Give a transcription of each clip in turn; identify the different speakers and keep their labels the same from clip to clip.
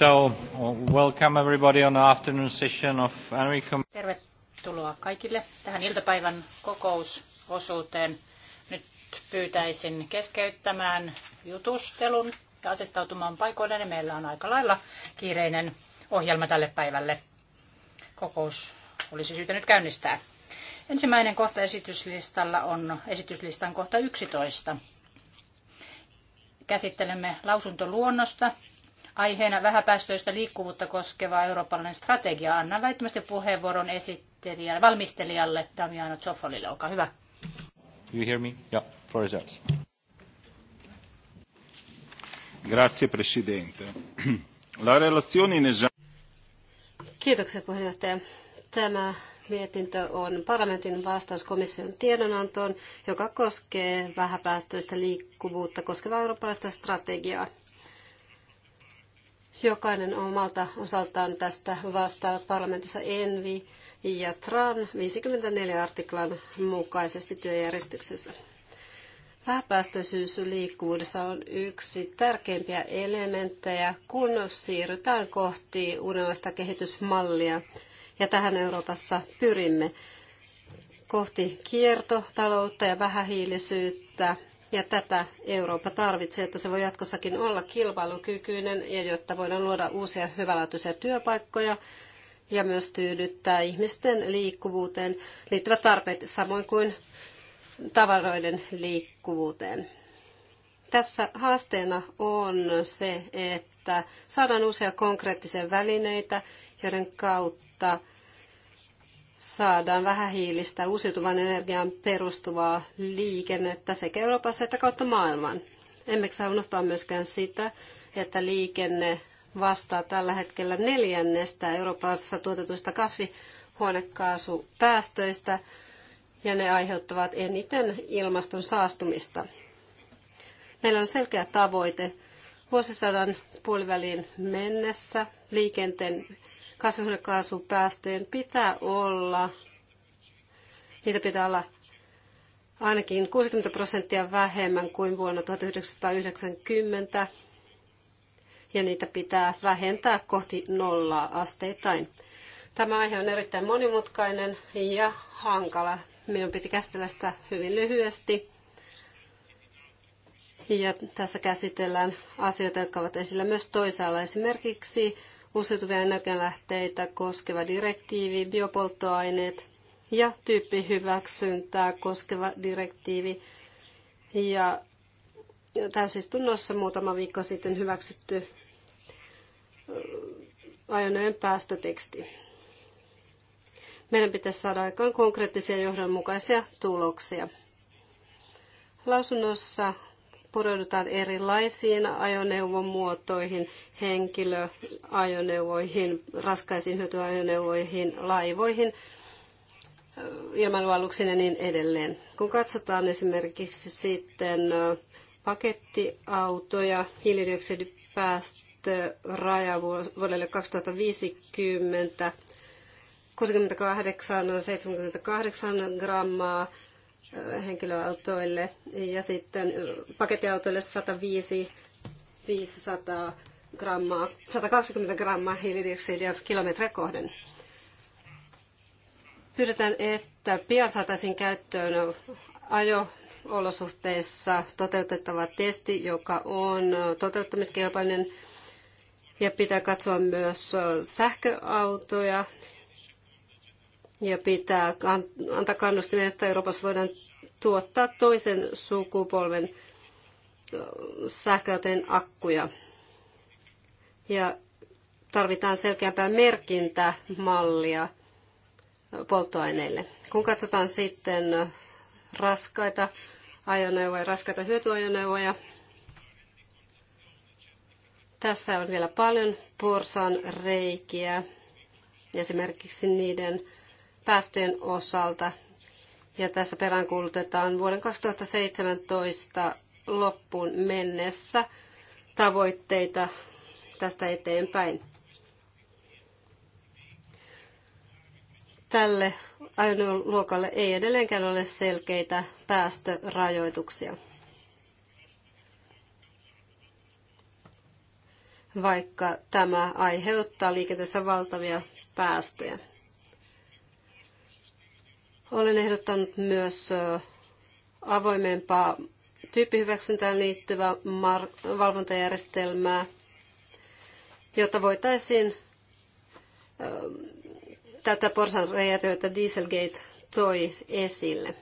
Speaker 1: So, welcome everybody on the afternoon session of
Speaker 2: Tervetuloa kaikille tähän iltapäivän kokousosuuteen. Nyt pyytäisin keskeyttämään jutustelun ja asettautumaan paikoilleen. Meillä on aika lailla kiireinen ohjelma tälle päivälle. Kokous olisi syytä nyt käynnistää. Ensimmäinen kohta esityslistalla on esityslistan kohta 11. Käsittelemme lausuntoluonnosta, aiheena vähäpäästöistä liikkuvuutta koskeva eurooppalainen strategia. Annan välittömästi puheenvuoron esittelijälle, valmistelijalle Damiano Zoffolille. Olkaa hyvä.
Speaker 1: You hear me? Yeah, floor Grazie Presidente.
Speaker 3: La relazione in esame... Kiitoksia puheenjohtaja. Tämä mietintö on parlamentin vastaus komission tiedonantoon, joka koskee vähäpäästöistä liikkuvuutta koskevaa eurooppalaista strategiaa. Jokainen omalta osaltaan tästä vastaavat parlamentissa Envi ja TRAN 54 artiklan mukaisesti työjärjestyksessä. Vähäpäästöisyys liikkuvuudessa on yksi tärkeimpiä elementtejä, kun siirrytään kohti uudenlaista kehitysmallia. Ja tähän Euroopassa pyrimme kohti kiertotaloutta ja vähähiilisyyttä ja tätä Eurooppa tarvitsee, että se voi jatkossakin olla kilpailukykyinen ja jotta voidaan luoda uusia hyvälaatuisia työpaikkoja ja myös tyydyttää ihmisten liikkuvuuteen liittyvät tarpeet samoin kuin tavaroiden liikkuvuuteen. Tässä haasteena on se, että saadaan uusia konkreettisia välineitä, joiden kautta saadaan vähähiilistä uusiutuvan energiaan perustuvaa liikennettä sekä Euroopassa että kautta maailman. Emme saa unohtaa myöskään sitä, että liikenne vastaa tällä hetkellä neljännestä Euroopassa tuotetuista kasvihuonekaasupäästöistä, ja ne aiheuttavat eniten ilmaston saastumista. Meillä on selkeä tavoite vuosisadan puoliväliin mennessä liikenteen kasvihuonekaasupäästöjen pitää olla, niitä pitää olla ainakin 60 prosenttia vähemmän kuin vuonna 1990, ja niitä pitää vähentää kohti nollaa asteittain. Tämä aihe on erittäin monimutkainen ja hankala. Minun piti käsitellä sitä hyvin lyhyesti. Ja tässä käsitellään asioita, jotka ovat esillä myös toisaalla. Esimerkiksi uusiutuvia energianlähteitä koskeva direktiivi, biopolttoaineet ja tyyppihyväksyntää koskeva direktiivi. Ja täysistunnossa muutama viikko sitten hyväksytty ajoneen päästöteksti. Meidän pitäisi saada aikaan konkreettisia johdonmukaisia tuloksia. Lausunnossa pureudutaan erilaisiin ajoneuvomuotoihin, henkilöajoneuvoihin, raskaisiin hyötyajoneuvoihin, laivoihin, ilmailualuksiin ja niin edelleen. Kun katsotaan esimerkiksi sitten pakettiautoja, hiilidioksidipäästöraja vuodelle 2050, 68-78 grammaa, henkilöautoille ja sitten pakettiautoille 105 500 grammaa, 120 grammaa hiilidioksidia kilometriä kohden. Pyydetään, että pian saataisiin käyttöön ajo-olosuhteissa toteutettava testi, joka on toteuttamiskelpoinen ja pitää katsoa myös sähköautoja ja pitää antaa kannustimia, että Euroopassa voidaan tuottaa toisen sukupolven sähköautojen akkuja. Ja tarvitaan selkeämpää merkintämallia polttoaineille. Kun katsotaan sitten raskaita ajoneuvoja, raskaita hyötyajoneuvoja, tässä on vielä paljon porsan reikiä, esimerkiksi niiden päästöjen osalta. Ja tässä peräänkuulutetaan vuoden 2017 loppuun mennessä tavoitteita tästä eteenpäin. Tälle ajoneuvoluokalle ei edelleenkään ole selkeitä päästörajoituksia. vaikka tämä aiheuttaa liikenteessä valtavia päästöjä. Olen ehdottanut myös avoimempaa tyyppihyväksyntään liittyvää valvontajärjestelmää, jotta voitaisiin tätä porsanreijätä, joita Dieselgate toi esille.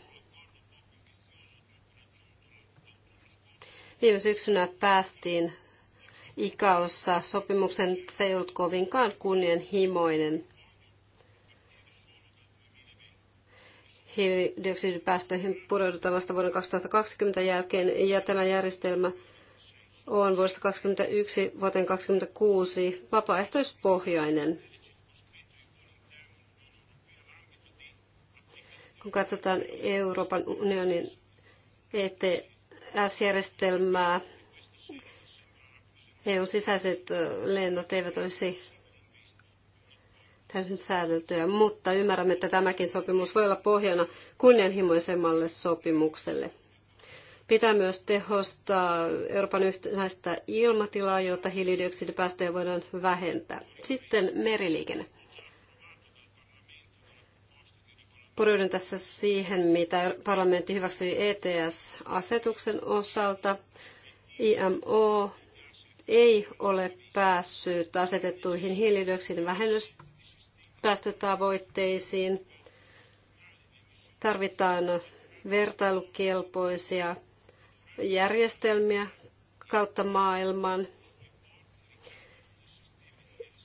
Speaker 3: Viime syksynä päästiin ikaossa sopimuksen, se ei ollut kovinkaan kunnianhimoinen – hiilidioksidipäästöihin pureudutaan vasta vuoden 2020 jälkeen ja tämä järjestelmä on vuodesta 2021 vuoteen 2026 vapaaehtoispohjainen. Kun katsotaan Euroopan unionin ETS-järjestelmää, EUn sisäiset lennot eivät olisi täysin säädeltyjä, mutta ymmärrämme, että tämäkin sopimus voi olla pohjana kunnianhimoisemmalle sopimukselle. Pitää myös tehostaa Euroopan yhtenäistä ilmatilaa, jotta hiilidioksidipäästöjä voidaan vähentää. Sitten meriliikenne. Pureudun tässä siihen, mitä parlamentti hyväksyi ETS-asetuksen osalta. IMO ei ole päässyt asetettuihin hiilidioksidin vähennys päästötavoitteisiin. Tarvitaan vertailukelpoisia järjestelmiä kautta maailman.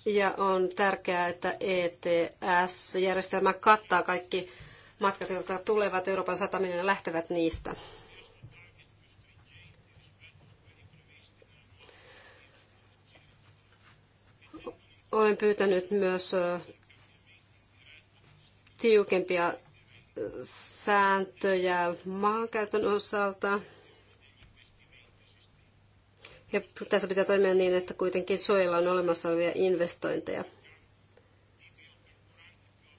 Speaker 3: Ja on tärkeää, että ETS-järjestelmä kattaa kaikki matkat, jotka tulevat Euroopan satamiin ja lähtevät niistä. Olen pyytänyt myös tiukempia sääntöjä maankäytön osalta. Ja tässä pitää toimia niin, että kuitenkin on olemassa olevia investointeja.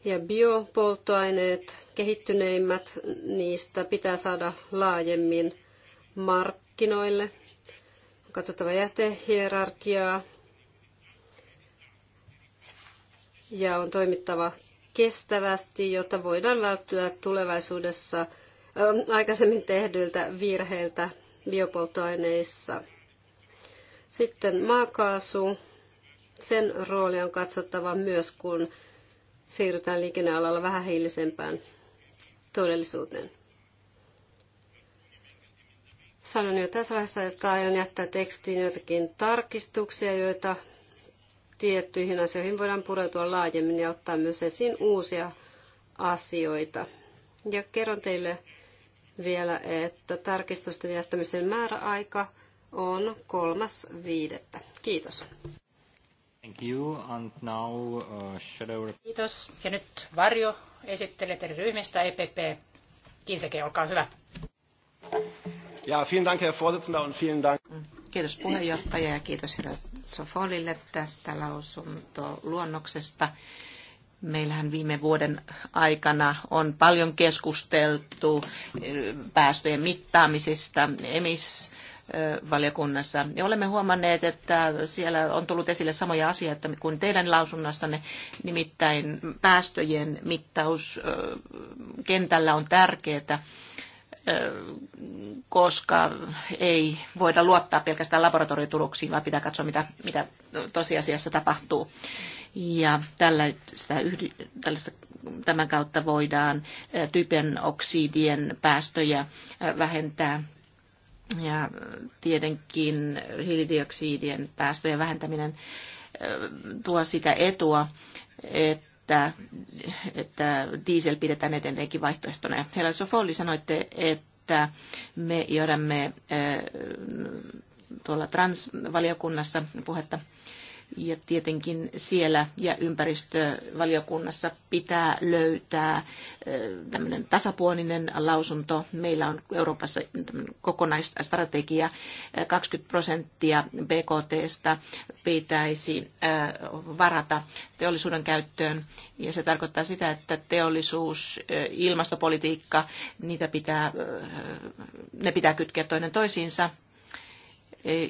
Speaker 3: Ja biopolttoaineet, kehittyneimmät, niistä pitää saada laajemmin markkinoille. On katsottava jätehierarkiaa ja on toimittava kestävästi, jotta voidaan välttyä tulevaisuudessa ähm, aikaisemmin tehdyiltä virheiltä biopolttoaineissa. Sitten maakaasu. Sen rooli on katsottava myös, kun siirrytään liikennealalla vähähiilisempään todellisuuteen. Sanon jo tässä vaiheessa, että aion jättää tekstiin joitakin tarkistuksia, joita tiettyihin asioihin voidaan pureutua laajemmin ja ottaa myös esiin uusia asioita. Ja kerron teille vielä, että tarkistusten jättämisen määräaika on kolmas viidettä. Kiitos.
Speaker 1: Thank you. And now, uh, shadow...
Speaker 3: Kiitos. Ja nyt Varjo
Speaker 2: esittelee teidän ryhmistä EPP. Kiiseke, olkaa hyvä.
Speaker 4: Ja, vielen Dank, Herr Vorsitzender, und vielen Dank. Mm.
Speaker 2: Kiitos
Speaker 5: puheenjohtaja ja kiitos herra
Speaker 2: Sofolille
Speaker 5: tästä lausuntoluonnoksesta. Meillähän viime vuoden aikana on paljon keskusteltu eh, päästöjen mittaamisesta emis valiokunnassa. Ja olemme huomanneet, että siellä on tullut esille samoja asioita kuin teidän lausunnastanne, nimittäin päästöjen mittaus eh, kentällä on tärkeää koska ei voida luottaa pelkästään laboratoriotuloksiin, vaan pitää katsoa, mitä, mitä tosiasiassa tapahtuu. Ja tällaista, tällaista, tämän kautta voidaan typen oksidien päästöjä vähentää ja tietenkin hiilidioksidien päästöjen vähentäminen tuo sitä etua, että että, että diesel pidetään edelleenkin vaihtoehtona. Ja Hela Sofoli sanoitte, että me johdamme eh, tuolla transvaliokunnassa puhetta ja tietenkin siellä ja ympäristövaliokunnassa pitää löytää tämmöinen tasapuolinen lausunto. Meillä on Euroopassa kokonaisstrategia 20 prosenttia BKTstä pitäisi varata teollisuuden käyttöön. Ja se tarkoittaa sitä, että teollisuus, ilmastopolitiikka, niitä pitää, ne pitää kytkeä toinen toisiinsa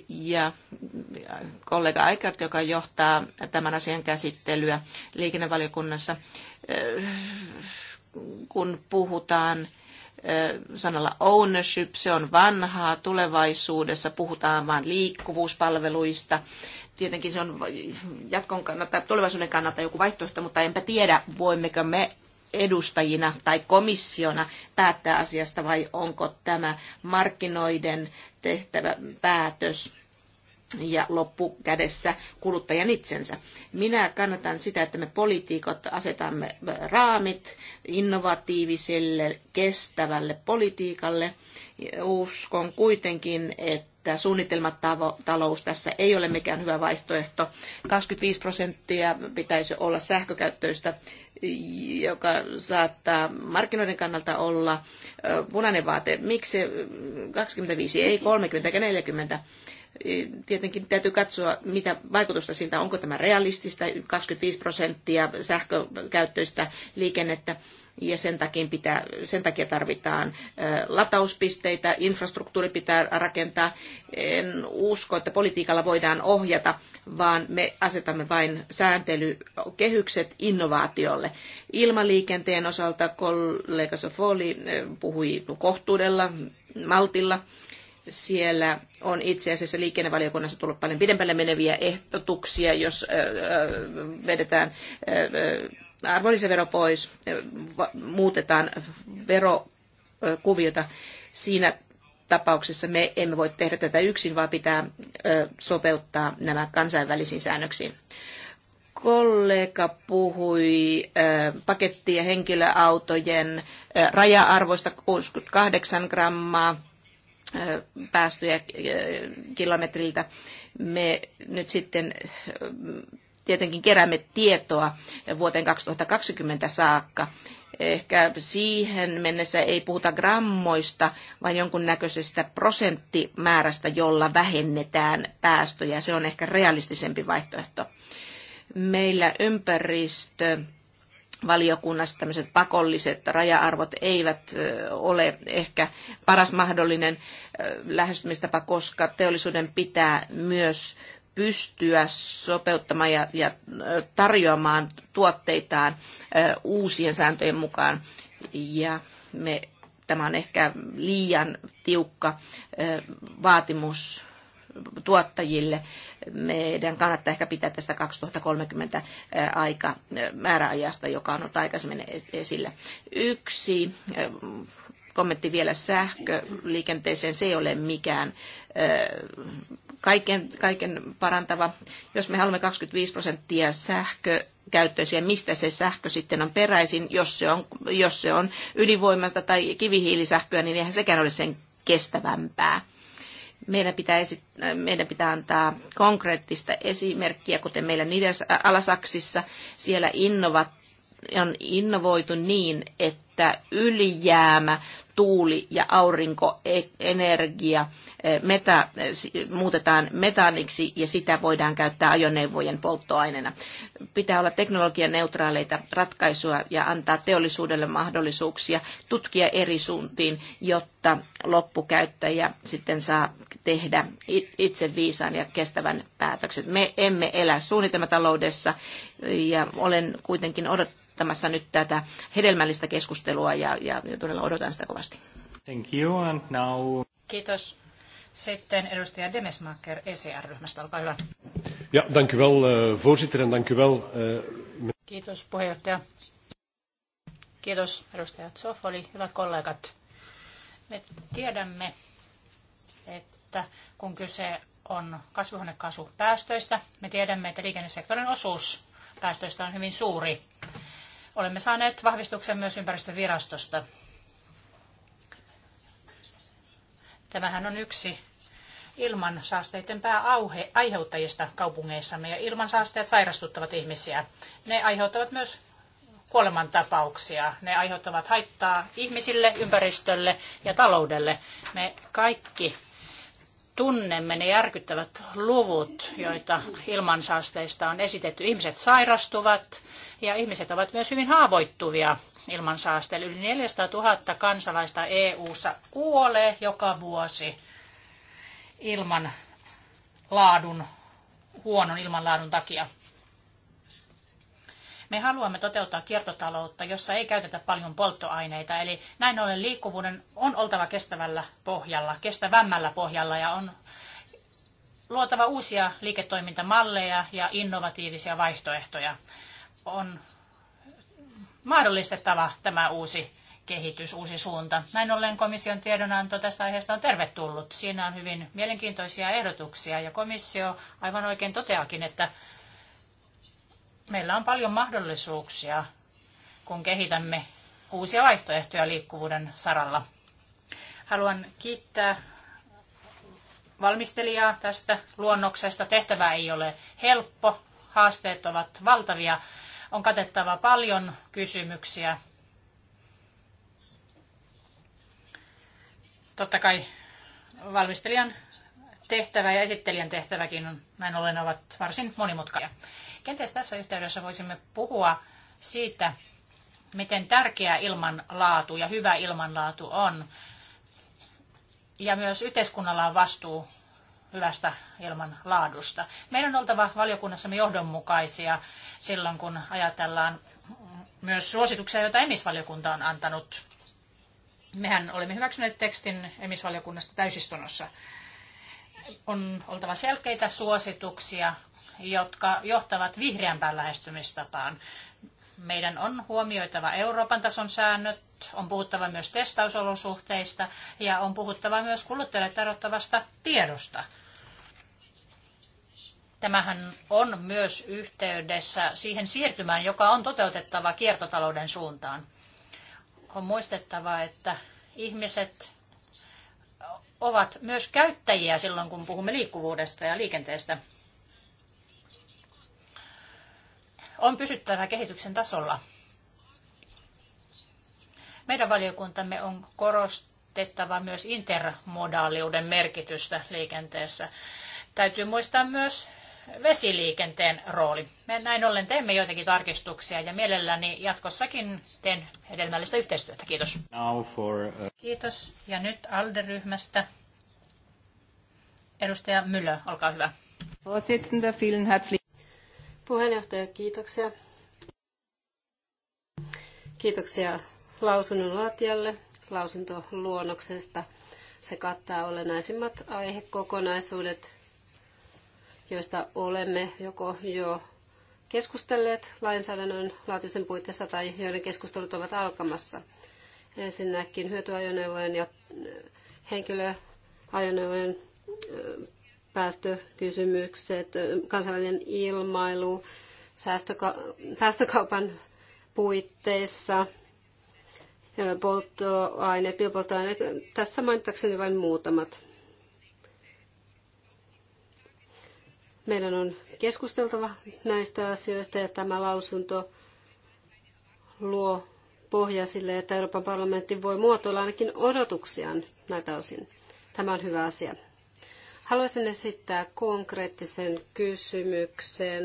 Speaker 5: ja kollega Aikart, joka johtaa tämän asian käsittelyä liikennevaliokunnassa, kun puhutaan eh, sanalla ownership, se on vanhaa, tulevaisuudessa puhutaan vain liikkuvuuspalveluista. Tietenkin se on jatkon kannalta, tulevaisuuden kannalta joku vaihtoehto, mutta enpä tiedä, voimmeko me edustajina tai komissiona päättää asiasta vai onko tämä markkinoiden tehtävä päätös ja loppukädessä kuluttajan itsensä. Minä kannatan sitä, että me poliitikot asetamme raamit innovatiiviselle, kestävälle politiikalle. Uskon kuitenkin, että tämä suunnitelmatalous tässä ei ole mikään hyvä vaihtoehto. 25 prosenttia pitäisi olla sähkökäyttöistä, joka saattaa markkinoiden kannalta olla punainen vaate. Miksi 25, ei 30 eikä 40? Tietenkin täytyy katsoa, mitä vaikutusta siltä, onko tämä realistista, 25 prosenttia sähkökäyttöistä liikennettä ja sen takia, pitää, sen takia tarvitaan latauspisteitä, infrastruktuuri pitää rakentaa. En usko, että politiikalla voidaan ohjata, vaan me asetamme vain sääntelykehykset innovaatiolle. Ilmaliikenteen osalta kollega Sofoli puhui kohtuudella, maltilla siellä on itse asiassa liikennevaliokunnassa tullut paljon pidempälle meneviä ehdotuksia, jos vedetään arvonlisävero pois, muutetaan verokuviota. Siinä tapauksessa me emme voi tehdä tätä yksin, vaan pitää sopeuttaa nämä kansainvälisiin säännöksiin. Kollega puhui paketti- ja henkilöautojen raja-arvoista 68 grammaa päästöjä kilometriltä. Me nyt sitten tietenkin keräämme tietoa vuoteen 2020 saakka. Ehkä siihen mennessä ei puhuta grammoista, vaan jonkunnäköisestä prosenttimäärästä, jolla vähennetään päästöjä. Se on ehkä realistisempi vaihtoehto. Meillä ympäristö valiokunnassa tämmöiset pakolliset raja-arvot eivät ole ehkä paras mahdollinen lähestymistapa, koska teollisuuden pitää myös pystyä sopeuttamaan ja, ja tarjoamaan tuotteitaan uusien sääntöjen mukaan. Ja me, tämä on ehkä liian tiukka vaatimus tuottajille. Meidän kannattaa ehkä pitää tästä 2030 aika, määräajasta, joka on ollut aikaisemmin esillä. Yksi kommentti vielä sähköliikenteeseen. Se ei ole mikään kaiken, kaiken parantava. Jos me haluamme 25 prosenttia sähkö käyttöisiä, mistä se sähkö sitten on peräisin, jos se on, jos se on ydinvoimasta tai kivihiilisähköä, niin eihän sekään ole sen kestävämpää. Meidän pitää, esi- meidän pitää antaa konkreettista esimerkkiä, kuten meillä Nides Alasaksissa. Siellä innova on innovoitu niin, että ylijäämä tuuli- ja aurinkoenergia eh, meta, eh, muutetaan metaaniksi ja sitä voidaan käyttää ajoneuvojen polttoaineena. Pitää olla teknologianeutraaleita ratkaisuja ja antaa teollisuudelle mahdollisuuksia tutkia eri suuntiin, jotta loppukäyttäjä sitten saa tehdä itse viisaan ja kestävän päätöksen. Me emme elä suunnitelmataloudessa ja olen kuitenkin odottanut johtamassa nyt tätä hedelmällistä keskustelua ja, ja, todella odotan sitä kovasti.
Speaker 1: Thank you and now... Kiitos.
Speaker 2: Sitten edustaja Demesmaker ECR-ryhmästä, olkaa hyvä.
Speaker 1: Ja, dank u wel,
Speaker 6: eh, voorzitter, en dank u wel. Eh,
Speaker 2: Kiitos puheenjohtaja. Kiitos edustaja Zoffoli, hyvät kollegat. Me tiedämme, että kun kyse on kasvihuonekaasupäästöistä, me tiedämme, että liikennesektorin osuus päästöistä on hyvin suuri. Olemme saaneet vahvistuksen myös ympäristövirastosta. Tämähän on yksi ilmansaasteiden pääaiheuttajista kaupungeissamme ja Ilmansaasteet sairastuttavat ihmisiä. Ne aiheuttavat myös kuolemantapauksia. Ne aiheuttavat haittaa ihmisille, ympäristölle ja taloudelle. Me kaikki tunnemme ne järkyttävät luvut, joita ilmansaasteista on esitetty. Ihmiset sairastuvat, ja ihmiset ovat myös hyvin haavoittuvia saasteella. Yli 400 000 kansalaista EU-ssa kuolee joka vuosi ilman laadun, huonon ilmanlaadun takia. Me haluamme toteuttaa kiertotaloutta, jossa ei käytetä paljon polttoaineita, eli näin ollen liikkuvuuden on oltava kestävällä pohjalla, kestävämmällä pohjalla ja on luotava uusia liiketoimintamalleja ja innovatiivisia vaihtoehtoja on mahdollistettava tämä uusi kehitys, uusi suunta. Näin ollen komission tiedonanto tästä aiheesta on tervetullut. Siinä on hyvin mielenkiintoisia ehdotuksia ja komissio aivan oikein toteakin, että meillä on paljon mahdollisuuksia, kun kehitämme uusia vaihtoehtoja liikkuvuuden saralla. Haluan kiittää valmistelijaa tästä luonnoksesta. Tehtävä ei ole helppo, haasteet ovat valtavia, on katettava paljon kysymyksiä. Totta kai valmistelijan tehtävä ja esittelijän tehtäväkin on, näin ollen ovat varsin monimutkaisia. Kenties tässä yhteydessä voisimme puhua siitä, miten tärkeä ilmanlaatu ja hyvä ilmanlaatu on. Ja myös yhteiskunnalla on vastuu hyvästä ilman laadusta. Meidän on oltava valiokunnassamme johdonmukaisia silloin, kun ajatellaan myös suosituksia, joita emisvaliokunta on antanut. Mehän olemme hyväksyneet tekstin emisvaliokunnasta täysistunnossa. On oltava selkeitä suosituksia, jotka johtavat vihreämpään lähestymistapaan. Meidän on huomioitava Euroopan tason säännöt, on puhuttava myös testausolosuhteista ja on puhuttava myös kuluttajille tarjottavasta tiedosta. Tämähän on myös yhteydessä siihen siirtymään, joka on toteutettava kiertotalouden suuntaan. On muistettava, että ihmiset ovat myös käyttäjiä silloin, kun puhumme liikkuvuudesta ja liikenteestä. On pysyttävä kehityksen tasolla. Meidän valiokuntamme on korostettava myös intermodaaliuden merkitystä liikenteessä. Täytyy muistaa myös vesiliikenteen rooli. Me näin ollen teemme joitakin tarkistuksia ja mielelläni jatkossakin teen hedelmällistä yhteistyötä. Kiitos. For, uh... Kiitos. Ja nyt ALDE-ryhmästä edustaja Müller, olkaa hyvä.
Speaker 3: vielen herzlichen Puheenjohtaja, kiitoksia. Kiitoksia lausunnonlaatijalle lausuntoluonnoksesta. Se kattaa olennaisimmat aihekokonaisuudet joista olemme joko jo keskustelleet lainsäädännön laatuisen puitteissa tai joiden keskustelut ovat alkamassa. Ensinnäkin hyötyajoneuvojen ja äh, henkilöajoneuvojen äh, päästökysymykset, äh, kansainvälinen ilmailu, säästöka- päästökaupan puitteissa, polttoaineet, biopolttoaineet. Tässä mainitakseni vain muutamat. Meidän on keskusteltava näistä asioista ja tämä lausunto luo pohja sille, että Euroopan parlamentti voi muotoilla ainakin odotuksiaan näitä osin. Tämä on hyvä asia. Haluaisin esittää konkreettisen kysymyksen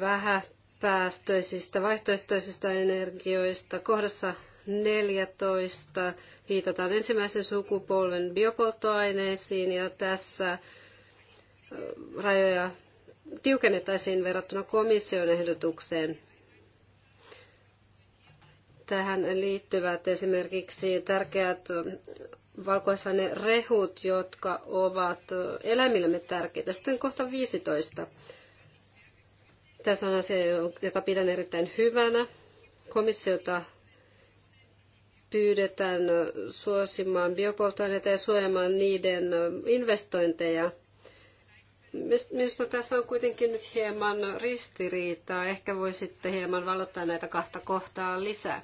Speaker 3: vähäpäästöisistä vaihtoehtoisista energioista. Kohdassa 14 viitataan ensimmäisen sukupolven biopolttoaineisiin ja tässä rajoja tiukennettaisiin verrattuna komission ehdotukseen. Tähän liittyvät esimerkiksi tärkeät valkoisaine rehut, jotka ovat eläimillemme tärkeitä. Sitten kohta 15. Tässä on asia, jota pidän erittäin hyvänä. Komissiota pyydetään suosimaan biopolttoaineita ja suojamaan niiden investointeja. Minusta tässä on kuitenkin nyt hieman ristiriitaa. Ehkä voisitte hieman valottaa näitä kahta kohtaa lisää.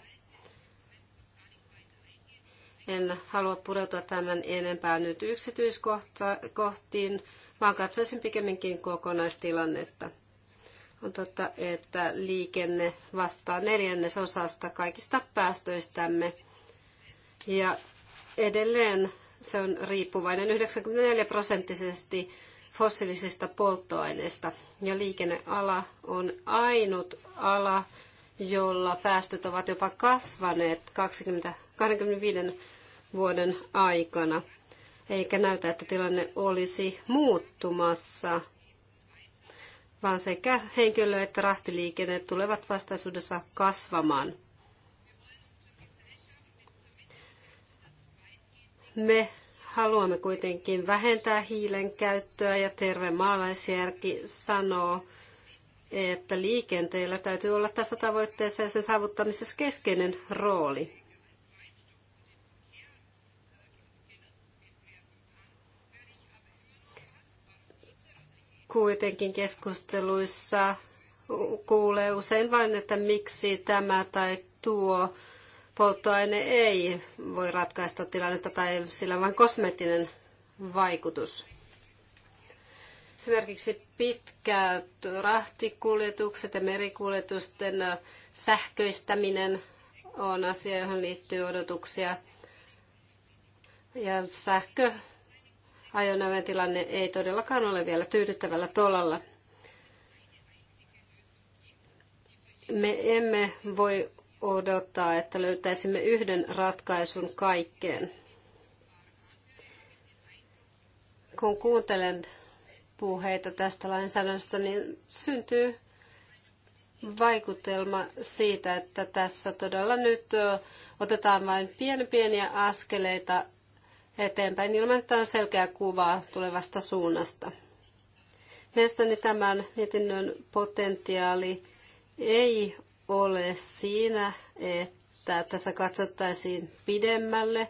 Speaker 3: En halua pureutua tämän enempää nyt yksityiskohtiin, vaan katsoisin pikemminkin kokonaistilannetta. On totta, että liikenne vastaa neljännesosasta kaikista päästöistämme – ja edelleen se on riippuvainen 94 prosenttisesti fossiilisista polttoaineista. Ja liikenneala on ainut ala, jolla päästöt ovat jopa kasvaneet 20, 25 vuoden aikana. Eikä näytä, että tilanne olisi muuttumassa, vaan sekä henkilö- että rahtiliikenne tulevat vastaisuudessa kasvamaan. Me haluamme kuitenkin vähentää hiilen käyttöä ja terve maalaisjärki sanoo, että liikenteellä täytyy olla tässä tavoitteessa ja sen saavuttamisessa keskeinen rooli. Kuitenkin keskusteluissa kuulee usein vain, että miksi tämä tai tuo polttoaine ei voi ratkaista tilannetta tai sillä on vain kosmeettinen vaikutus. Esimerkiksi pitkät rahtikuljetukset ja merikuljetusten sähköistäminen on asia, johon liittyy odotuksia. Ja sähkö ajoneuvojen tilanne ei todellakaan ole vielä tyydyttävällä tolalla. Me emme voi odottaa, että löytäisimme yhden ratkaisun kaikkeen. Kun kuuntelen puheita tästä lainsäädännöstä, niin syntyy vaikutelma siitä, että tässä todella nyt otetaan vain pieni pieniä askeleita eteenpäin ilman, että on selkeä kuva tulevasta suunnasta. Mielestäni tämän mietinnön potentiaali ei ole siinä, että tässä katsottaisiin pidemmälle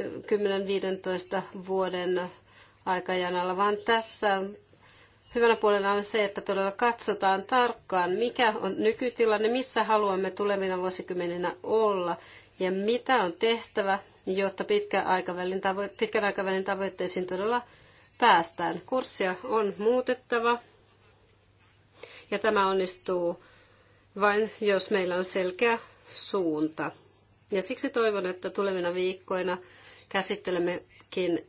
Speaker 3: 10-15 vuoden aikajanalla, vaan tässä hyvänä puolena on se, että todella katsotaan tarkkaan, mikä on nykytilanne, missä haluamme tulevina vuosikymmeninä olla ja mitä on tehtävä, jotta pitkän aikavälin, tavo- pitkän aikavälin tavoitteisiin todella päästään. Kurssia on muutettava ja tämä onnistuu vain, jos meillä on selkeä suunta. Ja siksi toivon, että tulevina viikkoina käsittelemmekin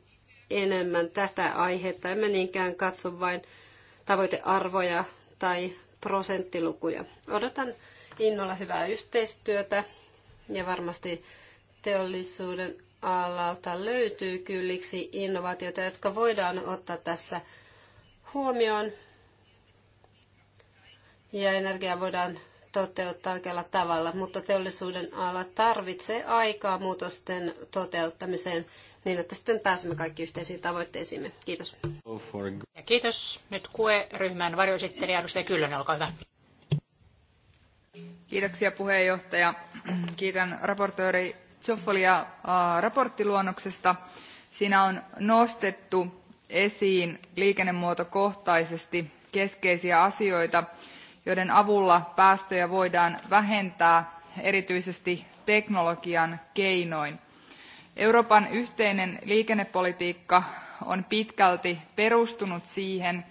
Speaker 3: enemmän tätä aihetta. Emme niinkään katso vain tavoitearvoja tai prosenttilukuja. Odotan innolla hyvää yhteistyötä ja varmasti teollisuuden alalta löytyy kylliksi innovaatioita, jotka voidaan ottaa tässä huomioon ja energiaa voidaan toteuttaa oikealla tavalla, mutta teollisuuden ala tarvitsee aikaa muutosten toteuttamiseen niin, että sitten pääsemme kaikki yhteisiin tavoitteisiimme. Kiitos. Ja kiitos. Nyt kue ryhmän varjoesittelijä edustaja Kyllönen, olkaa hyvä.
Speaker 7: Kiitoksia puheenjohtaja. Kiitän raportööri Joffolia raporttiluonnoksesta. Siinä on nostettu esiin liikennemuotokohtaisesti keskeisiä asioita, joiden avulla päästöjä voidaan vähentää erityisesti teknologian keinoin. Euroopan yhteinen liikennepolitiikka on pitkälti perustunut siihen,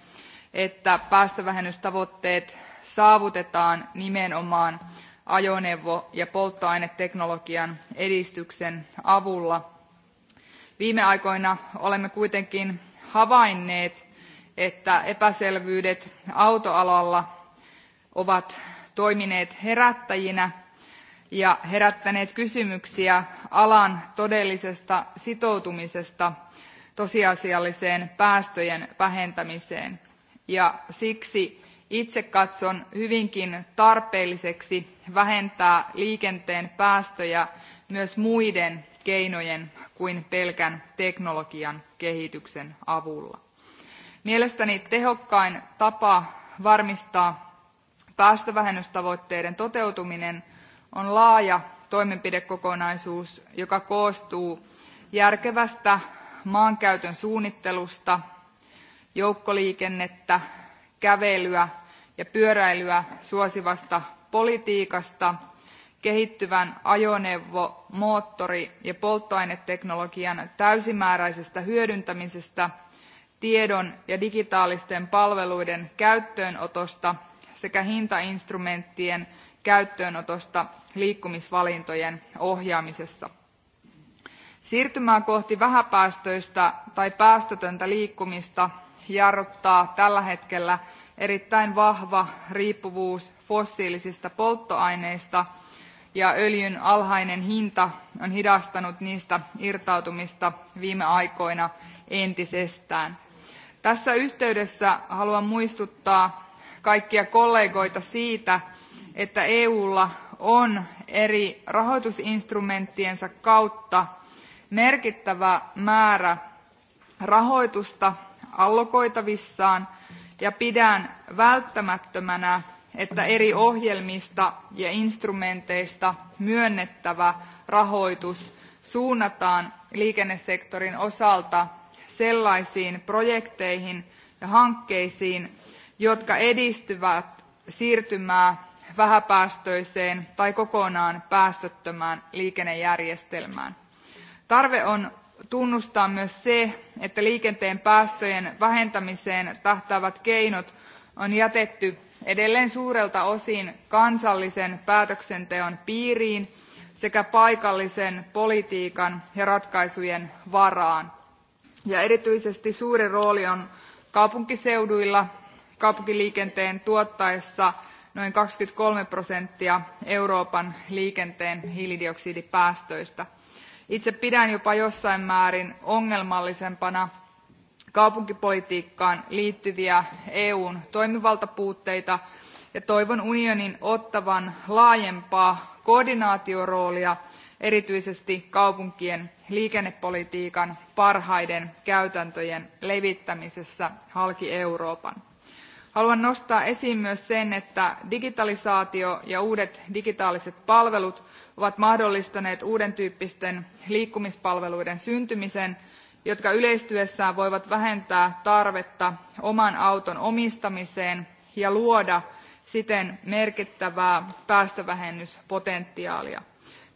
Speaker 7: että päästövähennystavoitteet saavutetaan nimenomaan ajoneuvo- ja polttoaineteknologian edistyksen avulla. Viime aikoina olemme kuitenkin havainneet, että epäselvyydet autoalalla ovat toimineet herättäjinä ja herättäneet kysymyksiä alan todellisesta sitoutumisesta tosiasialliseen päästöjen vähentämiseen ja siksi itse katson hyvinkin tarpeelliseksi vähentää liikenteen päästöjä myös muiden keinojen kuin pelkän teknologian kehityksen avulla. mielestäni tehokkain tapa varmistaa päästövähennystavoitteiden toteutuminen on laaja toimenpidekokonaisuus joka koostuu järkevästä maankäytön suunnittelusta joukkoliikennettä kävelyä ja pyöräilyä suosivasta politiikasta kehittyvän ajoneuvo moottori ja polttoaineteknologian täysimääräisestä hyödyntämisestä tiedon ja digitaalisten palveluiden käyttöönotosta sekä hintainstrumenttien käyttöönotosta liikkumisvalintojen ohjaamisessa. Siirtymää kohti vähäpäästöistä tai päästötöntä liikkumista jarruttaa tällä hetkellä erittäin vahva riippuvuus fossiilisista polttoaineista ja öljyn alhainen hinta on hidastanut niistä irtautumista viime aikoina entisestään. Tässä yhteydessä haluan muistuttaa kaikkia kollegoita siitä, että EUlla on eri rahoitusinstrumenttiensa kautta merkittävä määrä rahoitusta allokoitavissaan ja pidän välttämättömänä, että eri ohjelmista ja instrumenteista myönnettävä rahoitus suunnataan liikennesektorin osalta sellaisiin projekteihin ja hankkeisiin, jotka edistyvät siirtymää vähäpäästöiseen tai kokonaan päästöttömään liikennejärjestelmään. Tarve on tunnustaa myös se, että liikenteen päästöjen vähentämiseen tähtäävät keinot on jätetty edelleen suurelta osin kansallisen päätöksenteon piiriin sekä paikallisen politiikan ja ratkaisujen varaan. Ja erityisesti suuri rooli on kaupunkiseuduilla kaupunkiliikenteen tuottaessa noin kaksikymmentäkolme prosenttia euroopan liikenteen hiilidioksidipäästöistä. itse pidän jopa jossain määrin ongelmallisempana kaupunkipolitiikkaan liittyviä eun toimivaltapuutteita ja toivon unionin ottavan laajempaa koordinaatioroolia erityisesti kaupunkien liikennepolitiikan parhaiden käytäntöjen levittämisessä halki euroopan haluan nostaa esiin myös sen että digitalisaatio ja uudet digitaaliset palvelut ovat mahdollistaneet uuden tyyppisten liikkumispalveluiden syntymisen jotka yleistyessään voivat vähentää tarvetta oman auton omistamiseen ja luoda siten merkittävää päästövähennyspotentiaalia.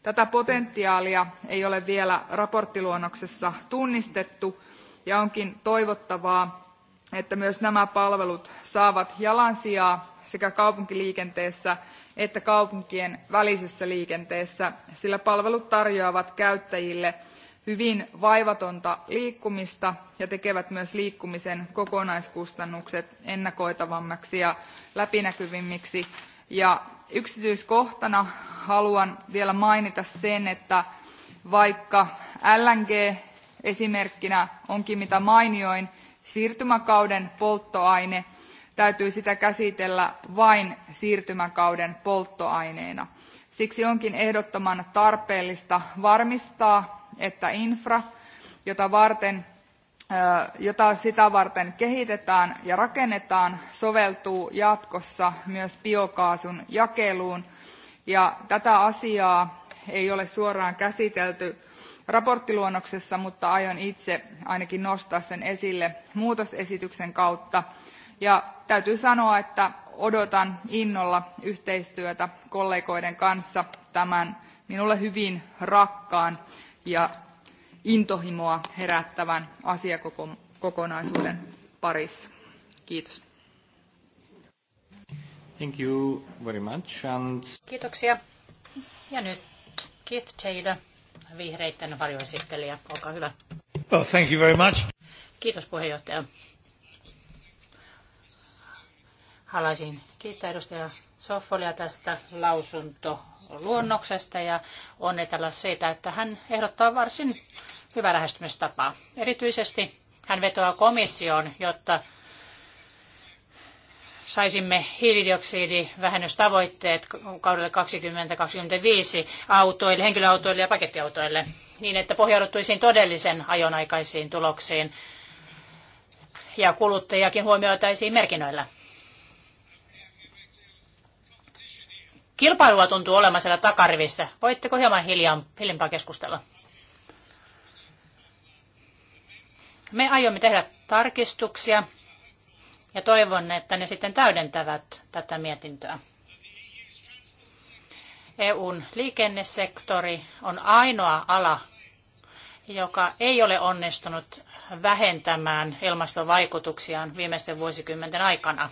Speaker 7: Tätä potentiaalia ei ole vielä raporttiluonnoksessa tunnistettu ja onkin toivottavaa että myös nämä palvelut saavat jalansijaa sekä kaupunkiliikenteessä että kaupunkien välisessä liikenteessä sillä palvelut tarjoavat käyttäjille hyvin vaivatonta liikkumista ja tekevät myös liikkumisen kokonaiskustannukset ennakoitavammiksi ja läpinäkyvimmiksi. Ja yksityiskohtana haluan vielä mainita sen, että vaikka LNG esimerkkinä onkin mitä mainioin, siirtymäkauden polttoaine täytyy sitä käsitellä vain siirtymäkauden polttoaineena. siksi onkin ehdottoman tarpeellista varmistaa että infra jota varten jota sitä varten kehitetään ja rakennetaan, soveltuu jatkossa myös biokaasun jakeluun. Ja tätä asiaa ei ole suoraan käsitelty mietintöluonnoksessa mutta aion itse ainakin nostaa sen esille muutosesityksen kautta ja täytyy sanoa että odotan innolla yhteistyötä kollegoiden kanssa tämän minulle hyvin rakkaan ja intohimoa herättävän asiakokonaisuuden parissa. Kiitos.
Speaker 1: Thank you very much. And...
Speaker 2: Kiitoksia. Ja nyt Keith Taylor vihreiden varjoesittelijä. Olkaa hyvä.
Speaker 1: Well, thank you very much.
Speaker 2: Kiitos puheenjohtaja. Haluaisin kiittää edustaja Soffolia tästä lausuntoluonnoksesta ja onnitella siitä, että hän ehdottaa varsin hyvää lähestymistapaa. Erityisesti hän vetoaa komissioon, jotta saisimme hiilidioksidivähennystavoitteet kaudelle 2025 autoille, henkilöautoille ja pakettiautoille niin, että pohjauduttaisiin todellisen ajonaikaisiin aikaisiin tuloksiin ja kuluttajakin huomioitaisiin merkinnöillä. Kilpailua tuntuu olemassa siellä takarivissä. Voitteko hieman hiljaa, hiljempaa keskustella? Me aiomme tehdä tarkistuksia ja toivon, että ne sitten täydentävät tätä mietintöä. EUn liikennesektori on ainoa ala, joka ei ole onnistunut vähentämään ilmastovaikutuksiaan viimeisten vuosikymmenten aikana.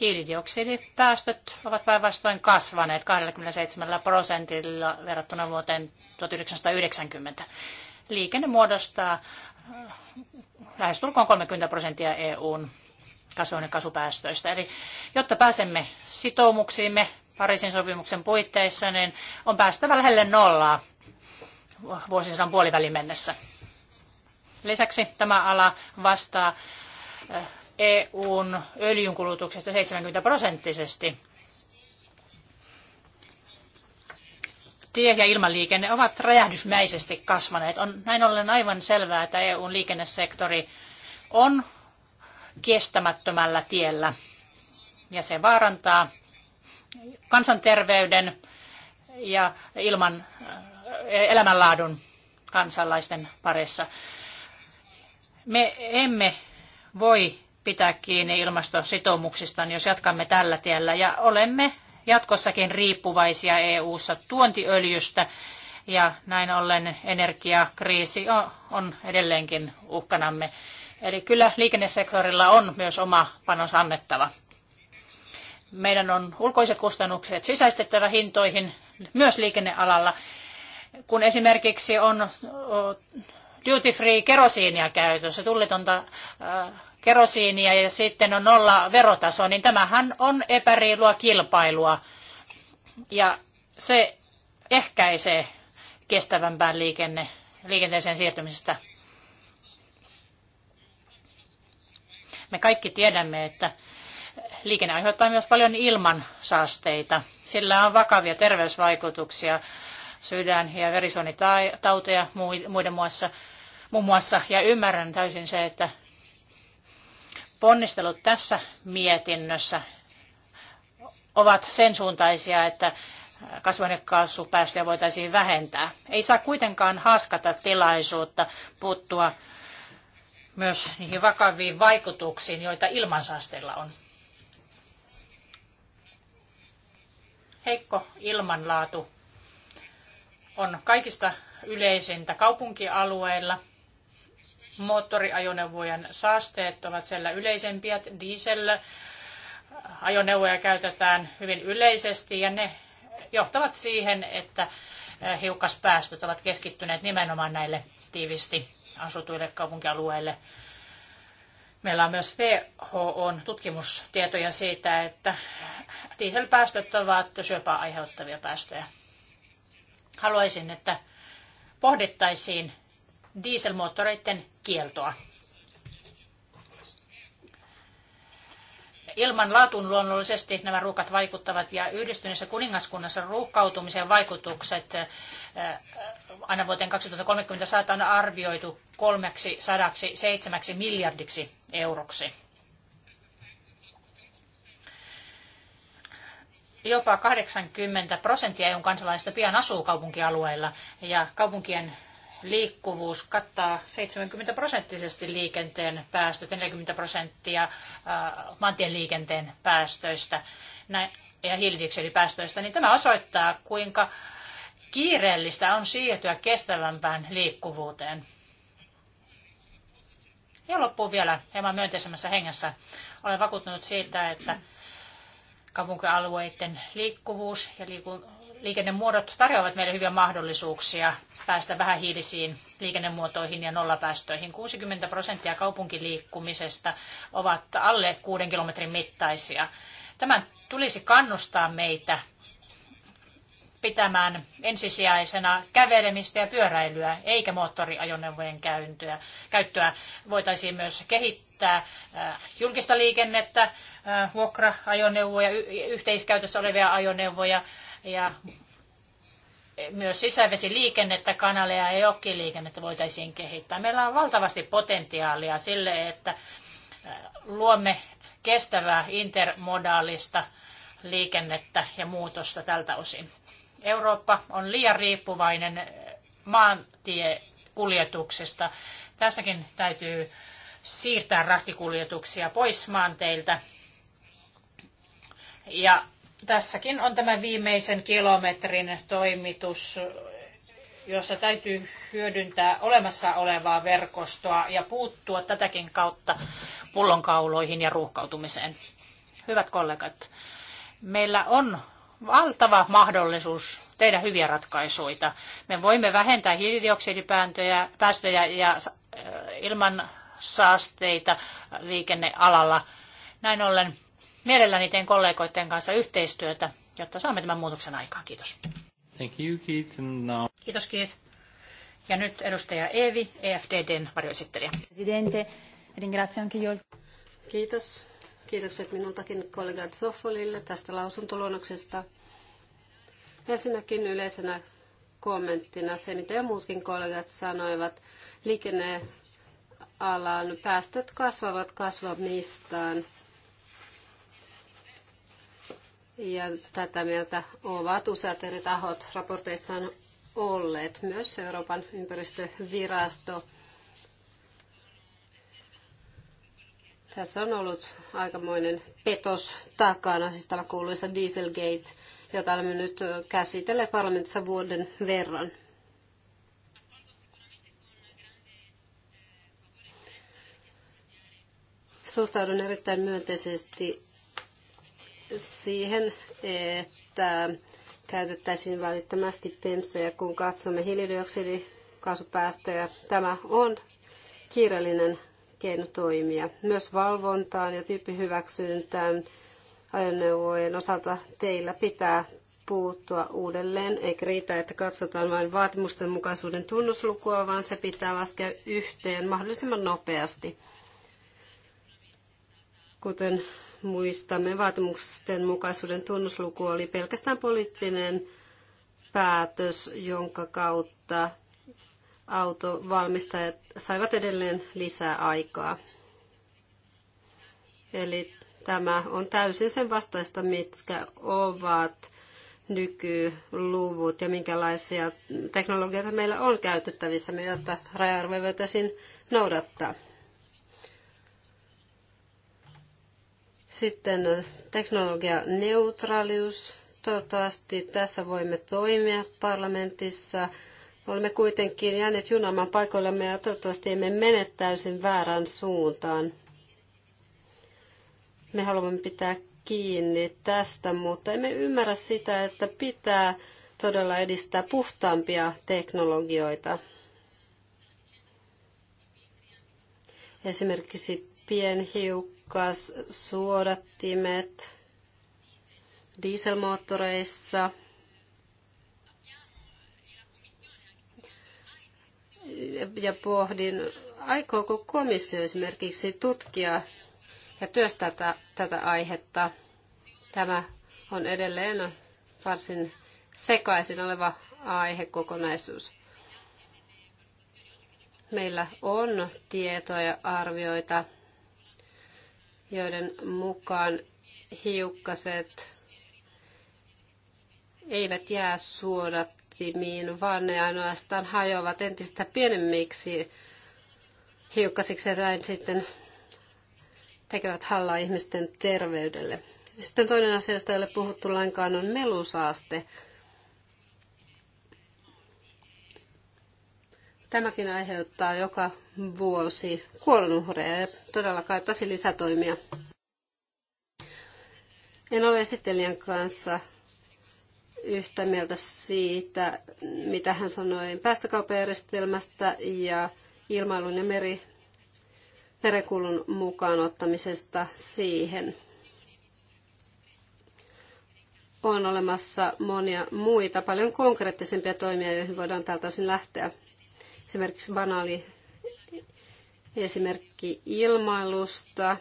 Speaker 2: Hiilidioksidipäästöt ovat päinvastoin kasvaneet 27 prosentilla verrattuna vuoteen 1990. Liikenne muodostaa lähestulkoon 30 prosenttia EUn kasvihuonekaasupäästöistä. Eli jotta pääsemme sitoumuksiimme Pariisin sopimuksen puitteissa, niin on päästävä lähelle nollaa vuosisadan puolivälin mennessä. Lisäksi tämä ala vastaa eh, EUn öljynkulutuksesta 70 prosenttisesti tie- ja ilmaliikenne ovat räjähdysmäisesti kasvaneet. On näin ollen aivan selvää, että EUn liikennesektori on kestämättömällä tiellä ja se vaarantaa kansanterveyden ja ilman äh, elämänlaadun kansalaisten parissa. Me emme voi pitää kiinni ilmastositoumuksistaan, jos jatkamme tällä tiellä. Ja olemme jatkossakin riippuvaisia EU-ssa tuontiöljystä ja näin ollen energiakriisi on edelleenkin uhkanamme. Eli kyllä liikennesektorilla on myös oma panos annettava. Meidän on ulkoiset kustannukset sisäistettävä hintoihin myös liikennealalla. Kun esimerkiksi on duty free kerosiinia käytössä, tullitonta kerosiinia ja sitten on nolla verotaso, niin tämähän on epäriilua kilpailua. Ja se ehkäisee kestävämpään liikenne, liikenteeseen siirtymisestä. Me kaikki tiedämme, että liikenne aiheuttaa myös paljon ilmansaasteita. Sillä on vakavia terveysvaikutuksia, sydän- ja verisuonitauteja muiden muassa, muun muassa. Ja ymmärrän täysin se, että ponnistelut tässä mietinnössä ovat sen suuntaisia, että kasvihuonekaasupäästöjä voitaisiin vähentää. Ei saa kuitenkaan haskata tilaisuutta puuttua myös niihin vakaviin vaikutuksiin, joita ilmansaasteilla on. Heikko ilmanlaatu on kaikista yleisintä kaupunkialueilla – moottoriajoneuvojen saasteet ovat siellä yleisempiä. Diesel-ajoneuvoja äh, käytetään hyvin yleisesti ja ne johtavat siihen, että äh, hiukkaspäästöt ovat keskittyneet nimenomaan näille tiivisti asutuille kaupunkialueille. Meillä on myös WHOn tutkimustietoja siitä, että dieselpäästöt ovat syöpää aiheuttavia päästöjä. Haluaisin, että pohdittaisiin dieselmoottoreiden kieltoa. Ilman laatuun luonnollisesti nämä ruuhkat vaikuttavat ja yhdistyneessä kuningaskunnassa ruuhkautumisen vaikutukset eh, aina vuoteen 2030 on arvioitu 307 miljardiksi euroksi. jopa 80 prosenttia eu kansalaisista pian asuu kaupunkialueilla ja kaupunkien liikkuvuus kattaa 70 prosenttisesti liikenteen päästöt, 40 prosenttia maantien liikenteen päästöistä ja hiilidioksidipäästöistä, niin tämä osoittaa, kuinka kiireellistä on siirtyä kestävämpään liikkuvuuteen. Ja loppuun vielä hieman myönteisemmässä hengessä. Olen vakuuttunut siitä, että kaupunkialueiden liikkuvuus ja liiku- liikennemuodot tarjoavat meille hyviä mahdollisuuksia päästä vähähiilisiin liikennemuotoihin ja nollapäästöihin. 60 prosenttia kaupunkiliikkumisesta ovat alle 6 kilometrin mittaisia. Tämän tulisi kannustaa meitä pitämään ensisijaisena kävelemistä ja pyöräilyä, eikä moottoriajoneuvojen käyntöä. käyttöä. Voitaisiin myös kehittää äh, julkista liikennettä, äh, vuokra-ajoneuvoja, yhteiskäytössä olevia ajoneuvoja, ja myös sisävesiliikennettä, kanaleja ja jokiliikennettä voitaisiin kehittää. Meillä on valtavasti potentiaalia sille, että luomme kestävää intermodaalista liikennettä ja muutosta tältä osin. Eurooppa on liian riippuvainen maantiekuljetuksesta. Tässäkin täytyy siirtää rahtikuljetuksia pois maanteiltä ja Tässäkin on tämä viimeisen kilometrin toimitus, jossa täytyy hyödyntää olemassa olevaa verkostoa ja puuttua tätäkin kautta pullonkauloihin ja ruuhkautumiseen. Hyvät kollegat, meillä on valtava mahdollisuus tehdä hyviä ratkaisuja. Me voimme vähentää hiilidioksidipäästöjä ja äh, ilman saasteita liikennealalla. Näin ollen Mielelläni teen kollegoiden kanssa yhteistyötä, jotta saamme tämän muutoksen aikaan. Kiitos.
Speaker 1: Thank you, Keith. Now...
Speaker 2: Kiitos, Keith. Ja nyt edustaja Eevi,
Speaker 3: EFDDn varjoesittelijä. Presidente, Kiitos. Kiitokset minultakin kollega Zoffolille tästä lausuntoluonnoksesta. Ensinnäkin yleisenä kommenttina se, mitä jo muutkin kollegat sanoivat. Liikennealan päästöt kasvavat kasvamistaan. Ja tätä mieltä ovat useat eri tahot raporteissaan olleet, myös Euroopan ympäristövirasto. Tässä on ollut aikamoinen petos takana, siis tämä kuuluisa Dieselgate, jota olemme nyt käsitelleet parlamentissa vuoden verran. Suhtaudun erittäin myönteisesti siihen, että käytettäisiin välittömästi PEMSejä, kun katsomme hiilidioksidikaasupäästöjä. Tämä on kiireellinen keino toimia. Myös valvontaan ja tyyppihyväksyntään ajoneuvojen osalta teillä pitää puuttua uudelleen. ei riitä, että katsotaan vain vaatimusten mukaisuuden tunnuslukua, vaan se pitää laskea yhteen mahdollisimman nopeasti. Kuten muistamme, vaatimusten mukaisuuden tunnusluku oli pelkästään poliittinen päätös, jonka kautta autovalmistajat saivat edelleen lisää aikaa. Eli tämä on täysin sen vastaista, mitkä ovat nykyluvut ja minkälaisia teknologioita meillä on käytettävissä, jotta raja-arvoja voitaisiin noudattaa. Sitten äh, teknologianeutraalius. Toivottavasti tässä voimme toimia parlamentissa. Olemme kuitenkin jääneet junamaan paikoillemme ja toivottavasti emme mene täysin väärään suuntaan. Me haluamme pitää kiinni tästä, mutta emme ymmärrä sitä, että pitää todella edistää puhtaampia teknologioita. Esimerkiksi pienhiukka hiukkas, suodattimet dieselmoottoreissa. Ja pohdin, aikooko komissio esimerkiksi tutkia ja työstää tätä, tätä aihetta. Tämä on edelleen varsin sekaisin oleva aihekokonaisuus. Meillä on tietoja ja arvioita joiden mukaan hiukkaset eivät jää suodattimiin, vaan ne ainoastaan hajoavat entistä pienemmiksi hiukkasiksi ja näin sitten tekevät hallaa ihmisten terveydelle. Sitten toinen asia, josta ei ole puhuttu lainkaan, on melusaaste. Tämäkin aiheuttaa joka vuosi kuolonuhreja ja todella kaipasi lisätoimia. En ole esittelijän kanssa yhtä mieltä siitä, mitä hän sanoi päästökauppajärjestelmästä ja ilmailun ja meri, merenkulun mukaan ottamisesta siihen. On olemassa monia muita, paljon konkreettisempia toimia, joihin voidaan tältä osin lähteä. Esimerkiksi banaali Esimerkki ilmailusta.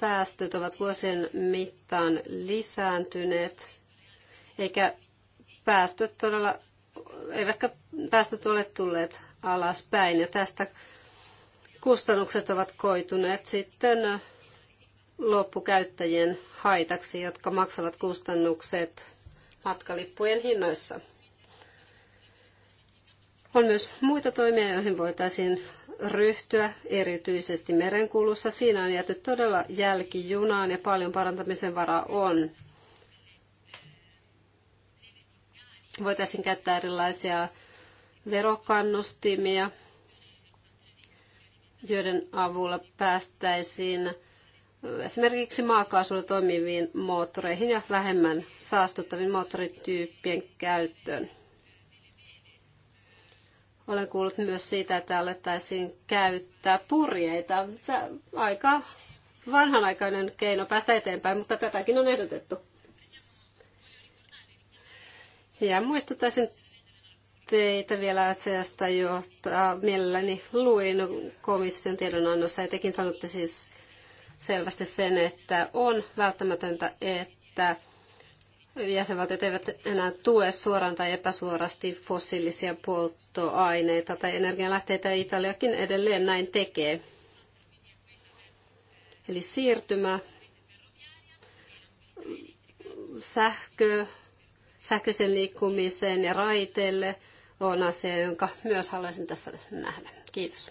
Speaker 3: Päästöt ovat vuosien mittaan lisääntyneet, eikä päästöt todella, eivätkä päästöt ole tulleet alaspäin. Ja tästä kustannukset ovat koituneet sitten loppukäyttäjien haitaksi, jotka maksavat kustannukset matkalippujen hinnoissa. On myös muita toimia, joihin voitaisiin ryhtyä, erityisesti merenkulussa. Siinä on jääty todella jälkijunaan ja paljon parantamisen varaa on. Voitaisiin käyttää erilaisia verokannustimia, joiden avulla päästäisiin esimerkiksi maakaasulla toimiviin moottoreihin ja vähemmän saastuttavien moottorityyppien käyttöön. Olen kuullut myös siitä, että alettaisiin käyttää purjeita. Aika vanhanaikainen keino päästä eteenpäin, mutta tätäkin on ehdotettu. Ja muistuttaisin teitä vielä asiasta, jota mielelläni luin komission tiedonannossa. Ja tekin sanotte siis selvästi sen, että on välttämätöntä, että jäsenvaltiot eivät enää tue suoraan tai epäsuorasti fossiilisia polttoaineita tai energialähteitä. Italiakin edelleen näin tekee. Eli siirtymä sähkö, sähköisen liikkumiseen ja raiteille on asia, jonka myös haluaisin tässä nähdä. Kiitos.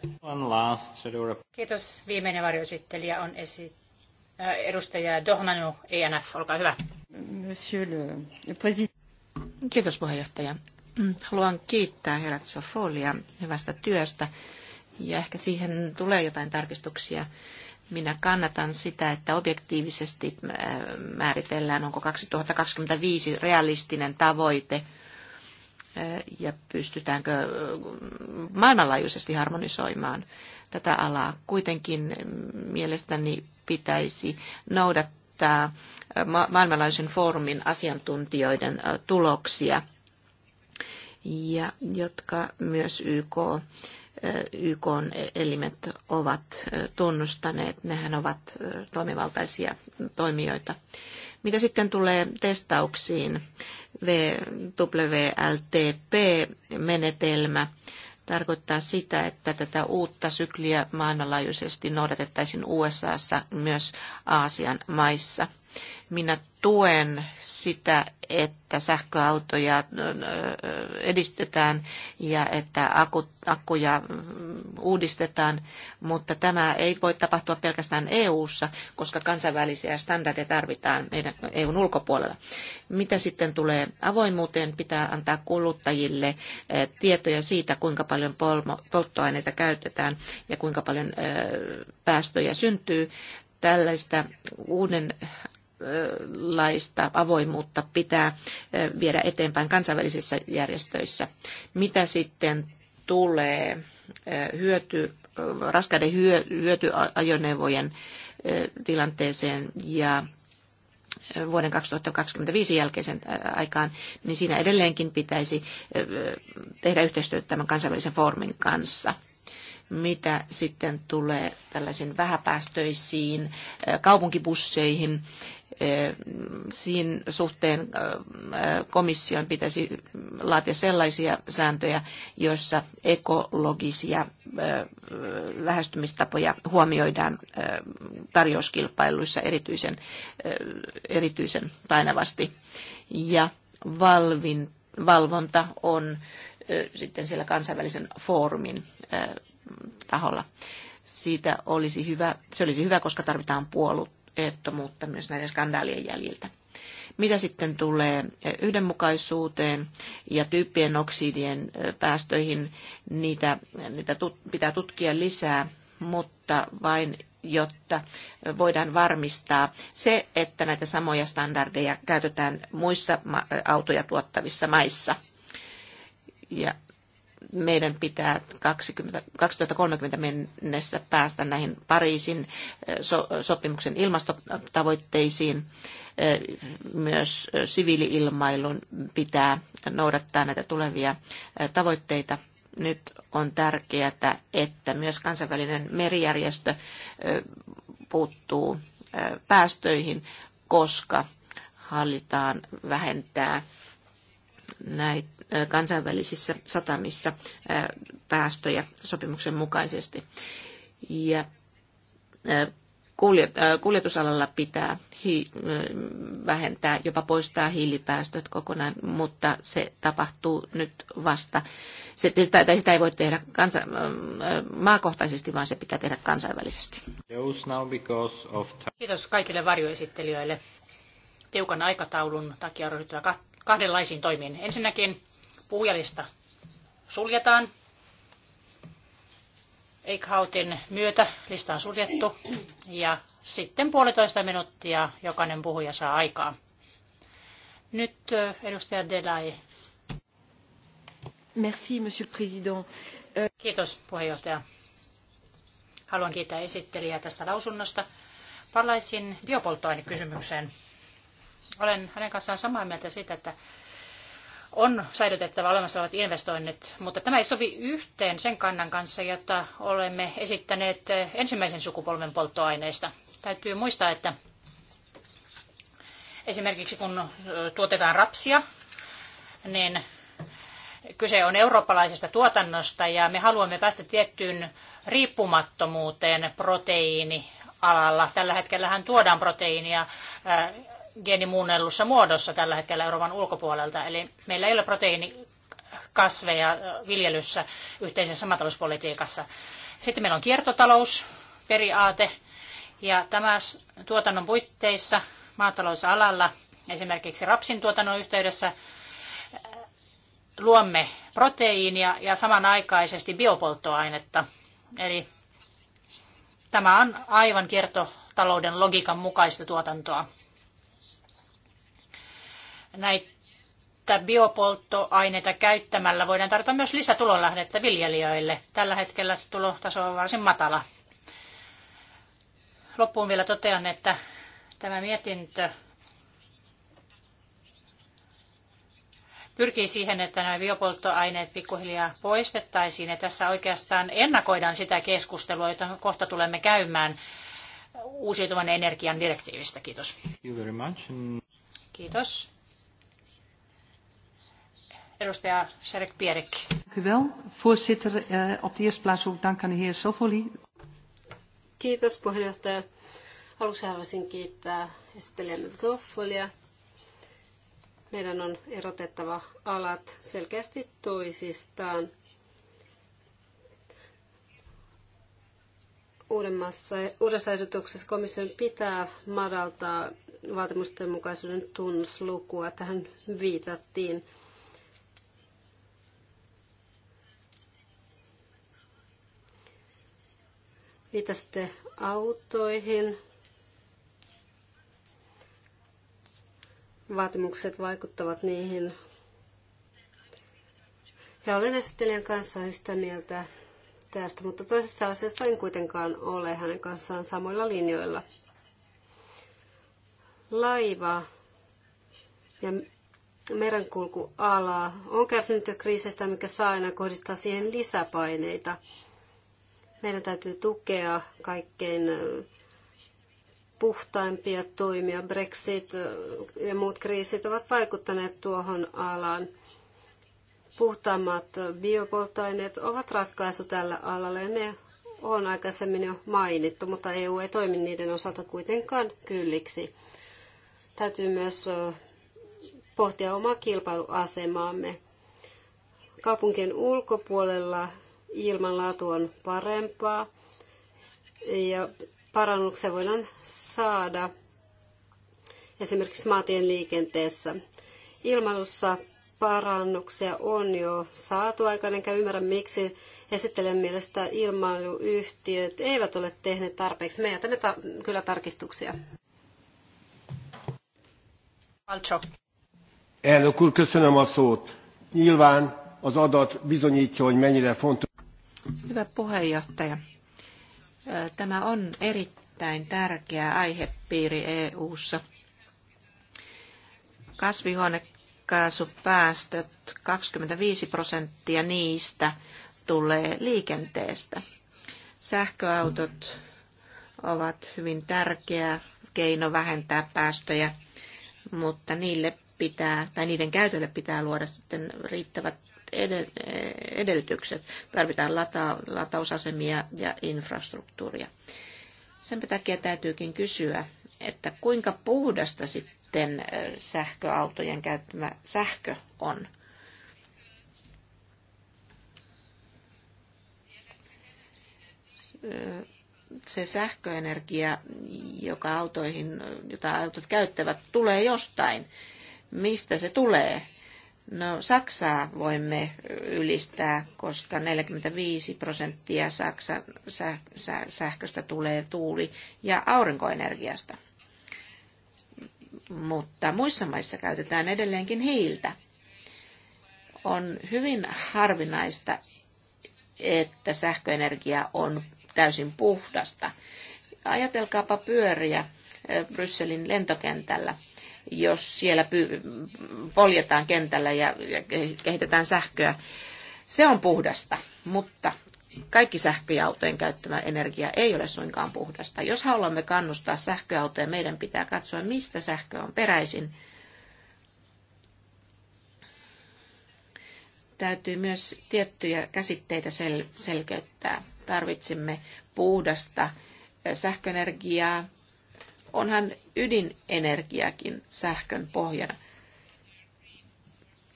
Speaker 2: Kiitos. Viimeinen varjoesittelijä on esittely. Äh, edustaja Dohnanu, ENF, olkaa hyvä.
Speaker 5: Monsieur le, le président. Kiitos puheenjohtaja. Haluan kiittää Herat Sofolia hyvästä työstä ja ehkä siihen tulee jotain tarkistuksia. Minä kannatan sitä, että objektiivisesti äh, määritellään, onko 2025 realistinen tavoite äh, ja pystytäänkö maailmanlaajuisesti harmonisoimaan tätä alaa. Kuitenkin mielestäni pitäisi noudattaa maailmanlaajuisen foorumin asiantuntijoiden tuloksia, ja jotka myös YK YK e-, elimet ovat tunnustaneet. Nehän ovat toimivaltaisia toimijoita. Mitä sitten tulee testauksiin, WLTP-menetelmä tarkoittaa sitä, että tätä uutta sykliä maailmanlaajuisesti noudatettaisiin USAssa myös Aasian maissa – minä tuen sitä, että sähköautoja edistetään ja että akkuja mm, uudistetaan, mutta tämä ei voi tapahtua pelkästään EU-ssa, koska kansainvälisiä standardeja tarvitaan meidän EUn ulkopuolella. Mitä sitten tulee avoimuuteen, pitää antaa kuluttajille tietoja siitä, kuinka paljon polttoaineita käytetään ja kuinka paljon päästöjä syntyy tällaista uuden minkälaista avoimuutta pitää viedä eteenpäin kansainvälisissä järjestöissä. Mitä sitten tulee hyöty, raskaiden hyö, hyötyajoneuvojen tilanteeseen ja vuoden 2025 jälkeisen aikaan, niin siinä edelleenkin pitäisi tehdä yhteistyötä tämän kansainvälisen foorumin kanssa mitä sitten tulee tällaisiin vähäpäästöisiin kaupunkibusseihin, Äh, Siinä suhteen äh, komission pitäisi laatia sellaisia sääntöjä, joissa ekologisia äh, lähestymistapoja huomioidaan tarjouskilpailuissa erityisen, erityisen painavasti. Ja valvin, valvonta on sitten siellä kansainvälisen foorumin taholla. Siitä olisi hyvä, se olisi hyvä, koska tarvitaan puolut perusteettomuutta myös näiden skandaalien jäljiltä. Mitä sitten tulee eh, yhdenmukaisuuteen ja tyyppien oksidien eh, päästöihin, niitä, niitä tut, pitää tutkia lisää, mutta vain jotta voidaan varmistaa se, että näitä samoja standardeja käytetään muissa autoja tuottavissa maissa. Ja meidän pitää 20, 2030 mennessä päästä näihin Pariisin eh, so, sopimuksen ilmastotavoitteisiin. Eh, myös eh, siviiliilmailun pitää noudattaa näitä tulevia tavoitteita. Nyt on tärkeää, että myös kansainvälinen merijärjestö puuttuu päästöihin, koska hallitaan vähentää näitä kansainvälisissä satamissa päästöjä sopimuksen mukaisesti. Ja kuljetusalalla pitää vähentää, jopa poistaa hiilipäästöt kokonaan, mutta se tapahtuu nyt vasta. sitä, tai sitä ei voi tehdä kansa, maakohtaisesti, vaan se pitää tehdä kansainvälisesti.
Speaker 2: Kiitos kaikille varjoesittelijöille. Tiukan aikataulun takia ryhtyä kahdenlaisiin toimiin. Ensinnäkin puhujalista suljetaan. Eikhautin myötä lista on suljettu ja sitten puolitoista minuuttia jokainen puhuja saa aikaa. Nyt edustaja Delay.
Speaker 3: Merci, monsieur le président. Euh,
Speaker 2: Kiitos puheenjohtaja. Haluan kiittää esittelijää tästä lausunnosta. Palaisin biopolttoainekysymykseen. Olen hänen kanssaan samaa mieltä siitä, että on säilytettävä olemassa olevat investoinnit, mutta tämä ei sovi yhteen sen kannan kanssa, jota olemme esittäneet ensimmäisen sukupolven polttoaineista. Täytyy muistaa, että esimerkiksi kun tuotetaan rapsia, niin kyse on eurooppalaisesta tuotannosta ja me haluamme päästä tiettyyn riippumattomuuteen proteiini alalla. Tällä hetkellähän tuodaan proteiinia geenimuunnellussa muodossa tällä hetkellä Euroopan ulkopuolelta. Eli meillä ei ole proteiinikasveja viljelyssä yhteisessä maatalouspolitiikassa. Sitten meillä on kiertotalousperiaate ja tämä tuotannon puitteissa maatalousalalla, esimerkiksi rapsin tuotannon yhteydessä, luomme proteiinia ja samanaikaisesti biopolttoainetta. Eli tämä on aivan kiertotalouden logiikan mukaista tuotantoa. Näitä biopolttoaineita käyttämällä voidaan tarjota myös lisätulonlähdettä viljelijöille. Tällä hetkellä tulotaso on varsin matala. Loppuun vielä totean, että tämä mietintö pyrkii siihen, että nämä biopolttoaineet pikkuhiljaa poistettaisiin. Ja tässä oikeastaan ennakoidaan sitä keskustelua, jota kohta tulemme käymään uusiutuvan energian direktiivistä. Kiitos. Kiitos. Edustaja Serek Pierik. Hyvä. Voorzitter, eh, op de eerste plaats ook dank aan de heer Sofoli.
Speaker 3: Kiitos puheenjohtaja. Aluksi haluaisin kiittää esittelijämme Zoffolia. Meidän on erotettava alat selkeästi toisistaan. Uudemmassa, uudessa ehdotuksessa komission pitää madaltaa vaatimusten mukaisuuden tunnuslukua. Tähän viitattiin. Viittasitte autoihin. Vaatimukset vaikuttavat niihin. Ja olen esittelijän kanssa yhtä mieltä tästä, mutta toisessa asiassa en kuitenkaan ole hänen kanssaan samoilla linjoilla. Laiva ja merenkulkuala on kärsinyt jo kriisistä, mikä saa aina kohdistaa siihen lisäpaineita. Meidän täytyy tukea kaikkein puhtaimpia toimia. Brexit ja muut kriisit ovat vaikuttaneet tuohon alaan. Puhtaammat biopolttoaineet ovat ratkaisu tällä alalla ja ne on aikaisemmin jo mainittu, mutta EU ei toimi niiden osalta kuitenkaan kylliksi. Täytyy myös pohtia omaa kilpailuasemaamme. Kaupunkien ulkopuolella ilmanlaatu on parempaa ja parannuksia voidaan saada esimerkiksi maatien liikenteessä. Ilmailussa parannuksia on jo saatu aikaan, enkä ymmärrä miksi esittelen mielestä ilmailuyhtiöt eivät ole tehneet tarpeeksi. Me jätämme ta- kyllä tarkistuksia. Palcho.
Speaker 6: Elnök úr, köszönöm a szót. Nyilván az adat bizonyítja, hogy mennyire fontos.
Speaker 5: Hyvä puheenjohtaja. Tämä on erittäin tärkeä aihepiiri EU:ssa. Kasvihuonekaasupäästöt, 25 prosenttia niistä tulee liikenteestä. Sähköautot ovat hyvin tärkeä keino vähentää päästöjä, mutta niille pitää, tai niiden käytölle pitää luoda sitten riittävät edellytykset. Tarvitaan lata, latausasemia ja infrastruktuuria. Sen takia täytyykin kysyä, että kuinka puhdasta sitten sähköautojen käyttämä sähkö on. se sähköenergia, joka autoihin, jota autot käyttävät, tulee jostain. Mistä se tulee? No Saksaa voimme ylistää, koska 45 prosenttia Saksan sähköstä tulee tuuli- ja aurinkoenergiasta. Mutta muissa maissa käytetään edelleenkin hiiltä. On hyvin harvinaista, että sähköenergia on täysin puhdasta. Ajatelkaapa pyöriä Brysselin lentokentällä – jos siellä poljetaan kentällä ja kehitetään sähköä. Se on puhdasta, mutta kaikki sähköautojen käyttämä energia ei ole suinkaan puhdasta. Jos haluamme kannustaa sähköautoja, meidän pitää katsoa, mistä sähkö on peräisin. Täytyy myös tiettyjä käsitteitä sel- selkeyttää. Tarvitsemme puhdasta sähköenergiaa, onhan ydinenergiakin sähkön pohjana.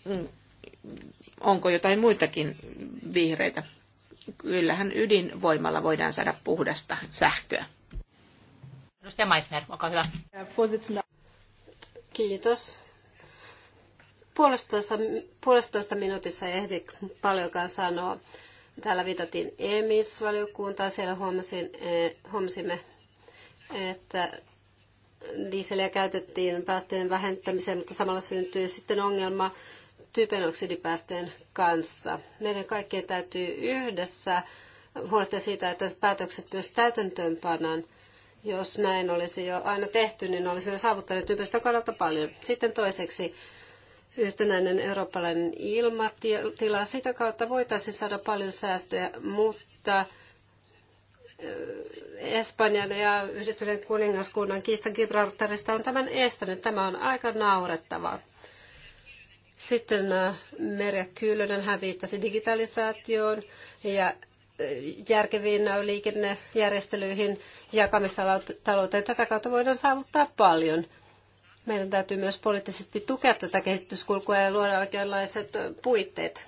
Speaker 5: Mm. Onko jotain muitakin vihreitä? Kyllähän ydinvoimalla voidaan saada puhdasta sähköä.
Speaker 2: Edustaja Meissner, olkaa hyvä.
Speaker 3: Kiitos. Puolestoista, puolestoista minuutissa ehdi paljonkaan sanoa. Täällä viitattiin EMIS-valiokuntaan. Siellä huomasin, eh, huomasimme, että dieseliä käytettiin päästöjen vähentämiseen, mutta samalla syntyy sitten ongelma typenoksidipäästöjen kanssa. Meidän kaikkien täytyy yhdessä huolehtia siitä, että päätökset myös täytäntöön Jos näin olisi jo aina tehty, niin olisimme saavuttaneet ympäristön kannalta paljon. Sitten toiseksi yhtenäinen eurooppalainen ilmatila. Sitä kautta voitaisiin saada paljon säästöjä, mutta Espanjan ja yhdistyneen kuningaskunnan kiista Gibraltarista on tämän estänyt. Tämä on aika naurettavaa. Sitten äh, Merja Kyllönen, hän viittasi digitalisaatioon ja äh, järkeviin äh, liikennejärjestelyihin jakamistalouteen. Tätä kautta voidaan saavuttaa paljon. Meidän täytyy myös poliittisesti tukea tätä kehityskulkua ja luoda oikeanlaiset puitteet.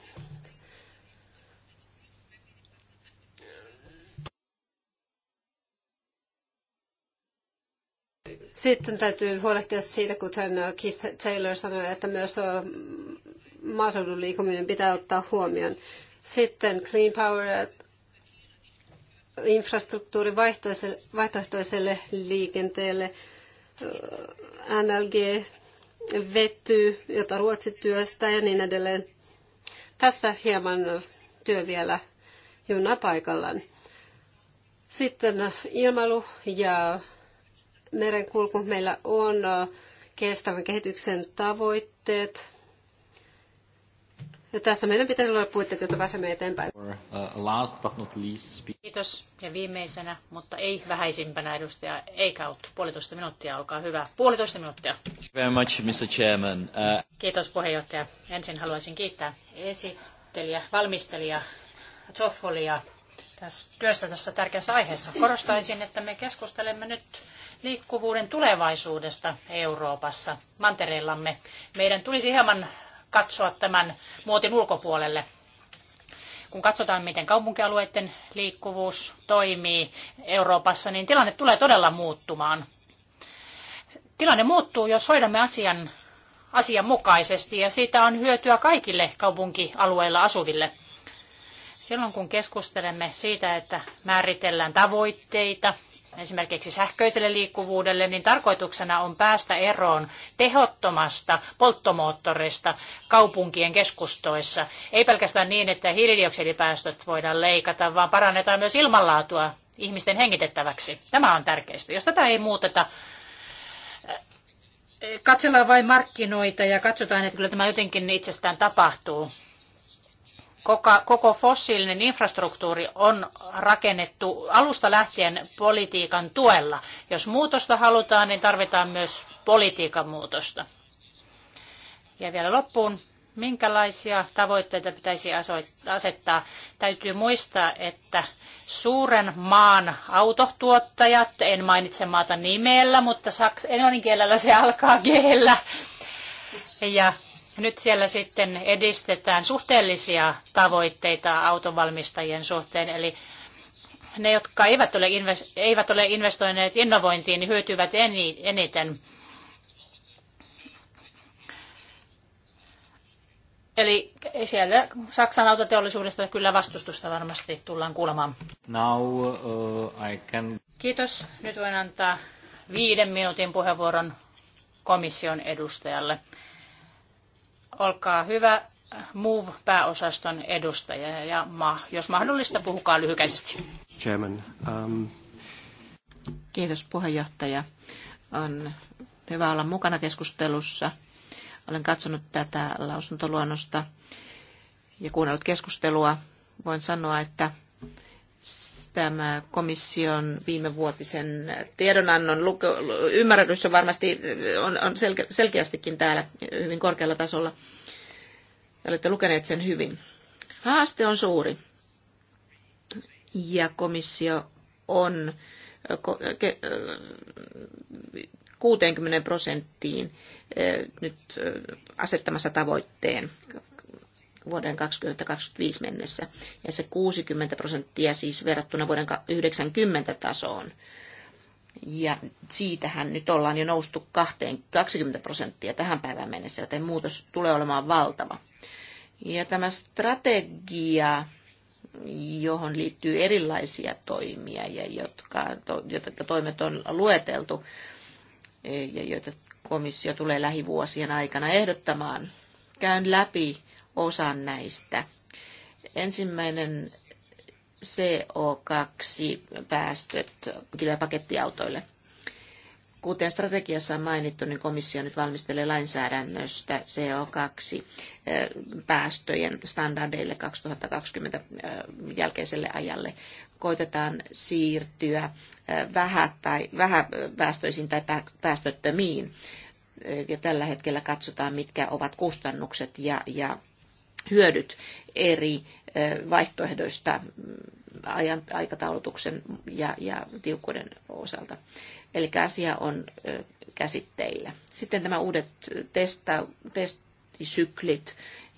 Speaker 3: Sitten täytyy huolehtia siitä, kuten Keith Taylor sanoi, että myös maaseudun liikuminen pitää ottaa huomioon. Sitten Clean Power infrastruktuuri vaihtoehtoiselle liikenteelle, NLG, vety, jota Ruotsi työstää ja niin edelleen. Tässä hieman työ vielä juna paikallaan. Sitten ilmailu ja merenkulku. Meillä on kestävän kehityksen tavoitteet. Ja tässä meidän pitäisi olla puitteet, jotta pääsemme eteenpäin.
Speaker 1: Uh, last but not least
Speaker 3: Kiitos. Ja
Speaker 2: viimeisenä, mutta ei vähäisimpänä edustaja Eikaut. Puolitoista minuuttia, olkaa hyvä. Puolitoista minuuttia.
Speaker 1: Very much, Mr. Chairman. Uh...
Speaker 2: Kiitos puheenjohtaja. Ensin haluaisin kiittää esittelijä, valmistelija Zoffolia tästä työstä tässä tärkeässä aiheessa. Korostaisin, että me keskustelemme nyt liikkuvuuden tulevaisuudesta Euroopassa, mantereellamme. Meidän tulisi hieman katsoa tämän muotin ulkopuolelle. Kun katsotaan, miten kaupunkialueiden liikkuvuus toimii Euroopassa, niin tilanne tulee todella muuttumaan. Tilanne muuttuu, jos hoidamme asian asianmukaisesti ja siitä on hyötyä kaikille kaupunkialueilla asuville. Silloin kun keskustelemme siitä, että määritellään tavoitteita, esimerkiksi sähköiselle liikkuvuudelle, niin tarkoituksena on päästä eroon tehottomasta polttomoottorista kaupunkien keskustoissa. Ei pelkästään niin, että hiilidioksidipäästöt voidaan leikata, vaan parannetaan myös ilmanlaatua ihmisten hengitettäväksi. Tämä on tärkeistä. Jos tätä ei muuteta, äh, katsellaan vain markkinoita ja katsotaan, että kyllä tämä jotenkin itsestään tapahtuu koko fossiilinen infrastruktuuri on rakennettu alusta lähtien politiikan tuella. Jos muutosta halutaan, niin tarvitaan myös politiikan muutosta. Ja vielä loppuun, minkälaisia tavoitteita pitäisi asettaa? Täytyy muistaa, että suuren maan autotuottajat, en mainitse maata nimellä, mutta saks, englannin kielellä se alkaa g -llä. Ja nyt siellä sitten edistetään suhteellisia tavoitteita autovalmistajien suhteen, eli ne, jotka eivät ole, eivät ole investoineet innovointiin, niin hyötyvät eniten. Eli siellä Saksan autoteollisuudesta kyllä vastustusta varmasti tullaan kuulemaan.
Speaker 1: Now, uh, I can...
Speaker 2: Kiitos. Nyt voin antaa viiden minuutin puheenvuoron komission edustajalle. Olkaa hyvä, MOVE-pääosaston edustaja ja ma, jos mahdollista, puhukaa lyhykäisesti.
Speaker 6: Chairman, um...
Speaker 5: Kiitos puheenjohtaja. On hyvä olla mukana keskustelussa. Olen katsonut tätä lausuntoluonnosta ja kuunnellut keskustelua. Voin sanoa, että tämä komission viimevuotisen tiedonannon luke- ymmärrys on varmasti on, on selke- selkeästikin täällä hyvin korkealla tasolla. Olette lukeneet sen hyvin. Haaste on suuri. Ja komissio on 60 äh, äh, prosenttiin äh, nyt asettamassa tavoitteen vuoden 2025 mennessä. Ja se 60 prosenttia siis verrattuna vuoden 90 tasoon. Ja siitähän nyt ollaan jo noustu 20 prosenttia tähän päivään mennessä, joten muutos tulee olemaan valtava. Ja tämä strategia, johon liittyy erilaisia toimia, ja jotka, jotka toimet on lueteltu, ja joita komissio tulee lähivuosien aikana ehdottamaan. Käyn läpi osa näistä. Ensimmäinen CO2-päästöt kyllä Kuten strategiassa on mainittu, niin komissio nyt valmistelee lainsäädännöstä CO2-päästöjen standardeille 2020 jälkeiselle ajalle. Koitetaan siirtyä vähä tai, vähäpäästöisiin tai päästöttömiin. Ja tällä hetkellä katsotaan, mitkä ovat kustannukset ja, ja hyödyt eri vaihtoehdoista mm, ajan, aikataulutuksen ja, ja tiukkuuden osalta. Eli asia on käsitteillä. Sitten nämä uudet testa, testisyklit,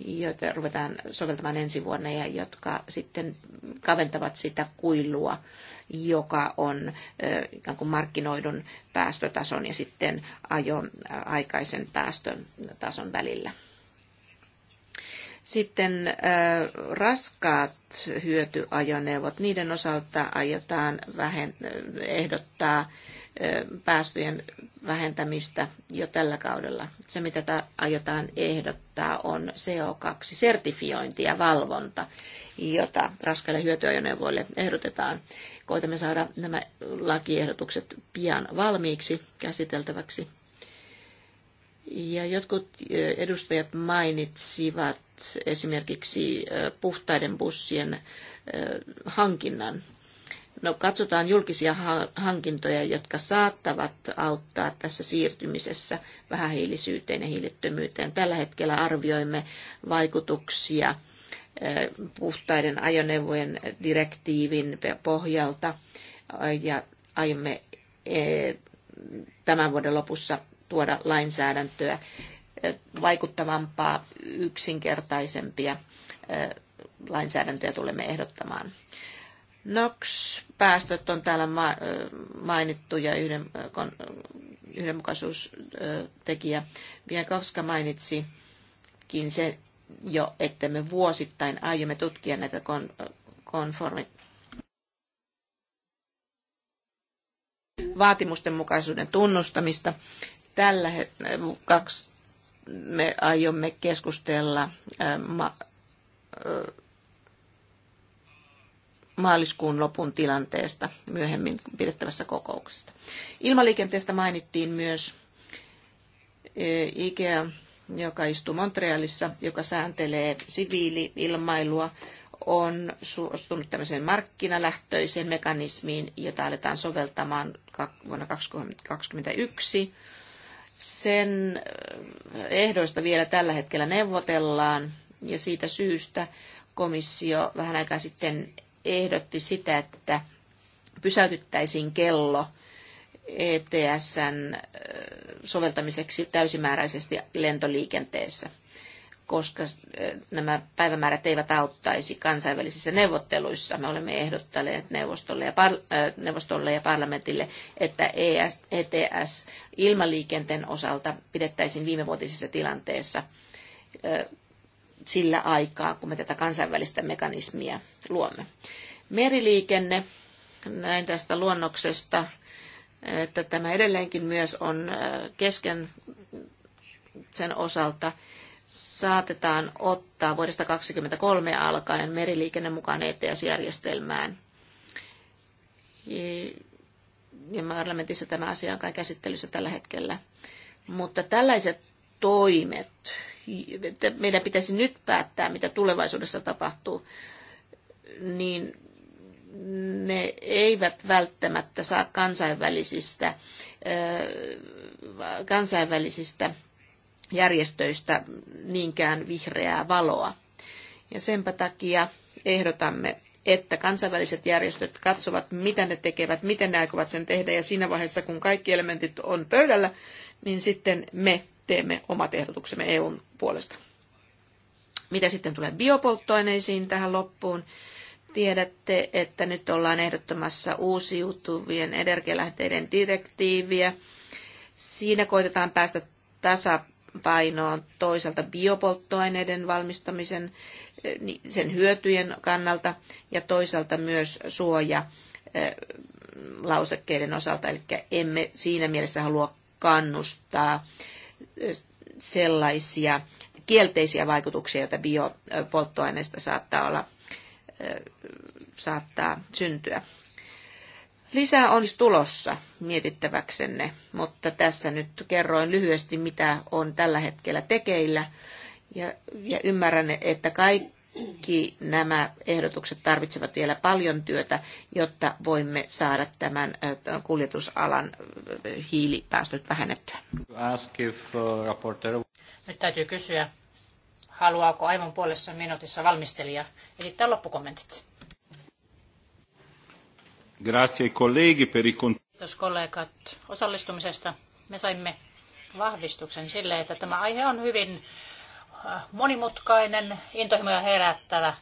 Speaker 5: joita ruvetaan soveltamaan ensi vuonna ja jotka sitten kaventavat sitä kuilua, joka on ikään kuin markkinoidun päästötason ja sitten ajo aikaisen päästötason tason välillä. Sitten raskaat hyötyajoneuvot, niiden osalta aiotaan vähen- ehdottaa päästöjen vähentämistä jo tällä kaudella. Se, mitä ta- aiotaan ehdottaa, on CO2-sertifiointi ja valvonta, jota raskaille hyötyajoneuvoille ehdotetaan. Koitamme saada nämä lakiehdotukset pian valmiiksi käsiteltäväksi ja jotkut eh, edustajat mainitsivat esimerkiksi eh, puhtaiden bussien eh, hankinnan. No, katsotaan julkisia hankintoja, jotka saattavat auttaa tässä siirtymisessä vähähiilisyyteen ja hiilettömyyteen. Tällä hetkellä arvioimme vaikutuksia puhtaiden ajoneuvojen direktiivin pohjalta ja aiomme tämän vuoden lopussa tuoda lainsäädäntöä vaikuttavampaa, yksinkertaisempia lainsäädäntöjä tulemme ehdottamaan. NOx-päästöt on täällä mainittu ja yhdenmukaisuustekijä. Biakovska mainitsikin se jo, että me vuosittain aiomme tutkia näitä konformi, mukaisuuden tunnustamista Tällä kaksi me aiomme keskustella ma- maaliskuun lopun tilanteesta myöhemmin pidettävässä kokouksessa. Ilmaliikenteestä mainittiin myös IKEA, joka istuu Montrealissa, joka sääntelee siviili-ilmailua, on suostunut tämmöiseen markkinalähtöiseen mekanismiin, jota aletaan soveltamaan vuonna 2021 sen äh, ehdoista vielä tällä hetkellä neuvotellaan ja siitä syystä komissio vähän aikaa sitten ehdotti sitä, että pysäytyttäisiin kello ETSn äh, soveltamiseksi täysimääräisesti lentoliikenteessä koska eh, nämä päivämäärät eivät auttaisi kansainvälisissä neuvotteluissa. Me olemme ehdottaneet neuvostolle ja, par- eh, neuvostolle ja parlamentille, että ES, ETS ilmaliikenteen osalta pidettäisiin viimevuotisessa tilanteessa eh, sillä aikaa, kun me tätä kansainvälistä mekanismia luomme. Meriliikenne, näin tästä luonnoksesta, että tämä edelleenkin myös on kesken sen osalta saatetaan ottaa vuodesta 2023 alkaen meriliikenne mukaan ETS-järjestelmään. Ja parlamentissa tämä asia on kai käsittelyssä tällä hetkellä. Mutta tällaiset toimet, meidän pitäisi nyt päättää, mitä tulevaisuudessa tapahtuu, niin ne eivät välttämättä saa kansainvälisistä, kansainvälisistä järjestöistä niinkään vihreää valoa. Ja senpä takia ehdotamme, että kansainväliset järjestöt katsovat, mitä ne tekevät, miten ne aikovat sen tehdä, ja siinä vaiheessa, kun kaikki elementit on pöydällä, niin sitten me teemme omat ehdotuksemme EUn puolesta. Mitä sitten tulee biopolttoaineisiin tähän loppuun? Tiedätte, että nyt ollaan ehdottamassa uusiutuvien energialähteiden direktiiviä. Siinä koitetaan päästä tasa painoon toisaalta biopolttoaineiden valmistamisen, eh, sen hyötyjen kannalta ja toisaalta myös suoja eh, lausekkeiden osalta, eli emme siinä mielessä halua kannustaa eh, sellaisia kielteisiä vaikutuksia, joita biopolttoaineista saattaa olla saattaa syntyä. Lisää olisi tulossa mietittäväksenne, mutta tässä nyt kerroin lyhyesti, mitä on tällä hetkellä tekeillä. Ja, ja ymmärrän, että kaikki nämä ehdotukset tarvitsevat vielä paljon työtä, jotta voimme saada tämän kuljetusalan hiilipäästöt vähennettyä.
Speaker 2: Nyt täytyy kysyä, haluaako aivan puolessa minuutissa valmistelija esittää loppukommentit?
Speaker 1: Grazie colleghi per i
Speaker 2: Kiitos kollegat osallistumisesta. Me saimme vahvistuksen sille, että tämä aihe on hyvin äh, monimutkainen, intohimoja herättävä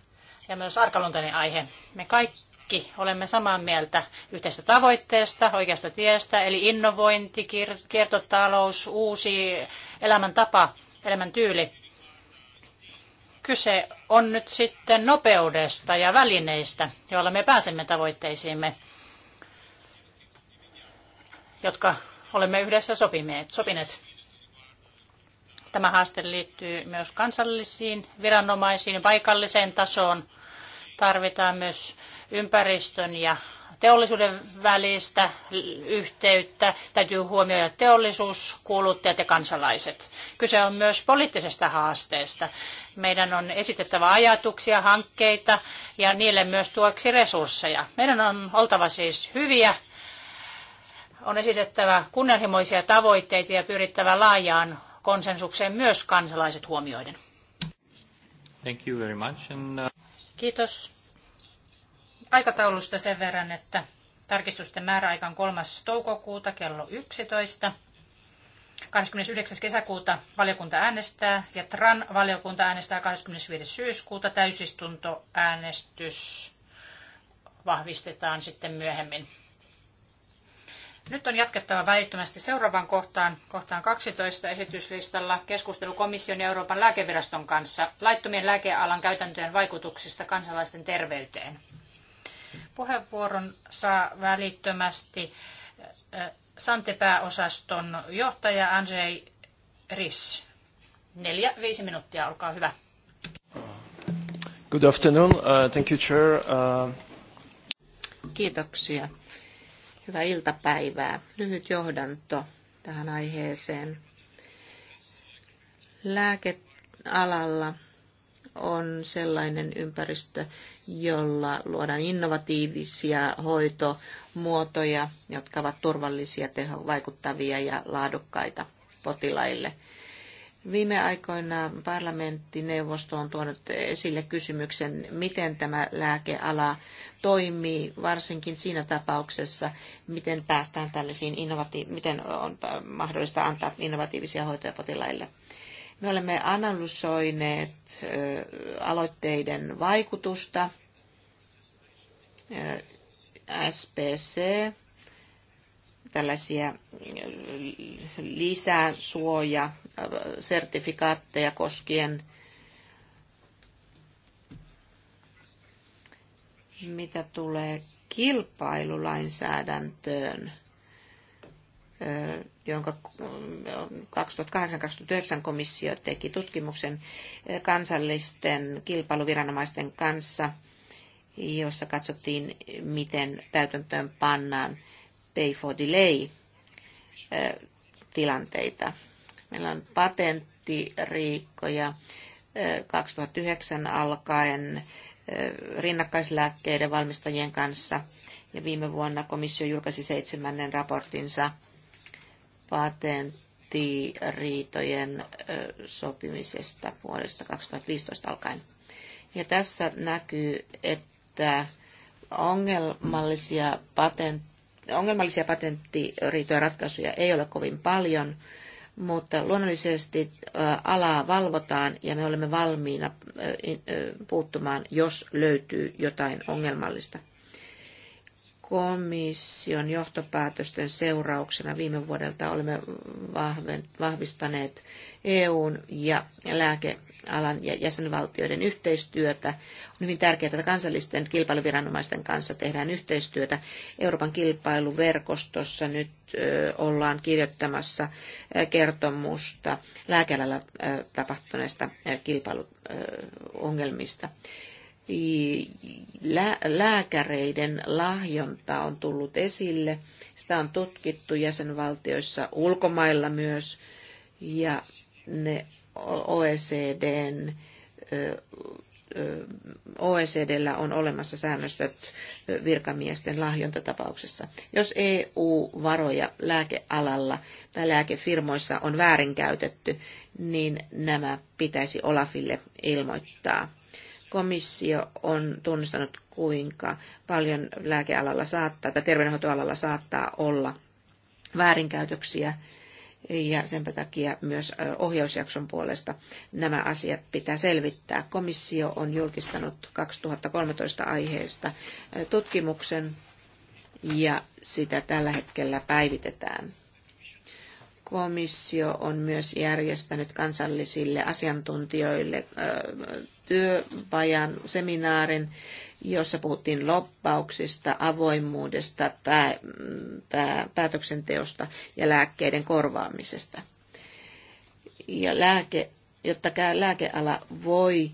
Speaker 2: ja myös arkaluontainen aihe. Me kaikki olemme samaa mieltä yhteistä tavoitteesta, oikeasta tiestä, eli innovointi, kiertotalous, uusi elämäntapa, elämäntyyli. Kyse on nyt sitten nopeudesta ja välineistä, joilla me pääsemme tavoitteisiimme, jotka olemme yhdessä sopineet. sopineet. Tämä haaste liittyy myös kansallisiin viranomaisiin, paikalliseen tasoon. Tarvitaan myös ympäristön ja teollisuuden välistä yhteyttä. Täytyy huomioida teollisuus, kuluttajat ja kansalaiset. Kyse on myös poliittisesta haasteesta. Meidän on esitettävä ajatuksia, hankkeita ja niille myös tuoksi resursseja. Meidän on oltava siis hyviä, on esitettävä kunnianhimoisia tavoitteita ja pyrittävä laajaan konsensukseen myös kansalaiset huomioiden.
Speaker 1: Thank you very much. And, uh...
Speaker 2: Kiitos aikataulusta sen verran, että tarkistusten määräaika on 3. toukokuuta kello 11. 29. kesäkuuta valiokunta äänestää ja TRAN valiokunta äänestää 25. syyskuuta täysistuntoäänestys vahvistetaan sitten myöhemmin. Nyt on jatkettava välittömästi seuraavaan kohtaan, kohtaan 12 esityslistalla keskustelu komission ja Euroopan lääkeviraston kanssa laittomien lääkealan käytäntöjen vaikutuksista kansalaisten terveyteen. Puheenvuoron saa välittömästi Sante-pääosaston johtaja Andrzej Riss. Neljä, viisi minuuttia, olkaa hyvä.
Speaker 6: Good afternoon. Uh, thank you, Chair. Uh...
Speaker 2: Kiitoksia. Hyvää iltapäivää.
Speaker 5: Lyhyt johdanto tähän aiheeseen. Lääkealalla on sellainen ympäristö, jolla luodaan innovatiivisia hoitomuotoja, jotka ovat turvallisia, teho, vaikuttavia ja laadukkaita potilaille. Viime aikoina parlamenttineuvosto on tuonut esille kysymyksen, miten tämä lääkeala toimii, varsinkin siinä tapauksessa, miten päästään tällaisiin innovati- miten on mahdollista antaa innovatiivisia hoitoja potilaille. Me olemme analysoineet aloitteiden vaikutusta. SPC, tällaisia lisäsuoja, sertifikaatteja koskien mitä tulee kilpailulainsäädäntöön – jonka 2008-2009 komissio teki tutkimuksen kansallisten kilpailuviranomaisten kanssa, jossa katsottiin, miten täytäntöön pannaan pay for delay tilanteita. Meillä on patenttiriikkoja 2009 alkaen rinnakkaislääkkeiden valmistajien kanssa ja viime vuonna komissio julkaisi seitsemännen raportinsa – patenttiriitojen sopimisesta vuodesta 2015 alkaen. Ja tässä näkyy, että ongelmallisia, patent, ongelmallisia patenttiriitojen ratkaisuja ei ole kovin paljon, mutta luonnollisesti alaa valvotaan ja me olemme valmiina puuttumaan, jos löytyy jotain ongelmallista komission johtopäätösten seurauksena viime vuodelta olemme vahvistaneet EUn ja lääkealan ja jäsenvaltioiden yhteistyötä. On hyvin tärkeää, että kansallisten kilpailuviranomaisten kanssa tehdään yhteistyötä. Euroopan kilpailuverkostossa nyt ollaan kirjoittamassa kertomusta lääkealalla tapahtuneista kilpailuongelmista lääkäreiden lahjonta on tullut esille. Sitä on tutkittu jäsenvaltioissa ulkomailla myös ja ne OECDn OECDllä on olemassa säännöstöt virkamiesten lahjontatapauksessa. Jos EU-varoja lääkealalla tai lääkefirmoissa on väärinkäytetty, niin nämä pitäisi Olafille ilmoittaa komissio on tunnistanut, kuinka paljon lääkealalla saattaa tai terveydenhoitoalalla saattaa olla väärinkäytöksiä ja sen takia myös ohjausjakson puolesta nämä asiat pitää selvittää. Komissio on julkistanut 2013 aiheesta tutkimuksen ja sitä tällä hetkellä päivitetään. Komissio on myös järjestänyt kansallisille asiantuntijoille työpajan, seminaarin, jossa puhuttiin loppauksista, avoimuudesta, pää, pää, päätöksenteosta ja lääkkeiden korvaamisesta. Ja lääke, jotta lääkeala voi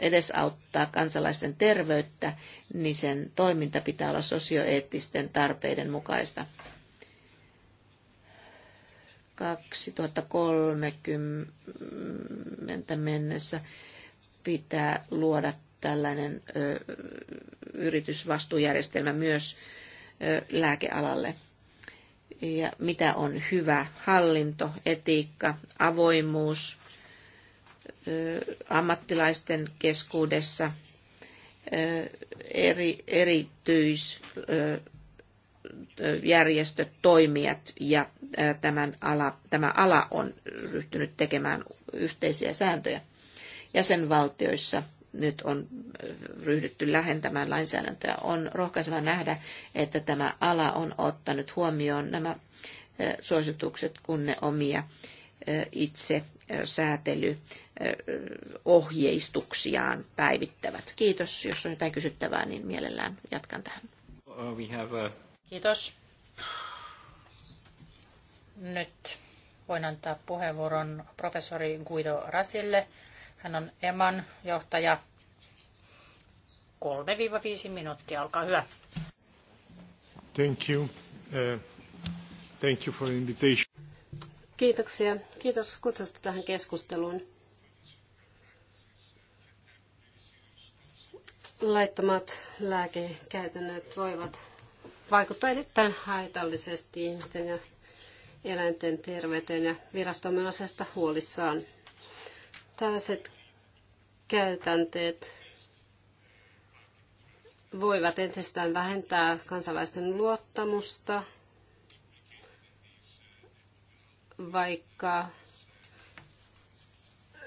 Speaker 5: edesauttaa kansalaisten terveyttä, niin sen toiminta pitää olla sosioeettisten tarpeiden mukaista. 2030 mennessä pitää luoda tällainen ö, yritysvastuujärjestelmä myös ö, lääkealalle. Ja mitä on hyvä hallinto, etiikka, avoimuus ö, ammattilaisten keskuudessa, ö, eri, erityisjärjestöt, toimijat ja tämän ala, tämä ala on ryhtynyt tekemään yhteisiä sääntöjä. Jäsenvaltioissa nyt on ryhdytty lähentämään lainsäädäntöä. On rohkaiseva nähdä, että tämä ala on ottanut huomioon nämä suositukset, kun ne omia itse säätelyohjeistuksiaan päivittävät. Kiitos. Jos on jotain kysyttävää, niin mielellään jatkan tähän.
Speaker 1: Uh, uh, Kiitos.
Speaker 2: Nyt voin antaa puheenvuoron professori Guido Rasille. Hän on EMAN johtaja. 3-5 minuuttia, olkaa hyvä.
Speaker 6: Thank you. Uh, thank you for invitation.
Speaker 3: Kiitoksia. Kiitos kutsusta tähän keskusteluun. Laittomat lääkekäytännöt voivat vaikuttaa erittäin haitallisesti ihmisten ja eläinten terveyteen ja virastomme asiasta huolissaan. Tällaiset käytänteet voivat entisestään vähentää kansalaisten luottamusta, vaikka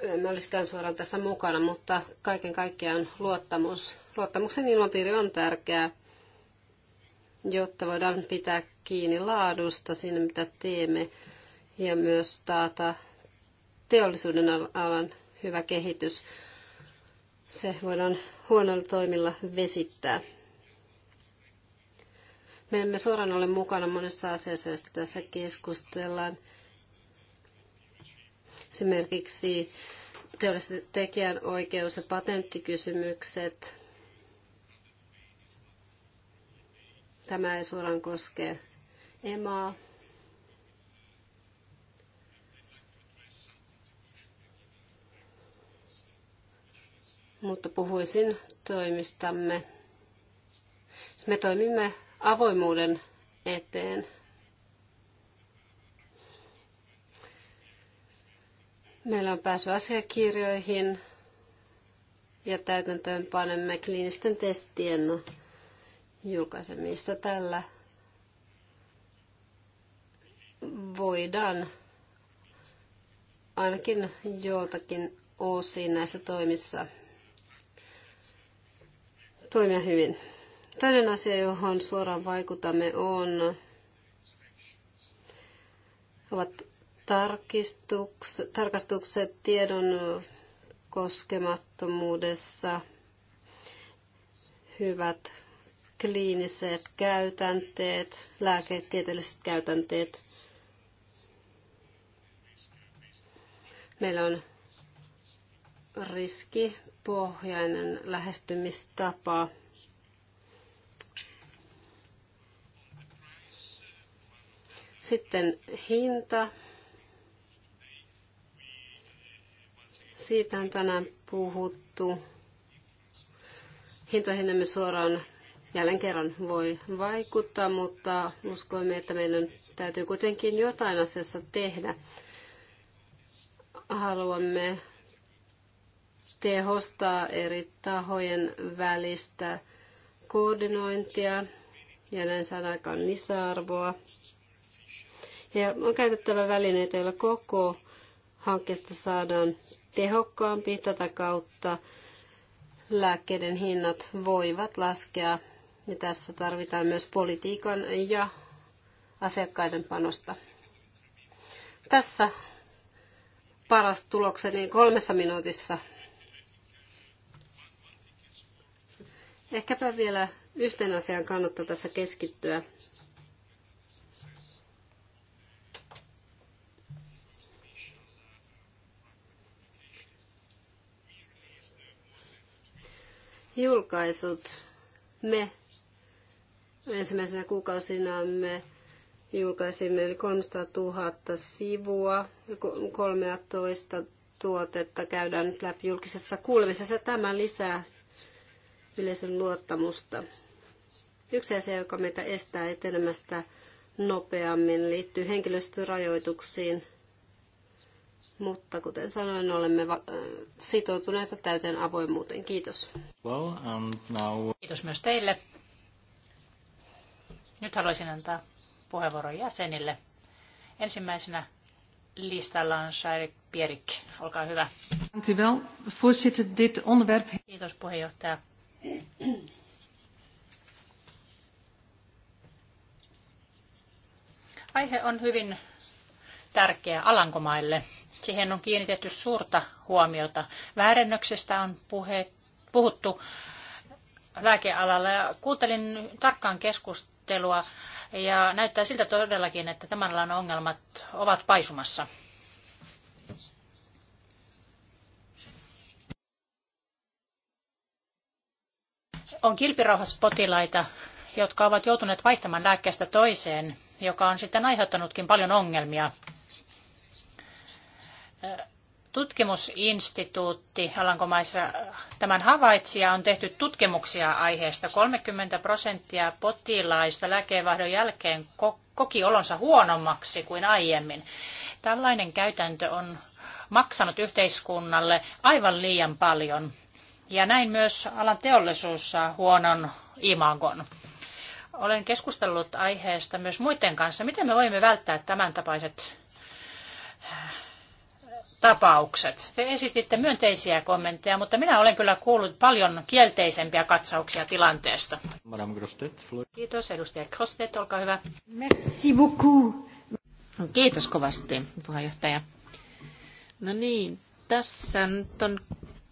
Speaker 3: emme olisikaan suoraan tässä mukana, mutta kaiken kaikkiaan luottamus, luottamuksen ilmapiiri on tärkeä, jotta voidaan pitää kiinni laadusta siinä, mitä teemme, ja myös taata teollisuuden alan hyvä kehitys. Se voidaan huonoilla toimilla vesittää. Me emme suoraan ole mukana monessa asiassa, joista tässä keskustellaan. Esimerkiksi teollisen tekijän oikeus ja patenttikysymykset. Tämä ei suoraan koske Emma. Mutta puhuisin toimistamme. Me toimimme avoimuuden eteen. Meillä on pääsy asiakirjoihin ja täytäntöön panemme kliinisten testien julkaisemista tällä voidaan ainakin joltakin osin näissä toimissa toimia hyvin. Toinen asia, johon suoraan vaikutamme, on ovat tarkistukset, tarkastukset tiedon koskemattomuudessa, hyvät kliiniset käytänteet, lääketieteelliset käytänteet – Meillä on riskipohjainen lähestymistapa. Sitten hinta. Siitä on tänään puhuttu. Hintoihin emme suoraan jälleen kerran voi vaikuttaa, mutta uskoimme, että meidän täytyy kuitenkin jotain asiassa tehdä haluamme tehostaa eri tahojen välistä koordinointia ja näin saada aikaan lisäarvoa. Ja on käytettävä välineitä, joilla koko hankkeesta saadaan tehokkaampi. Tätä kautta lääkkeiden hinnat voivat laskea. Ja tässä tarvitaan myös politiikan ja asiakkaiden panosta. Tässä paras tulokseni niin kolmessa minuutissa. Ehkäpä vielä yhteen asiaan kannattaa tässä keskittyä. Julkaisut. Me ensimmäisenä kuukausina me Julkaisimme yli 300 000 sivua, 13 tuotetta käydään nyt läpi julkisessa kuulemisessa. Tämä lisää yleisön luottamusta. Yksi asia, joka meitä estää etenemästä nopeammin, liittyy henkilöstörajoituksiin. Mutta kuten sanoin, olemme äh, sitoutuneita täyteen avoimuuteen. Kiitos.
Speaker 1: Well, now... Kiitos myös
Speaker 3: teille. Nyt haluaisin antaa
Speaker 2: puheenvuoron jäsenille. Ensimmäisenä listalla on Sharik Pierik. Olkaa hyvä.
Speaker 6: Dank u wel. Voorzitter, dit onderwerp...
Speaker 2: Kiitos puheenjohtaja. Aihe on hyvin tärkeä Alankomaille. Siihen on kiinnitetty suurta huomiota. Väärennöksestä on puhe, puhuttu lääkealalla ja kuuntelin tarkkaan keskustelua ja näyttää siltä todellakin, että tämän alan ongelmat ovat paisumassa. On kilpirauhaspotilaita, jotka ovat joutuneet vaihtamaan lääkkeestä toiseen, joka on sitten aiheuttanutkin paljon ongelmia tutkimusinstituutti Alankomaissa äh, tämän havaitsi ja on tehty tutkimuksia aiheesta. 30 prosenttia potilaista lääkevaihdon jälkeen koki olonsa huonommaksi kuin aiemmin. Tällainen käytäntö on maksanut yhteiskunnalle aivan liian paljon. Ja näin myös alan teollisuus saa huonon imagon. Olen keskustellut aiheesta myös muiden kanssa. Miten me voimme välttää tämän tapaiset äh, tapaukset. Te esititte myönteisiä kommentteja, mutta minä olen kyllä kuullut paljon kielteisempiä katsauksia tilanteesta.
Speaker 1: Madame Grostet,
Speaker 2: Kiitos, edustaja Grostet, olkaa hyvä. Merci
Speaker 5: beaucoup. Kiitos kovasti, puheenjohtaja. No niin, tässä nyt on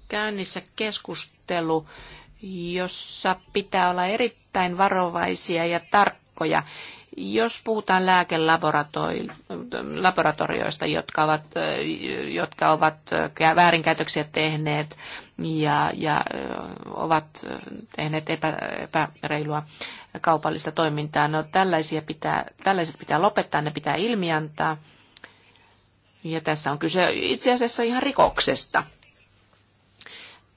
Speaker 5: käynnissä keskustelu, jossa pitää olla erittäin varovaisia ja tarkkoja jos puhutaan lääkelaboratorioista, jotka ovat, jotka ovat väärinkäytöksiä tehneet ja, ja ovat tehneet epä, epäreilua kaupallista toimintaa, no tällaisia pitää, tällaiset pitää lopettaa, ne pitää ilmiantaa. Ja tässä on kyse itse asiassa ihan rikoksesta.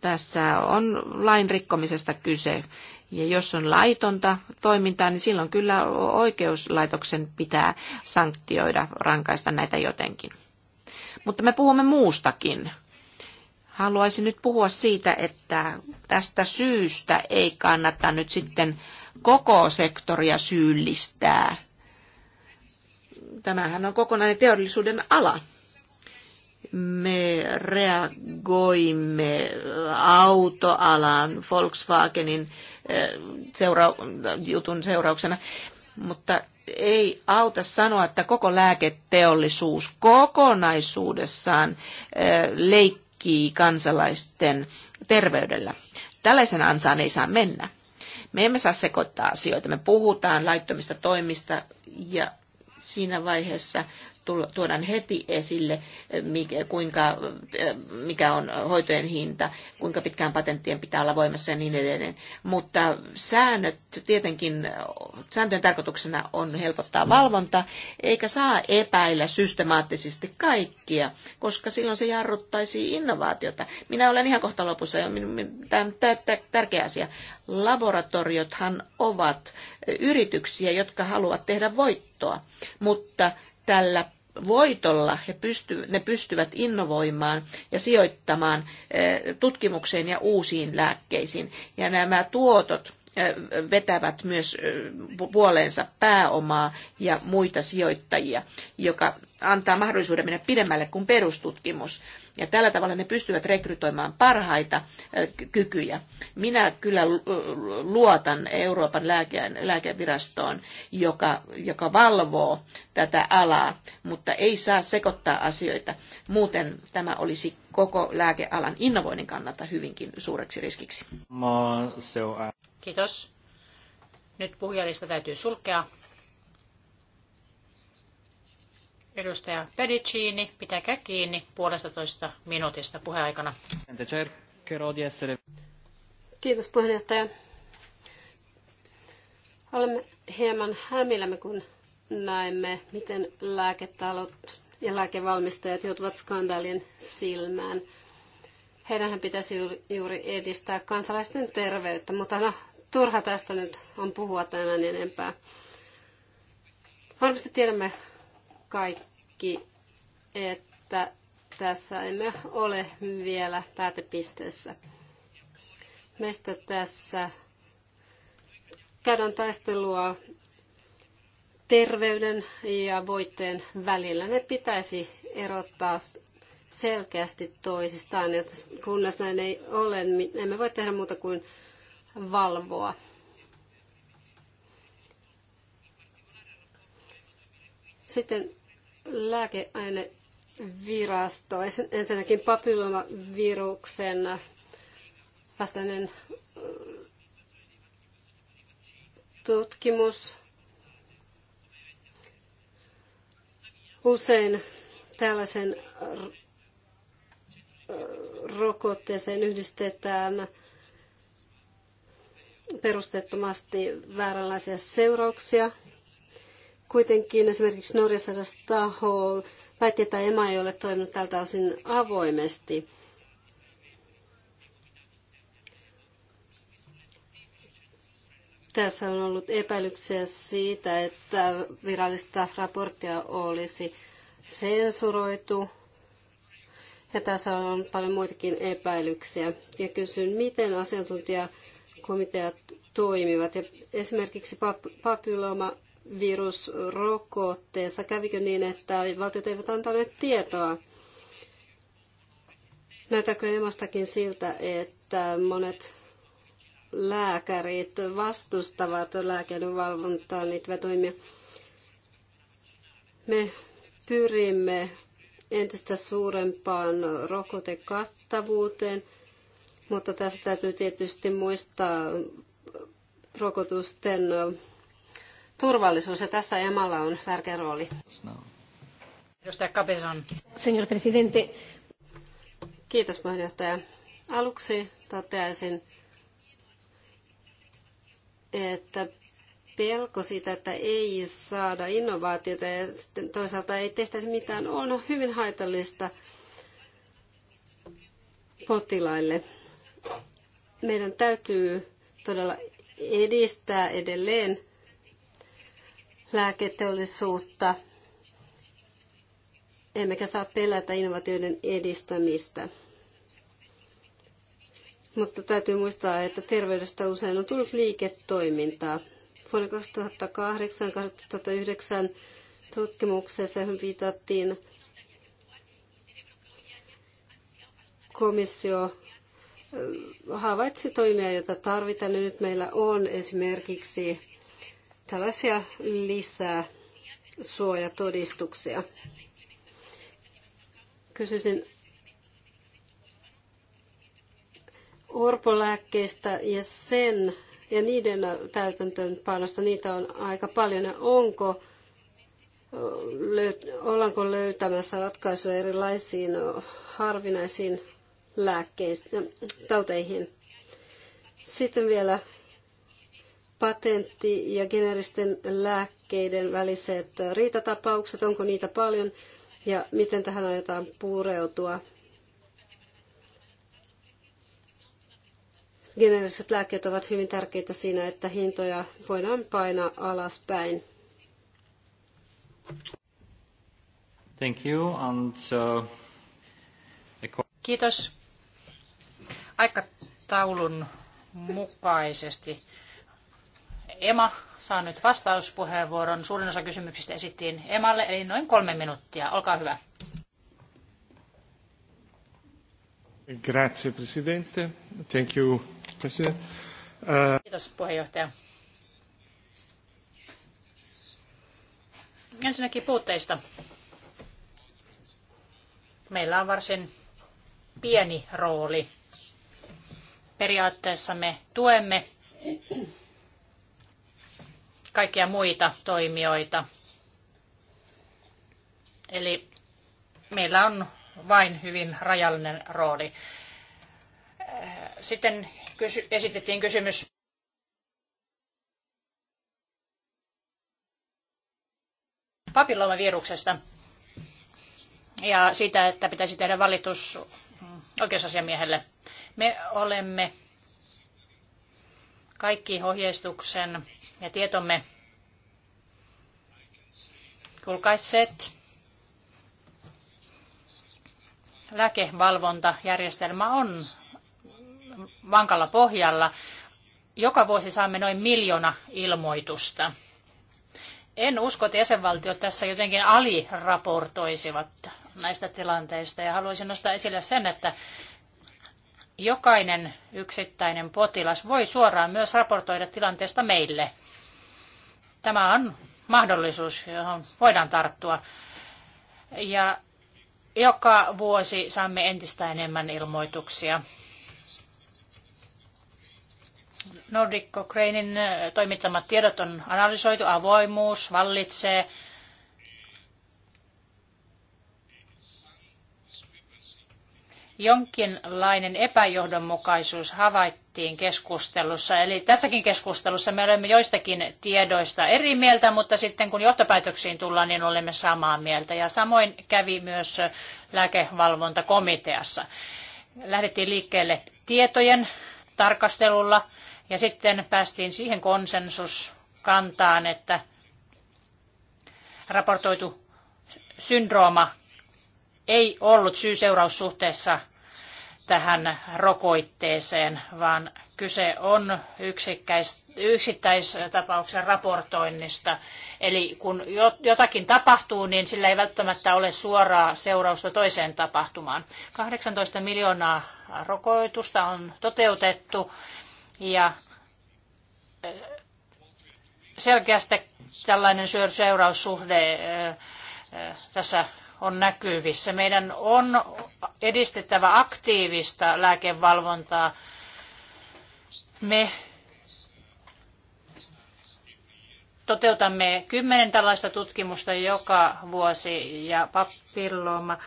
Speaker 5: Tässä on lain rikkomisesta kyse ja jos on laitonta toimintaa, niin silloin kyllä oikeuslaitoksen pitää sanktioida, rankaista näitä jotenkin. Mutta me puhumme muustakin. Haluaisin nyt puhua siitä, että tästä syystä ei kannata nyt sitten koko sektoria syyllistää. Tämähän on kokonainen teollisuuden ala. Me reagoimme autoalan Volkswagenin eh, seura- jutun seurauksena, mutta ei auta sanoa, että koko lääketeollisuus kokonaisuudessaan eh, leikkii kansalaisten terveydellä. Tällaisen ansaan ei saa mennä. Me emme saa sekoittaa asioita. Me puhutaan laittomista toimista ja siinä vaiheessa tuodaan heti esille, eh, kuinka, eh, mikä on hoitojen hinta, kuinka pitkään patenttien pitää olla voimassa ja niin edelleen. Mutta säännöt tietenkin, sääntöjen tarkoituksena on helpottaa valvontaa, eikä saa epäillä systemaattisesti kaikkia, koska silloin se jarruttaisi innovaatiota. Minä olen ihan kohta lopussa, tämä on tärkeä asia. Laboratoriothan ovat yrityksiä, jotka haluavat tehdä voittoa, mutta tällä voitolla he pysty, ne pystyvät innovoimaan ja sijoittamaan eh, tutkimukseen ja uusiin lääkkeisiin. Ja nämä tuotot eh, vetävät myös eh, puoleensa pääomaa ja muita sijoittajia, joka antaa mahdollisuuden mennä pidemmälle kuin perustutkimus. Ja tällä tavalla ne pystyvät rekrytoimaan parhaita kykyjä. Minä kyllä luotan Euroopan lääke, lääkevirastoon, joka, joka valvoo tätä alaa, mutta ei saa sekoittaa asioita. Muuten tämä olisi koko lääkealan innovoinnin kannalta hyvinkin suureksi riskiksi.
Speaker 2: Kiitos. Nyt puhujalista täytyy sulkea. Edustaja Pedicini, pitäkää kiinni puolesta toista minuutista puheaikana.
Speaker 3: Kiitos puheenjohtaja. Olemme hieman hämillämme, kun näemme, miten lääketalot ja lääkevalmistajat joutuvat skandaalien silmään. Heidänhän pitäisi juuri edistää kansalaisten terveyttä, mutta no, turha tästä nyt on puhua tänään enempää. Varmasti tiedämme kaikki, että tässä emme ole vielä päätepisteessä. Meistä tässä käydään taistelua terveyden ja voittojen välillä. Ne pitäisi erottaa selkeästi toisistaan, ja kunnes näin ei ole, niin emme voi tehdä muuta kuin valvoa. Sitten lääkeainevirasto. Ensinnäkin papillomaviruksen vastainen tutkimus. Usein tällaisen rokotteeseen yhdistetään perusteettomasti vääränlaisia seurauksia – Kuitenkin esimerkiksi Norjassa eräs taho väitti, että EMA ei ole toiminut tältä osin avoimesti. Tässä on ollut epäilyksiä siitä, että virallista raporttia olisi sensuroitu. Ja tässä on paljon muitakin epäilyksiä. Ja kysyn, miten asiantuntijakomiteat toimivat. Ja esimerkiksi papyloma virusrokotteessa? Kävikö niin, että valtiot eivät antaneet tietoa? Näyttääkö emastakin siltä, että monet lääkärit vastustavat lääkevalvontaa liittyviä toimia? Me pyrimme entistä suurempaan rokotekattavuuteen, mutta tässä täytyy tietysti muistaa rokotusten turvallisuus, ja tässä emalla on tärkeä rooli. Edustaja Cabezon.
Speaker 4: Señor presidente.
Speaker 3: Kiitos puheenjohtaja. Aluksi toteaisin, että pelko siitä, että ei saada innovaatiota ja sitten toisaalta ei tehtäisi mitään, on hyvin haitallista potilaille. Meidän täytyy todella edistää edelleen lääketeollisuutta, emmekä saa pelätä innovaatioiden edistämistä. Mutta täytyy muistaa, että terveydestä usein on tullut liiketoimintaa. Vuonna 2008-2009 tutkimuksessa, johon viitattiin, komissio havaitsi toimia, joita tarvitaan. Nyt meillä on esimerkiksi tällaisia lisää suojatodistuksia. Kysyisin orpolääkkeistä ja sen ja niiden täytäntöönpanosta, niitä on aika paljon. Ja onko, löyt, ollaanko löytämässä ratkaisuja erilaisiin harvinaisiin lääkkeisiin, tauteihin? Sitten vielä patentti- ja geneeristen lääkkeiden väliset riitatapaukset, onko niitä paljon ja miten tähän aiotaan pureutua. Geneeriset lääkkeet ovat hyvin tärkeitä siinä, että hintoja voidaan painaa alaspäin.
Speaker 1: Thank you and so... Uh,
Speaker 2: Kiitos. Aikataulun mukaisesti Emma saa nyt vastauspuheenvuoron. Suurin osa kysymyksistä esittiin Emalle, eli noin kolme minuuttia. Olkaa hyvä.
Speaker 6: Grazie, Presidente. Thank you, President. Uh...
Speaker 2: Kiitos, puheenjohtaja. Ensinnäkin puutteista. Meillä on varsin pieni rooli. Periaatteessa me tuemme kaikkia muita toimijoita. Eli meillä on vain hyvin rajallinen rooli. Sitten kysy- esitettiin kysymys. papillomaviruksesta ja siitä, että pitäisi tehdä valitus oikeusasiamiehelle. Me olemme kaikki ohjeistuksen ja tietomme julkaisseet. Lääkevalvontajärjestelmä on vankalla pohjalla. Joka vuosi saamme noin miljoona ilmoitusta. En usko, että jäsenvaltiot tässä jotenkin aliraportoisivat näistä tilanteista. Ja haluaisin nostaa esille sen, että jokainen yksittäinen potilas voi suoraan myös raportoida tilanteesta meille – Tämä on mahdollisuus, johon voidaan tarttua. Ja joka vuosi saamme entistä enemmän ilmoituksia. Nordic Cranein eh, toimittamat tiedot on analysoitu, avoimuus vallitsee jonkinlainen epäjohdonmukaisuus havaittiin keskustelussa. Eli tässäkin keskustelussa me olemme joistakin tiedoista eri mieltä, mutta sitten kun johtopäätöksiin tullaan, niin olemme samaa mieltä. Ja samoin kävi myös lääkevalvontakomiteassa. Lähdettiin liikkeelle tietojen tarkastelulla ja sitten päästiin siihen konsensuskantaan, että raportoitu syndrooma ei ollut syy-seuraussuhteessa tähän rokoitteeseen, vaan kyse on yksittäistapauksen raportoinnista. Eli kun jotakin tapahtuu, niin sillä ei välttämättä ole suoraa seurausta toiseen tapahtumaan. 18 miljoonaa rokoitusta on toteutettu ja äh, selkeästi tällainen seuraussuhde äh, äh, tässä on näkyvissä. Meidän on edistettävä aktiivista lääkevalvontaa. Me toteutamme kymmenen tällaista tutkimusta joka vuosi ja papilloma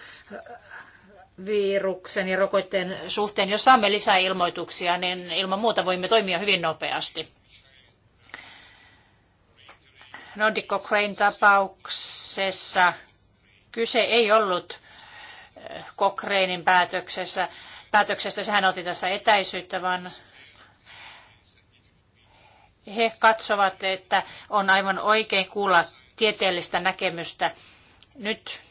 Speaker 2: viruksen ja rokotteen suhteen, jos saamme lisää ilmoituksia, niin ilman muuta voimme toimia hyvin nopeasti. Nordic Cochrane tapauksessa Kyse ei ollut Kokreinin eh, päätöksessä, päätöksestä, sehän otti tässä etäisyyttä, vaan he katsovat, että on aivan oikein kuulla tieteellistä näkemystä. Nyt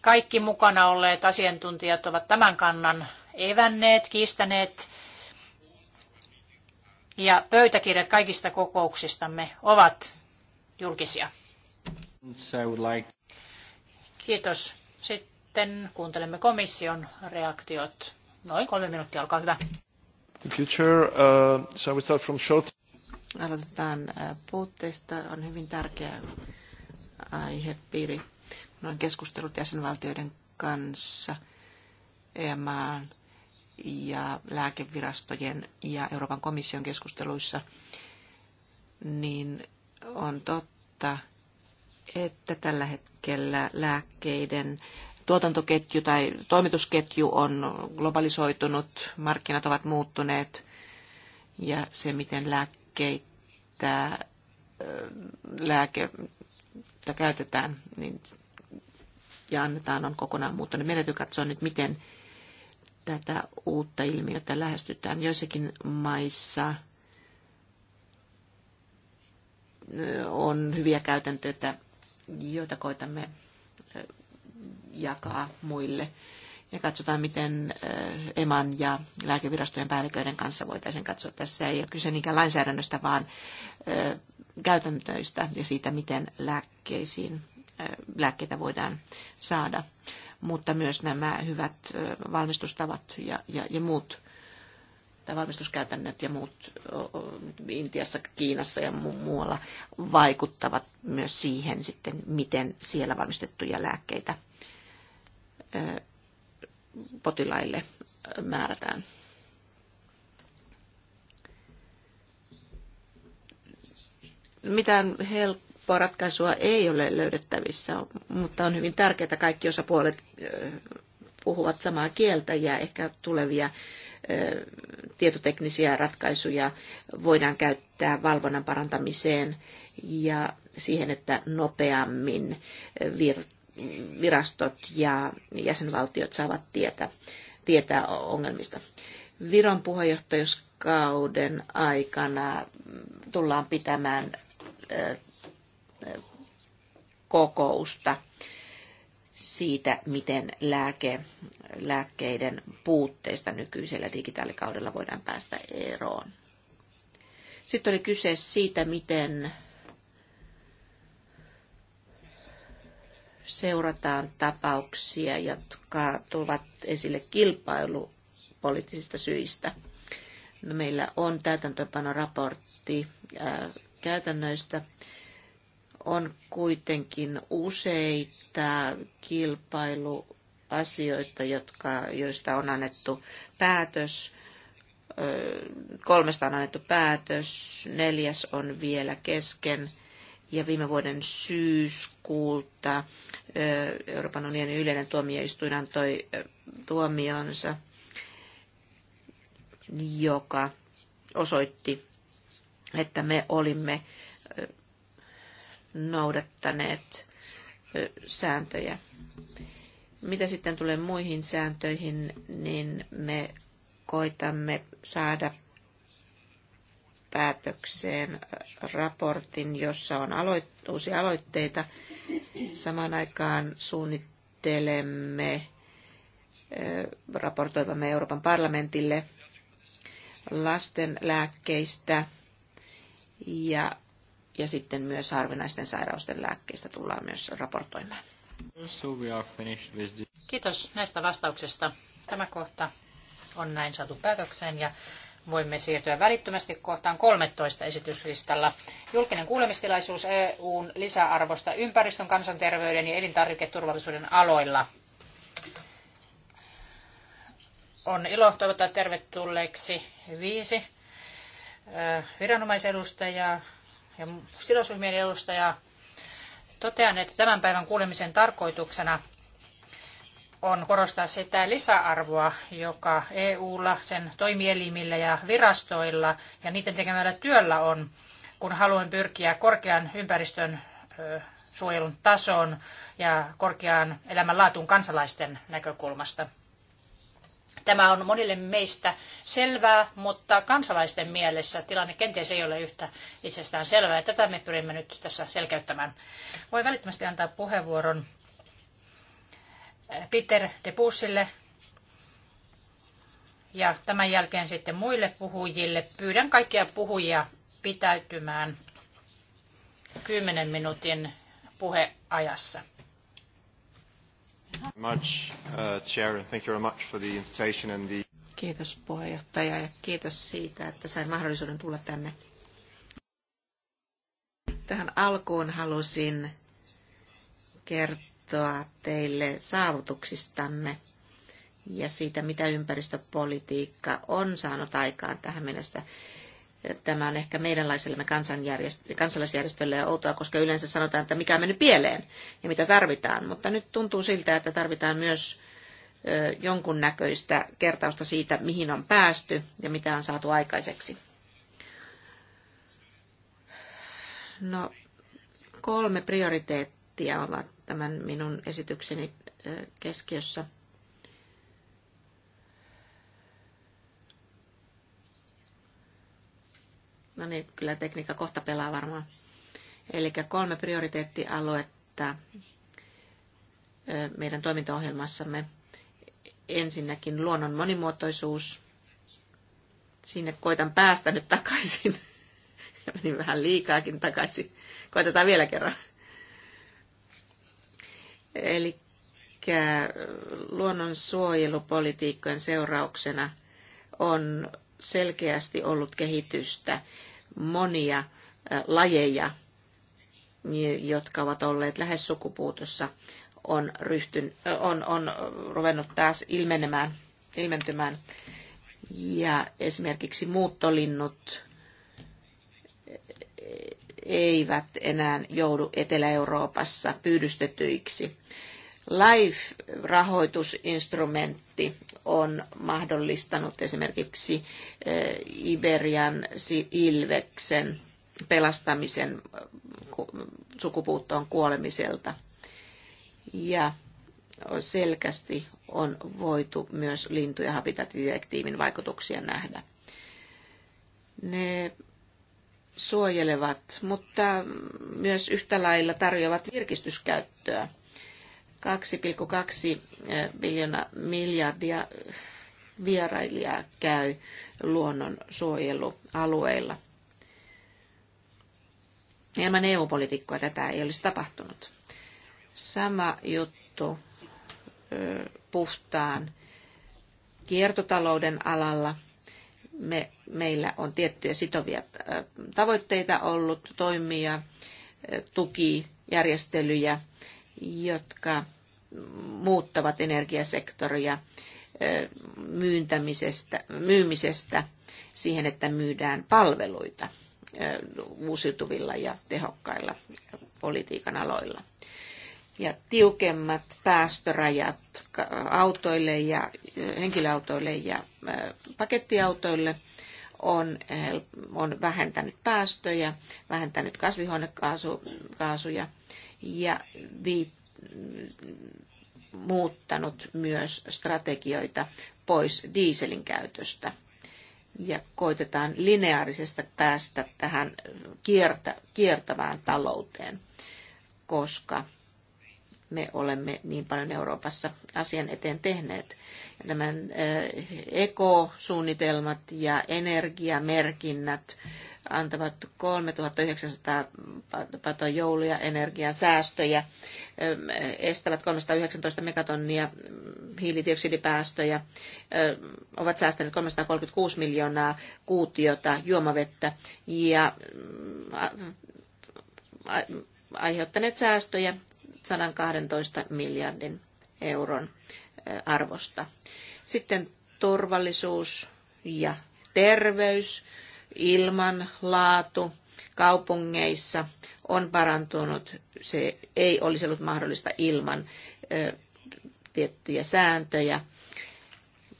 Speaker 2: kaikki mukana olleet asiantuntijat ovat tämän kannan evänneet, kiistäneet. Ja pöytäkirjat kaikista kokouksistamme ovat julkisia. Kiitos. Sitten kuuntelemme komission reaktiot. Noin kolme minuuttia, olkaa hyvä.
Speaker 4: The future, uh, so we start from short.
Speaker 5: Aloitetaan uh, puutteista. On hyvin tärkeä aihepiiri. Noin keskustelut jäsenvaltioiden kanssa, EMA ja lääkevirastojen ja Euroopan komission keskusteluissa, niin on totta, että tällä hetkellä hetkellä lääkkeiden tuotantoketju tai toimitusketju on globalisoitunut, markkinat ovat muuttuneet ja se, miten lääkkeitä lääkettä käytetään niin, ja annetaan, on kokonaan muuttunut. Meidän täytyy katsoa nyt, miten tätä uutta ilmiötä lähestytään. Joissakin maissa on hyviä käytäntöitä joita koitamme jakaa muille. Ja katsotaan, miten EMAN ja lääkevirastojen päälliköiden kanssa voitaisiin katsoa. Tässä ei ole kyse niinkään lainsäädännöstä, vaan käytännöistä ja siitä, miten lääkkeisiin, lääkkeitä voidaan saada. Mutta myös nämä hyvät valmistustavat ja, ja, ja muut tai valmistuskäytännöt ja muut Intiassa, Kiinassa ja mu- muualla vaikuttavat myös siihen sitten, miten siellä valmistettuja lääkkeitä potilaille määrätään. Mitään helppoa ratkaisua ei ole löydettävissä, mutta on hyvin tärkeää, että kaikki osapuolet puhuvat samaa kieltä ja ehkä tulevia tietoteknisiä ratkaisuja voidaan käyttää valvonnan parantamiseen ja siihen, että nopeammin virastot ja jäsenvaltiot saavat tietää, tietää ongelmista. Viron puheenjohtajuuskauden aikana tullaan pitämään kokousta siitä, miten lääke, lääkkeiden puutteista nykyisellä digitaalikaudella voidaan päästä eroon. Sitten oli kyse siitä, miten seurataan tapauksia, jotka tulevat esille kilpailupoliittisista syistä. No, meillä on täytäntöpanoraportti ää, käytännöistä, on kuitenkin useita kilpailuasioita, jotka, joista on annettu päätös. Kolmesta on annettu päätös, neljäs on vielä kesken ja viime vuoden syyskuulta Euroopan unionin yleinen tuomioistuin antoi tuomionsa, joka osoitti, että me olimme noudattaneet sääntöjä. Mitä sitten tulee muihin sääntöihin, niin me koitamme saada päätökseen raportin, jossa on aloit- uusia aloitteita. Samaan aikaan suunnittelemme raportoivamme Euroopan parlamentille lasten lääkkeistä ja ja sitten myös harvinaisten sairausten lääkkeistä tullaan myös
Speaker 1: raportoimaan.
Speaker 2: Kiitos näistä vastauksista. Tämä kohta on näin saatu päätökseen ja voimme siirtyä välittömästi kohtaan 13 esityslistalla. Julkinen kuulemistilaisuus EUn lisäarvosta ympäristön, kansanterveyden ja elintarviketurvallisuuden aloilla. On ilo toivottaa tervetulleeksi viisi viranomaisedustajaa ja sidosryhmien edustajaa. Totean, että tämän päivän kuulemisen tarkoituksena on korostaa sitä lisäarvoa, joka EUlla, sen toimielimillä ja virastoilla ja niiden tekemällä työllä on, kun haluan pyrkiä korkean ympäristön suojelun tasoon ja korkeaan elämänlaatuun kansalaisten näkökulmasta. Tämä on monille meistä selvää, mutta kansalaisten mielessä tilanne kenties ei ole yhtä itsestään selvää. Tätä me pyrimme nyt tässä selkeyttämään. Voi välittömästi antaa puheenvuoron eh, Peter de Bussille ja tämän jälkeen sitten muille puhujille. Pyydän kaikkia puhujia pitäytymään 10 minuutin puheajassa.
Speaker 4: Much, uh, chair, thank you very much for the invitation and the...
Speaker 5: Kiitos puheenjohtaja ja kiitos siitä, että sain mahdollisuuden tulla tänne. Tähän alkuun halusin kertoa teille saavutuksistamme ja siitä, mitä ympäristöpolitiikka on saanut aikaan tähän mennessä. Tämä on ehkä meidänlaisellemme kansalaisjärjestölle ja outoa, koska yleensä sanotaan, että mikä on mennyt pieleen ja mitä tarvitaan. Mutta nyt tuntuu siltä, että tarvitaan myös jonkunnäköistä kertausta siitä, mihin on päästy ja mitä on saatu aikaiseksi. No, kolme prioriteettia ovat tämän minun esitykseni keskiössä – No niin, kyllä tekniikka kohta pelaa varmaan. Eli kolme prioriteettialuetta meidän toimintaohjelmassamme. Ensinnäkin luonnon monimuotoisuus. Sinne koitan päästä nyt takaisin. Menin vähän liikaakin takaisin. Koitetaan vielä kerran. Eli luonnonsuojelupolitiikkojen seurauksena on selkeästi ollut kehitystä monia lajeja, jotka ovat olleet lähes sukupuutossa, on, ryhtyn, on, on ruvennut taas ilmenemään, ilmentymään. Ja esimerkiksi muuttolinnut eivät enää joudu Etelä-Euroopassa pyydystetyiksi life rahoitusinstrumentti on mahdollistanut esimerkiksi eh, Iberian Ilveksen pelastamisen eh, sukupuuttoon kuolemiselta. Ja selkeästi on voitu myös lintu- ja habitatidirektiivin vaikutuksia nähdä. Ne suojelevat, mutta myös yhtä lailla tarjoavat virkistyskäyttöä – 2,2 eh, miljoona, miljardia eh, vierailijaa käy luonnonsuojelualueilla. Ilman eu politiikkaa tätä ei olisi tapahtunut. Sama juttu eh, puhtaan kiertotalouden alalla. Me, meillä on tiettyjä sitovia tavoitteita ollut, toimia, tukijärjestelyjä jotka muuttavat energiasektoria myyntämisestä, myymisestä siihen, että myydään palveluita uusiutuvilla ja tehokkailla politiikan aloilla. Ja tiukemmat päästörajat autoille ja henkilöautoille ja pakettiautoille on, on vähentänyt päästöjä, vähentänyt kasvihuonekaasuja ja muuttanut myös strategioita pois diiselin käytöstä ja koitetaan lineaarisesta päästä tähän kiertä, kiertävään talouteen, koska me olemme niin paljon Euroopassa asian eteen tehneet. Ja tämän eh, ekosuunnitelmat ja energiamerkinnät antavat 3900 paton joulia energian säästöjä, ähm, estävät 319 megatonnia hiilidioksidipäästöjä, ähm, ovat säästäneet 336 miljoonaa kuutiota juomavettä ja äh, aiheuttaneet säästöjä 112 miljardin euron äh, arvosta. Sitten turvallisuus ja terveys ilman laatu kaupungeissa on parantunut. Se ei olisi ollut mahdollista ilman ö, tiettyjä sääntöjä.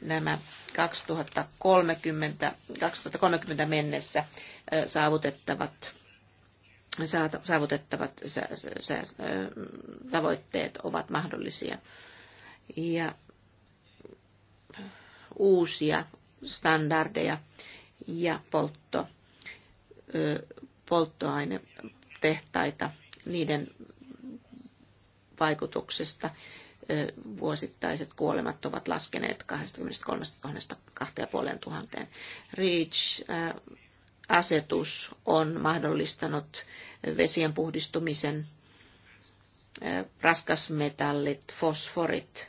Speaker 5: Nämä 2030, 2030 mennessä ö, saavutettavat saavutettavat tavoitteet ovat mahdollisia. Ja uusia standardeja ja poltto, polttoainetehtaita, niiden vaikutuksesta vuosittaiset kuolemat ovat laskeneet 23 000 tuhanteen. REACH-asetus on mahdollistanut vesien puhdistumisen, raskasmetallit, fosforit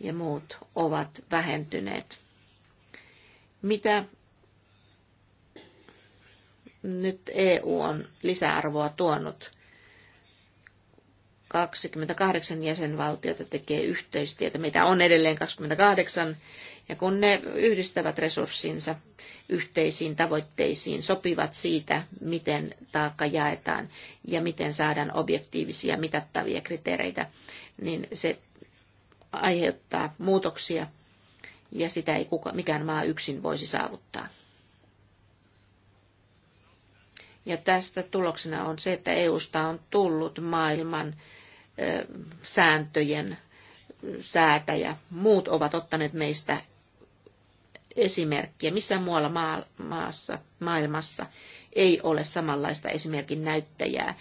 Speaker 5: ja muut ovat vähentyneet. Mitä nyt EU on lisäarvoa tuonut. 28 jäsenvaltiota tekee yhteistyötä. mitä on edelleen 28, ja kun ne yhdistävät resurssinsa yhteisiin tavoitteisiin, sopivat siitä, miten taakka jaetaan ja miten saadaan objektiivisia mitattavia kriteereitä, niin se aiheuttaa muutoksia ja sitä ei kuka, mikään maa yksin voisi saavuttaa. Ja tästä tuloksena on se, että EUsta on tullut maailman sääntöjen säätäjä. Muut ovat ottaneet meistä esimerkkiä. Missään muualla maa, maassa, maailmassa ei ole samanlaista esimerkin näyttäjää.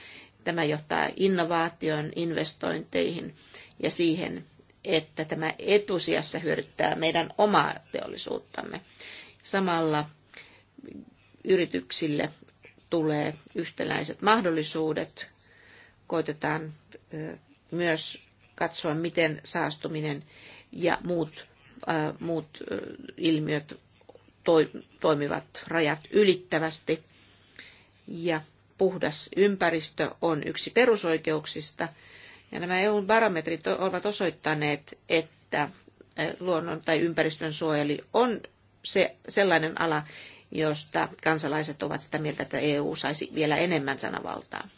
Speaker 5: Tämä johtaa innovaation, investointeihin ja siihen, että tämä etusijassa hyödyttää meidän omaa teollisuuttamme. Samalla yrityksille tulee yhtäläiset mahdollisuudet. Koitetaan myös katsoa, miten saastuminen ja muut, muut ilmiöt toimivat rajat ylittävästi. Ja puhdas ympäristö on yksi perusoikeuksista. Ja nämä EUn barometrit ovat osoittaneet, että luonnon tai ympäristön suojeli on se, sellainen ala, josta kansalaiset ovat sitä mieltä, että EU saisi vielä enemmän sananvaltaa.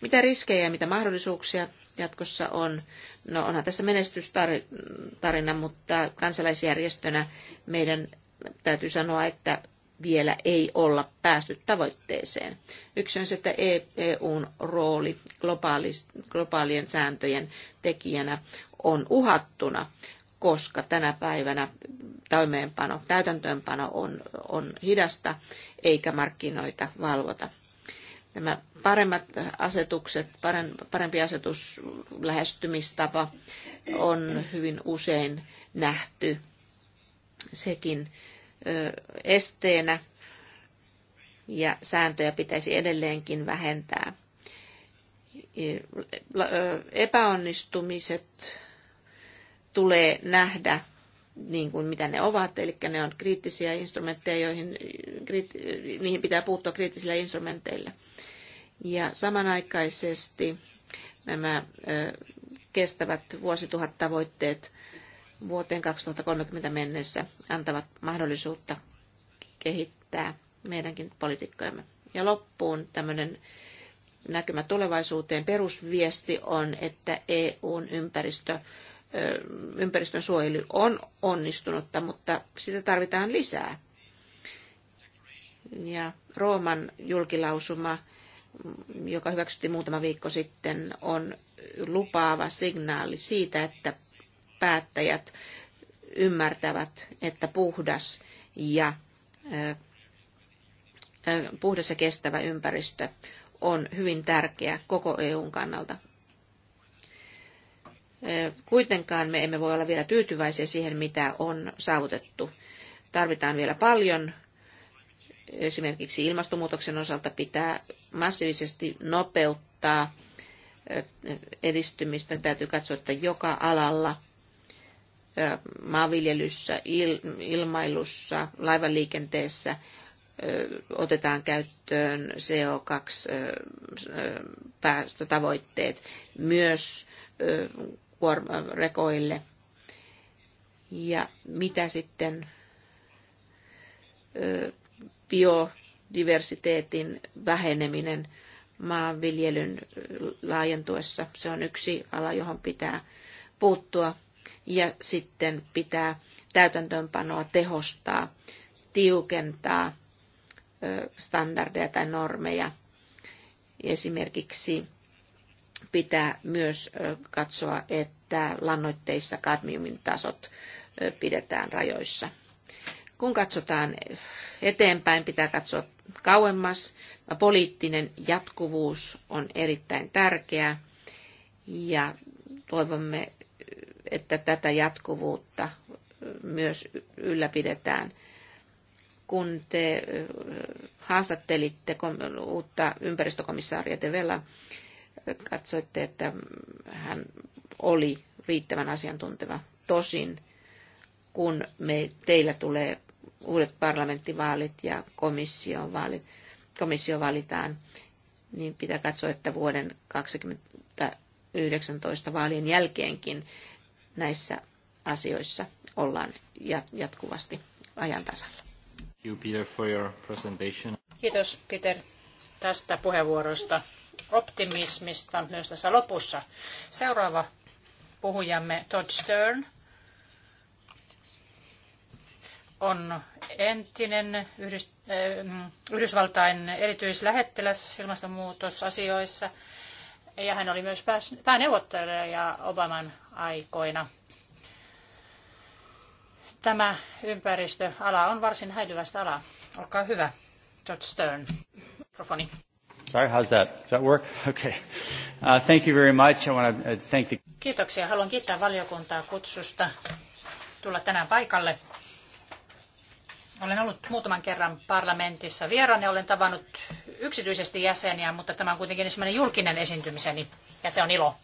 Speaker 5: Mitä riskejä ja mitä mahdollisuuksia jatkossa on? No onhan tässä menestystarina, mutta kansalaisjärjestönä meidän täytyy sanoa, että vielä ei olla päästy tavoitteeseen. Yksi on se, että EUn e rooli globaalien sääntöjen tekijänä on uhattuna, koska tänä päivänä toimeenpano, täytäntöönpano on, on hidasta eikä markkinoita valvota. Nämä paremmat asetukset, parempi asetuslähestymistapa on hyvin usein nähty sekin esteenä ja sääntöjä pitäisi edelleenkin vähentää. Epäonnistumiset tulee nähdä niin kuin mitä ne ovat, eli ne on kriittisiä instrumentteja, joihin niihin pitää puuttua kriittisillä instrumenteilla. Ja samanaikaisesti nämä kestävät vuosituhattavoitteet vuoteen 2030 mennessä antavat mahdollisuutta kehittää meidänkin politiikkojamme. Ja loppuun tämmöinen näkymä tulevaisuuteen. Perusviesti on, että EUn ympäristö ympäristön suojelu on onnistunutta, mutta sitä tarvitaan lisää. Ja Rooman julkilausuma, joka hyväksyttiin muutama viikko sitten, on lupaava signaali siitä, että päättäjät ymmärtävät, että puhdas ja puhdas ja kestävä ympäristö on hyvin tärkeä koko EUn kannalta. Eh, kuitenkaan me emme voi olla vielä tyytyväisiä siihen, mitä on saavutettu. Tarvitaan vielä paljon. Esimerkiksi ilmastonmuutoksen osalta pitää massiivisesti nopeuttaa eh, edistymistä. Täytyy katsoa, että joka alalla eh, – maanviljelyssä, ilmailussa, laivaliikenteessä otetaan käyttöön CO2-päästötavoitteet. Myös rekoille. Ja mitä sitten biodiversiteetin väheneminen maanviljelyn laajentuessa. Se on yksi ala, johon pitää puuttua ja sitten pitää täytäntöönpanoa tehostaa, tiukentaa standardeja tai normeja. Esimerkiksi pitää myös katsoa, että lannoitteissa kadmiumin tasot pidetään rajoissa. Kun katsotaan eteenpäin, pitää katsoa kauemmas. Poliittinen jatkuvuus on erittäin tärkeä ja toivomme, että tätä jatkuvuutta myös ylläpidetään kun te haastattelitte uutta ympäristökomissaaria Devella, katsoitte, että hän oli riittävän asiantunteva. Tosin, kun me, teillä tulee uudet parlamenttivaalit ja komissiovaalit, komissio valitaan, niin pitää katsoa, että vuoden 2019 vaalien jälkeenkin näissä asioissa ollaan jatkuvasti
Speaker 1: ajan tasalla.
Speaker 2: Kiitos Peter tästä puheenvuorosta optimismista myös tässä lopussa. Seuraava puhujamme Todd Stern on entinen Yhdys, äh, Yhdysvaltain erityislähettiläs ilmastonmuutosasioissa ja hän oli myös pääneuvottelija Obaman aikoina. Tämä ympäristöala on varsin häilyvästä alaa. Olkaa hyvä, George Stern. Mikrofoni.
Speaker 7: Sorry, how's that? Does that work? Okay. Uh, thank you very much. I want to uh, thank the...
Speaker 2: Kiitoksia. Haluan kiittää valiokuntaa kutsusta tulla tänään paikalle. Olen ollut muutaman kerran parlamentissa vieraan ja olen tavannut yksityisesti jäseniä, mutta tämä on kuitenkin ensimmäinen julkinen esiintymiseni ja se on ilo.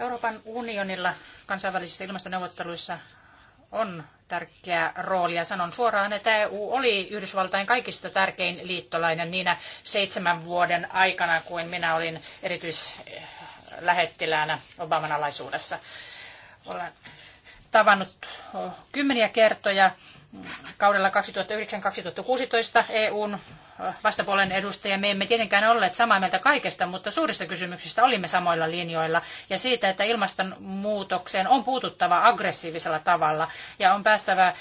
Speaker 2: Euroopan unionilla kansainvälisissä ilmastoneuvotteluissa on tärkeää roolia. Sanon suoraan, että EU oli Yhdysvaltain kaikista tärkein liittolainen niinä seitsemän vuoden aikana, kuin minä olin erityislähettiläänä Obaman alaisuudessa. Olen tavannut kymmeniä kertoja kaudella 2009-2016 EUn vastapuolen edustaja, me emme tietenkään olleet samaa mieltä kaikesta, mutta suurista kysymyksistä olimme samoilla linjoilla ja siitä, että ilmastonmuutokseen on puututtava aggressiivisella tavalla ja on päästävä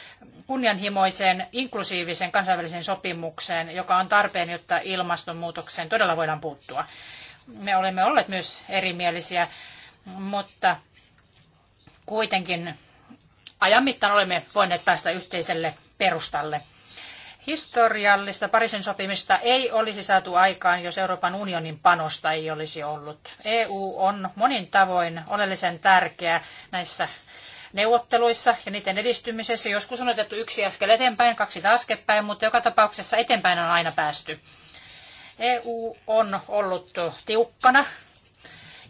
Speaker 2: kunnianhimoiseen inklusiiviseen kansainväliseen sopimukseen, joka on tarpeen, jotta ilmastonmuutokseen todella voidaan puuttua. Me olemme olleet myös erimielisiä, mutta kuitenkin ajan mittaan olemme voineet päästä yhteiselle perustalle. Historiallista Pariisin sopimista ei olisi saatu aikaan, jos Euroopan unionin panosta ei olisi ollut. EU on monin tavoin oleellisen tärkeä näissä neuvotteluissa ja niiden edistymisessä. Joskus on otettu yksi askel eteenpäin, kaksi taaskepäin, mutta joka tapauksessa eteenpäin on aina päästy. EU on ollut tiukkana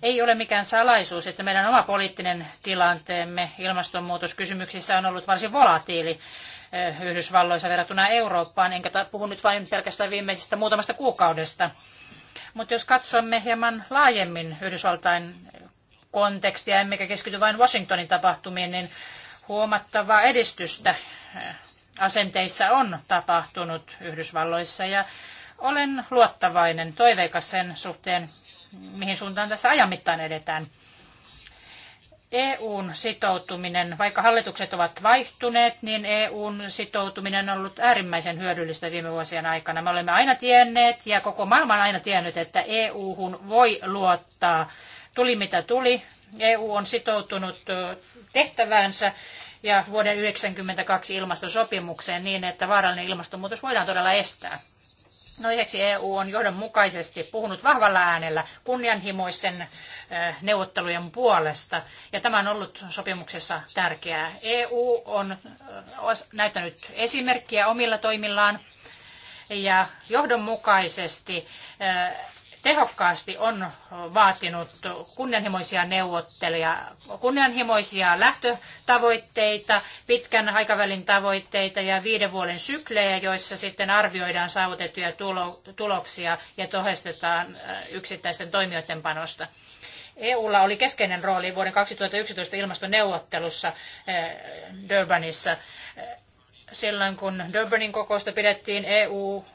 Speaker 2: ei ole mikään salaisuus, että meidän oma poliittinen tilanteemme ilmastonmuutoskysymyksissä on ollut varsin volatiili eh, Yhdysvalloissa verrattuna Eurooppaan, enkä puhu nyt vain pelkästään viimeisestä muutamasta kuukaudesta. Mutta jos katsomme hieman laajemmin Yhdysvaltain kontekstia, emmekä keskity vain Washingtonin tapahtumiin, niin huomattavaa edistystä eh, asenteissa on tapahtunut Yhdysvalloissa ja olen luottavainen, toiveikas sen suhteen, mihin suuntaan tässä ajan mittaan edetään. EUn sitoutuminen, vaikka hallitukset ovat vaihtuneet, niin EUn sitoutuminen on ollut äärimmäisen hyödyllistä viime vuosien aikana. Me olemme aina tienneet ja koko maailma on aina tiennyt, että EUhun voi luottaa. Tuli mitä tuli, EU on sitoutunut tehtäväänsä ja vuoden 1992 ilmastosopimukseen niin, että vaarallinen ilmastonmuutos voidaan todella estää. Toiseksi no EU on johdonmukaisesti puhunut vahvalla äänellä kunnianhimoisten eh, neuvottelujen puolesta, ja tämä on ollut sopimuksessa tärkeää. EU on eh, näyttänyt esimerkkiä omilla toimillaan ja johdonmukaisesti eh, tehokkaasti on vaatinut kunnianhimoisia neuvotteluja, kunnianhimoisia lähtötavoitteita, pitkän aikavälin tavoitteita ja viiden vuoden syklejä, joissa sitten arvioidaan saavutettuja tuloksia ja tohestetaan äh, yksittäisten toimijoiden panosta. EUlla oli keskeinen rooli vuoden 2011 ilmastoneuvottelussa äh, Durbanissa. Äh, silloin kun Durbanin kokousta pidettiin EU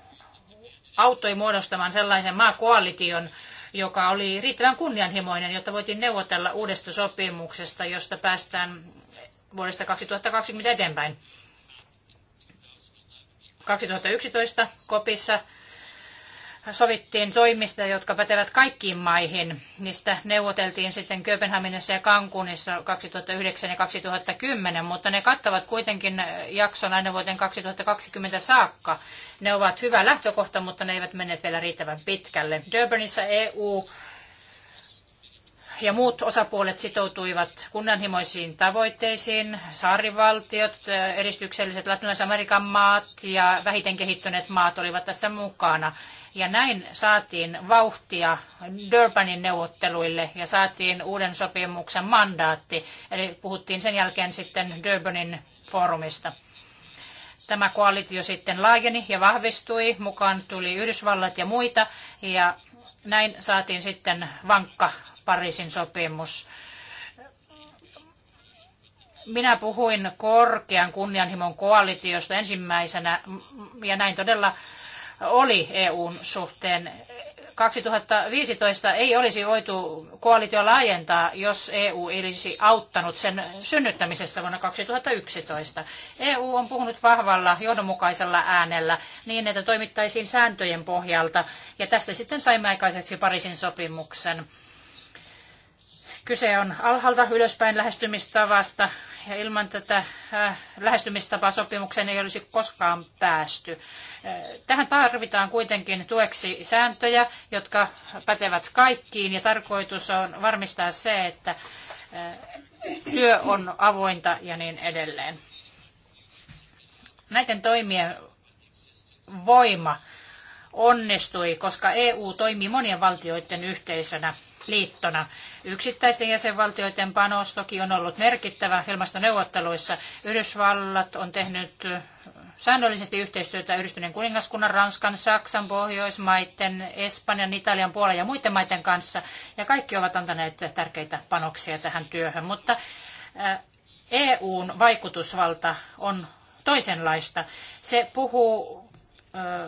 Speaker 2: auttoi muodostamaan sellaisen maakoalition, joka oli riittävän kunnianhimoinen, jotta voitiin neuvotella uudesta sopimuksesta, josta päästään vuodesta 2020 eteenpäin. 2011 Kopissa sovittiin toimista, jotka pätevät kaikkiin maihin. Niistä neuvoteltiin sitten Kööpenhaminassa ja Kankunissa 2009 ja 2010, mutta ne kattavat kuitenkin jakson aina vuoteen 2020 saakka. Ne ovat hyvä lähtökohta, mutta ne eivät menneet vielä riittävän pitkälle. Durbanissa EU ja muut osapuolet sitoutuivat kunnanhimoisiin tavoitteisiin, saarivaltiot, edistykselliset Latinalaisen Amerikan maat ja vähiten kehittyneet maat olivat tässä mukana. Ja näin saatiin vauhtia Durbanin neuvotteluille ja saatiin uuden sopimuksen mandaatti. Eli puhuttiin sen jälkeen sitten Durbanin foorumista. Tämä koalitio sitten laajeni ja vahvistui, mukaan tuli Yhdysvallat ja muita, ja näin saatiin sitten vankka Pariisin sopimus. Minä puhuin korkean kunnianhimon koalitiosta ensimmäisenä, ja näin todella oli EUn suhteen. 2015 ei olisi voitu koalitio laajentaa, jos EU ei olisi auttanut sen synnyttämisessä vuonna 2011. EU on puhunut vahvalla, johdonmukaisella äänellä niin, että toimittaisiin sääntöjen pohjalta, ja tästä sitten saimme aikaiseksi Pariisin sopimuksen. Kyse on alhaalta ylöspäin lähestymistavasta ja ilman tätä äh, lähestymistapaa sopimukseen ei olisi koskaan päästy. Äh, tähän tarvitaan kuitenkin tueksi sääntöjä, jotka pätevät kaikkiin ja tarkoitus on varmistaa se, että äh, työ on avointa ja niin edelleen. Näiden toimien voima onnistui, koska EU toimii monien valtioiden yhteisönä liittona. Yksittäisten jäsenvaltioiden panos toki on ollut merkittävä ilmastoneuvotteluissa. Yhdysvallat on tehnyt säännöllisesti yhteistyötä Yhdistyneen kuningaskunnan, Ranskan, Saksan, Pohjoismaiden, Espanjan, Italian, Puolan ja muiden maiden kanssa. Ja kaikki ovat antaneet tärkeitä panoksia tähän työhön. Mutta EUn vaikutusvalta on toisenlaista. Se puhuu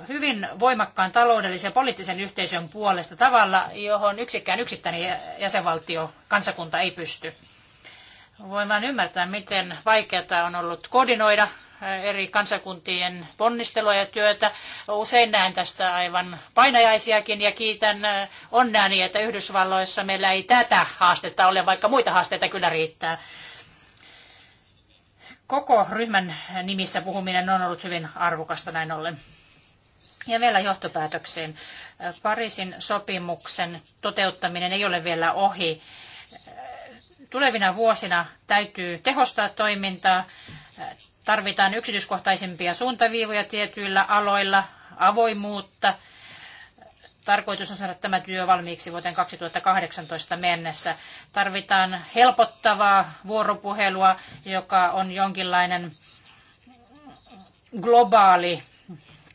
Speaker 2: hyvin voimakkaan taloudellisen ja poliittisen yhteisön puolesta tavalla, johon yksikään yksittäinen jäsenvaltio, kansakunta ei pysty. Voin vain ymmärtää, miten vaikeaa on ollut koordinoida eri kansakuntien ponnistelua ja työtä. Usein näen tästä aivan painajaisiakin ja kiitän onneani, että Yhdysvalloissa meillä ei tätä haastetta ole, vaikka muita haasteita kyllä riittää. Koko ryhmän nimissä puhuminen on ollut hyvin arvokasta näin ollen. Ja vielä johtopäätökseen. Pariisin sopimuksen toteuttaminen ei ole vielä ohi. Tulevina vuosina täytyy tehostaa toimintaa. Tarvitaan yksityiskohtaisempia suuntaviivoja tietyillä aloilla, avoimuutta. Tarkoitus on saada tämä työ valmiiksi vuoteen 2018 mennessä. Tarvitaan helpottavaa vuoropuhelua, joka on jonkinlainen globaali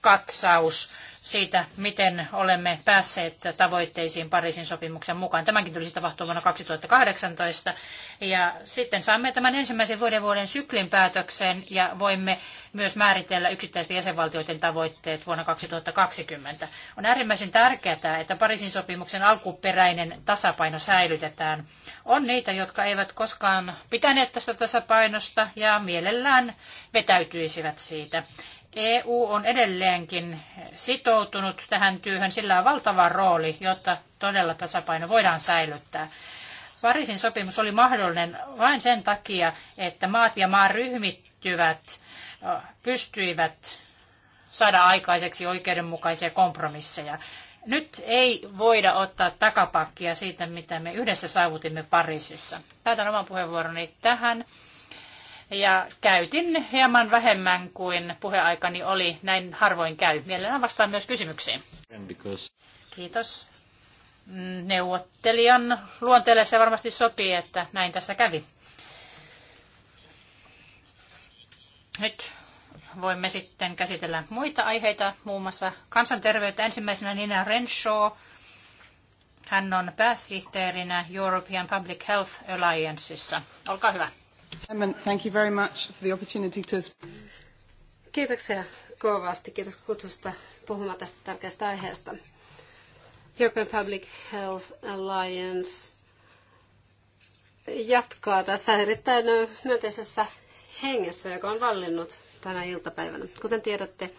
Speaker 2: katsaus siitä, miten olemme päässeet tavoitteisiin Pariisin sopimuksen mukaan. Tämäkin tulisi tapahtua vuonna 2018. Ja sitten saamme tämän ensimmäisen vuoden vuoden syklin päätöksen ja voimme myös määritellä yksittäisten jäsenvaltioiden tavoitteet vuonna 2020. On äärimmäisen tärkeää, että Pariisin sopimuksen alkuperäinen tasapaino säilytetään. On niitä, jotka eivät koskaan pitäneet tästä tasapainosta ja mielellään vetäytyisivät siitä. EU on edelleenkin sitoutunut tähän työhön. Sillä on valtava rooli, jotta todella tasapaino voidaan säilyttää. Pariisin sopimus oli mahdollinen vain sen takia, että maat ja maan ryhmittyvät pystyivät saada aikaiseksi oikeudenmukaisia kompromisseja. Nyt ei voida ottaa takapakkia siitä, mitä me yhdessä saavutimme Pariisissa. Päätän oman puheenvuoroni tähän ja käytin hieman vähemmän kuin puheaikani oli. Näin harvoin käy. Mielellään vastaan myös kysymyksiin. Kiitos. Neuvottelijan luonteelle se varmasti sopii, että näin tässä kävi. Nyt voimme sitten käsitellä muita aiheita, muun muassa kansanterveyttä. Ensimmäisenä Nina Renshaw. Hän on pääsihteerinä European Public Health Allianceissa.
Speaker 3: Olkaa hyvä. Kiitoksia kovasti. Kiitos kutsusta puhumaan tästä tärkeästä aiheesta. European Public Health Alliance jatkaa tässä erittäin myönteisessä hengessä, joka on vallinnut tänä iltapäivänä. Kuten tiedätte,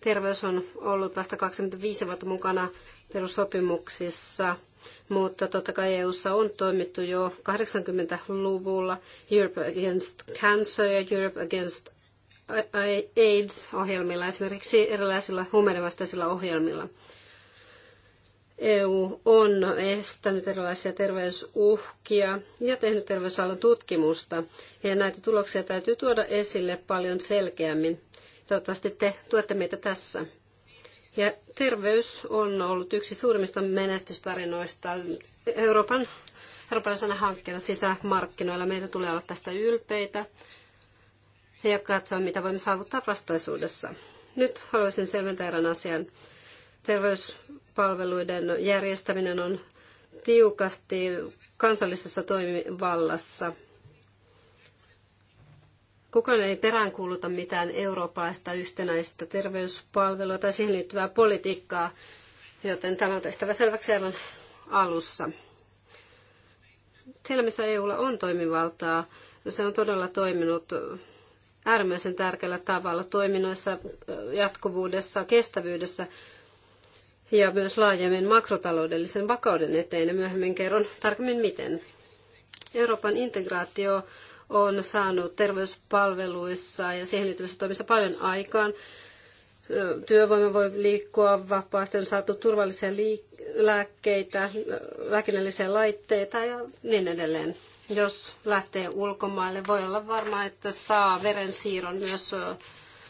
Speaker 3: terveys on ollut vasta 25 vuotta mukana perussopimuksissa – mutta totta kai EU-ssa on toimittu jo 80-luvulla Europe Against Cancer ja Europe Against AIDS-ohjelmilla, esimerkiksi erilaisilla huumeidenvastaisilla ohjelmilla. EU on estänyt erilaisia terveysuhkia ja tehnyt terveysalan tutkimusta. Ja näitä tuloksia täytyy tuoda esille paljon selkeämmin. Toivottavasti te tuette meitä tässä. Ja terveys on ollut yksi suurimmista menestystarinoista Euroopan, eurooppalaisena hankkeena sisämarkkinoilla. Meidän tulee olla tästä ylpeitä ja katsoa, mitä voimme saavuttaa vastaisuudessa. Nyt haluaisin selventää erään asian. Terveyspalveluiden järjestäminen on tiukasti kansallisessa toimivallassa. Kukaan ei peräänkuuluta mitään eurooppalaista yhtenäistä terveyspalvelua tai siihen liittyvää politiikkaa, joten tämä on tehtävä selväksi aivan alussa. Siellä, missä EUlla on toimivaltaa, se on todella toiminut äärimmäisen tärkeällä tavalla toiminnoissa, jatkuvuudessa, kestävyydessä ja myös laajemmin makrotaloudellisen vakauden eteen. Ja myöhemmin kerron tarkemmin miten. Euroopan integraatio on saanut terveyspalveluissa ja siihen liittyvissä toimissa paljon aikaan. Työvoima voi liikkua vapaasti, on saatu turvallisia liik- lääkkeitä, lääkinnällisiä laitteita ja niin edelleen. Jos lähtee ulkomaille, voi olla varma, että saa verensiirron myös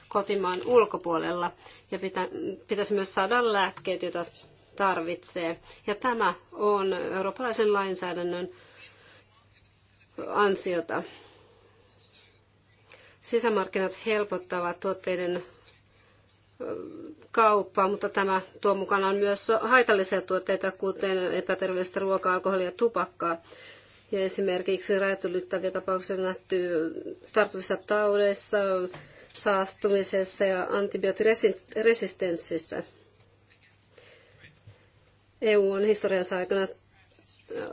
Speaker 3: kotimaan ulkopuolella ja pitä, pitäisi myös saada lääkkeet, joita tarvitsee. Ja tämä on eurooppalaisen lainsäädännön ansiota. Sisämarkkinat helpottavat tuotteiden kauppaa, mutta tämä tuo mukanaan myös haitallisia tuotteita, kuten epäterveellistä ruokaa, alkoholia ja tupakkaa. Ja esimerkiksi räätylyttäviä tapauksia on nähty tarttuvissa taudeissa, saastumisessa ja antibioottiresistenssissä. EU on historiansa aikana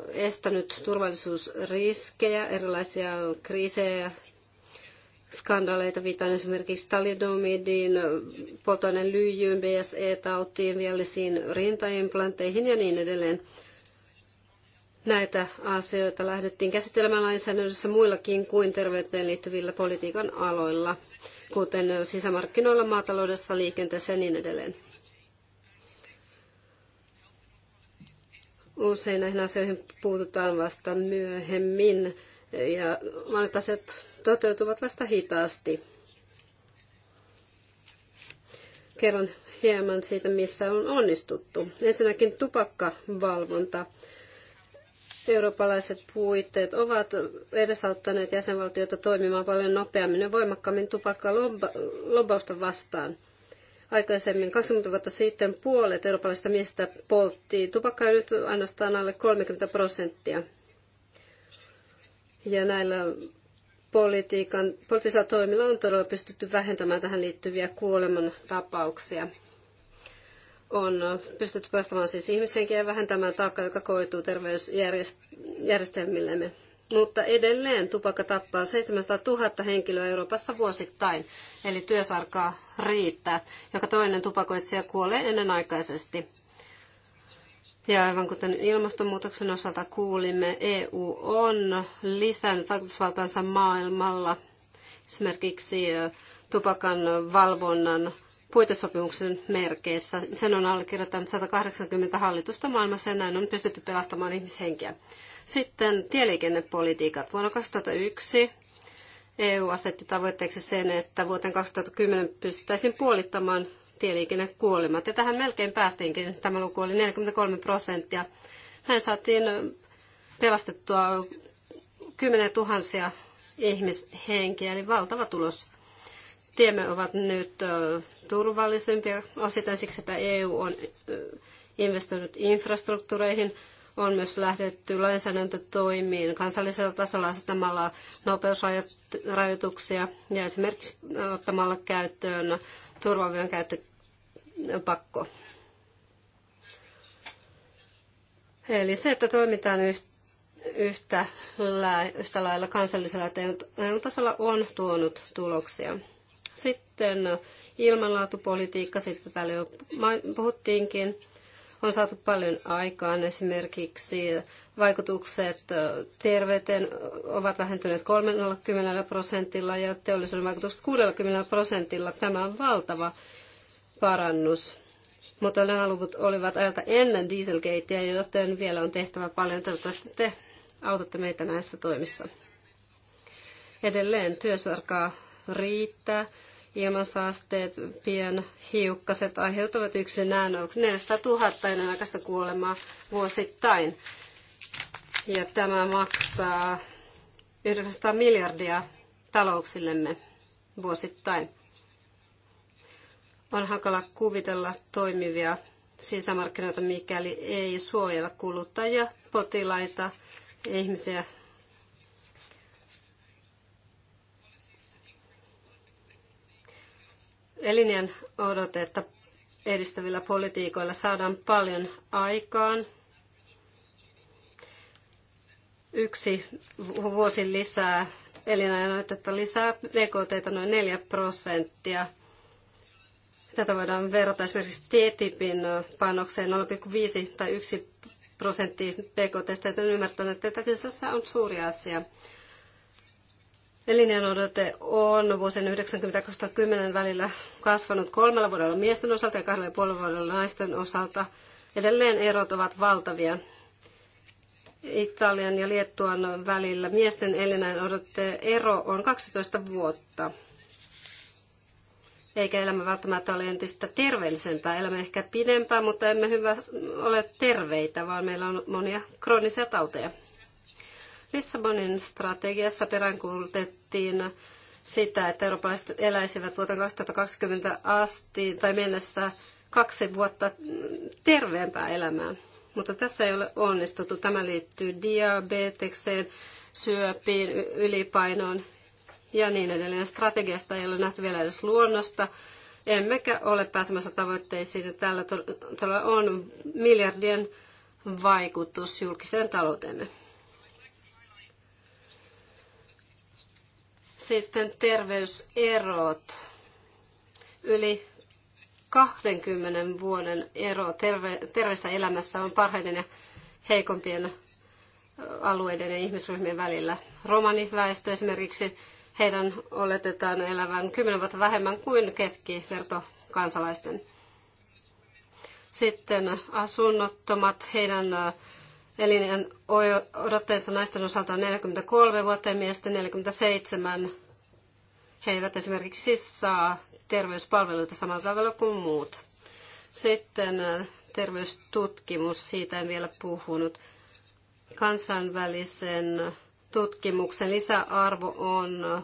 Speaker 3: estänyt turvallisuusriskejä, erilaisia kriisejä ja skandaaleita. Viitaan esimerkiksi talidomidiin, potoinen lyijyyn, BSE-tautiin, viallisiin rintaimplanteihin ja niin edelleen. Näitä asioita lähdettiin käsittelemään lainsäädännössä muillakin kuin terveyteen liittyvillä politiikan aloilla, kuten sisämarkkinoilla, maataloudessa, liikenteessä ja niin edelleen. Usein näihin asioihin puututaan vasta myöhemmin ja monet asiat toteutuvat vasta hitaasti. Kerron hieman siitä, missä on onnistuttu. Ensinnäkin tupakkavalvonta. Eurooppalaiset puitteet ovat edesauttaneet jäsenvaltioita toimimaan paljon nopeammin ja voimakkaammin tupakkalobbausta vastaan. Aikaisemmin 20 vuotta sitten puolet eurooppalaisista miestä poltti tupakkaa nyt ainoastaan alle 30 prosenttia. Ja näillä politiikan, poliittisilla toimilla on todella pystytty vähentämään tähän liittyviä kuoleman tapauksia. On pystytty poistamaan siis ihmishenkiä ja vähentämään taakkaa, joka koituu terveysjärjestelmillemme. Mutta edelleen tupakka tappaa 700 000 henkilöä Euroopassa vuosittain, eli työsarkaa riittää. Joka toinen tupakoitsija kuolee ennenaikaisesti. Ja aivan kuten ilmastonmuutoksen osalta kuulimme, EU on lisännyt vaikutusvaltaansa maailmalla esimerkiksi tupakan valvonnan puitesopimuksen merkeissä. Sen on allekirjoittanut 180 hallitusta maailmassa ja näin on pystytty pelastamaan ihmishenkiä. Sitten tieliikennepolitiikat. Vuonna 2001 EU asetti tavoitteeksi sen, että vuoteen 2010 pystyttäisiin puolittamaan tieliikennekuolemat. Ja tähän melkein päästiinkin. Tämä luku oli 43 prosenttia. Näin saatiin pelastettua kymmenen tuhansia ihmishenkiä, eli valtava tulos. Tiemme ovat nyt turvallisempia osittain siksi, että EU on investoinut infrastruktuureihin, on myös lähdetty lainsäädäntötoimiin kansallisella tasolla asettamalla nopeusrajoituksia ja esimerkiksi ottamalla käyttöön turvavyön käyttö pakko. Eli se, että toimitaan yhtä, yhtä lailla kansallisella tasolla on tuonut tuloksia. Sitten ilmanlaatupolitiikka, sitten täällä jo puhuttiinkin, on saatu paljon aikaan esimerkiksi vaikutukset terveyteen ovat vähentyneet 30 prosentilla ja teollisuuden vaikutukset 60 prosentilla. Tämä on valtava parannus. Mutta nämä luvut olivat ajalta ennen dieselgateä, joten vielä on tehtävä paljon. Toivottavasti te autatte meitä näissä toimissa. Edelleen työsarkaa riittää. Ilmansaasteet, pienhiukkaset aiheuttavat yksinään 400 000 ennenaikaista kuolemaa vuosittain. Ja tämä maksaa 900 miljardia talouksillemme vuosittain. On hankala kuvitella toimivia sisämarkkinoita, mikäli ei suojella kuluttajia, potilaita, ihmisiä. Elinjän odotetta edistävillä politiikoilla saadaan paljon aikaan – yksi vuosi lisää elinajanoitetta lisää BKT noin 4 prosenttia. Tätä voidaan verrata esimerkiksi TTIPin panokseen 0,5 tai 1 prosentti BKT, joten ymmärtänyt, että kyseessä on suuri asia. Elinjäänodote on vuosien 90 välillä kasvanut kolmella vuodella miesten osalta ja kahdella ja puolella vuodella naisten osalta. Edelleen erot ovat valtavia. Italian ja Liettuan välillä miesten elinajan odotteen ero on 12 vuotta. Eikä elämä välttämättä ole entistä terveellisempää. Elämä ehkä pidempää, mutta emme hyvä ole terveitä, vaan meillä on monia kroonisia tauteja. Lissabonin strategiassa peräänkuulutettiin sitä, että eurooppalaiset eläisivät vuoteen 2020 asti tai mennessä kaksi vuotta terveempää elämää mutta tässä ei ole onnistuttu. Tämä liittyy diabetekseen, syöpiin, ylipainoon ja niin edelleen. Strategiasta ei ole nähty vielä edes luonnosta, emmekä ole pääsemässä tavoitteisiin. Tällä todella on miljardien vaikutus julkiseen talouteemme. Sitten terveyserot. Yli 20 vuoden ero terve, terveessä elämässä on parhaiden ja heikompien alueiden ja ihmisryhmien välillä. Romaniväestö esimerkiksi, heidän oletetaan elävän 10 vuotta vähemmän kuin keskiverto kansalaisten. Sitten asunnottomat, heidän elinajan odotteensa naisten osalta on 43 vuotta ja miesten 47 he eivät esimerkiksi saa terveyspalveluita samalla tavalla kuin muut. Sitten äh, terveystutkimus, siitä en vielä puhunut. Kansainvälisen tutkimuksen lisäarvo on äh,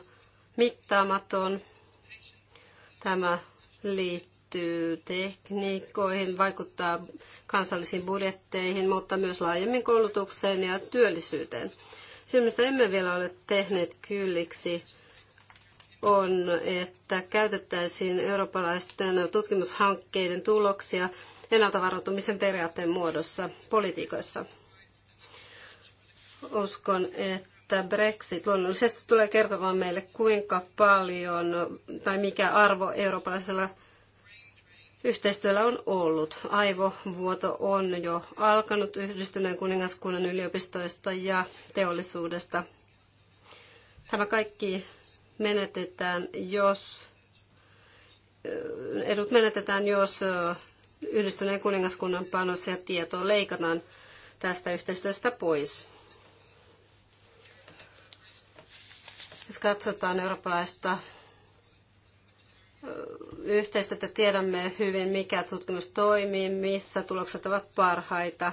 Speaker 3: mittaamaton. Tämä liittyy tekniikoihin, vaikuttaa kansallisiin budjetteihin, mutta myös laajemmin koulutukseen ja työllisyyteen. Siinä, emme vielä ole tehneet kylliksi, on, että käytettäisiin eurooppalaisten tutkimushankkeiden tuloksia ennaltavaroitumisen periaatteen muodossa politiikoissa. Uskon, että Brexit luonnollisesti tulee kertomaan meille, kuinka paljon tai mikä arvo eurooppalaisella yhteistyöllä on ollut. Aivovuoto on jo alkanut yhdistyneen kuningaskunnan yliopistoista ja teollisuudesta. Tämä kaikki menetetään, jos edut menetetään, jos yhdistyneen kuningaskunnan panos ja tieto leikataan tästä yhteistyöstä pois. Jos katsotaan eurooppalaista yhteistyötä, tiedämme hyvin, mikä tutkimus toimii, missä tulokset ovat parhaita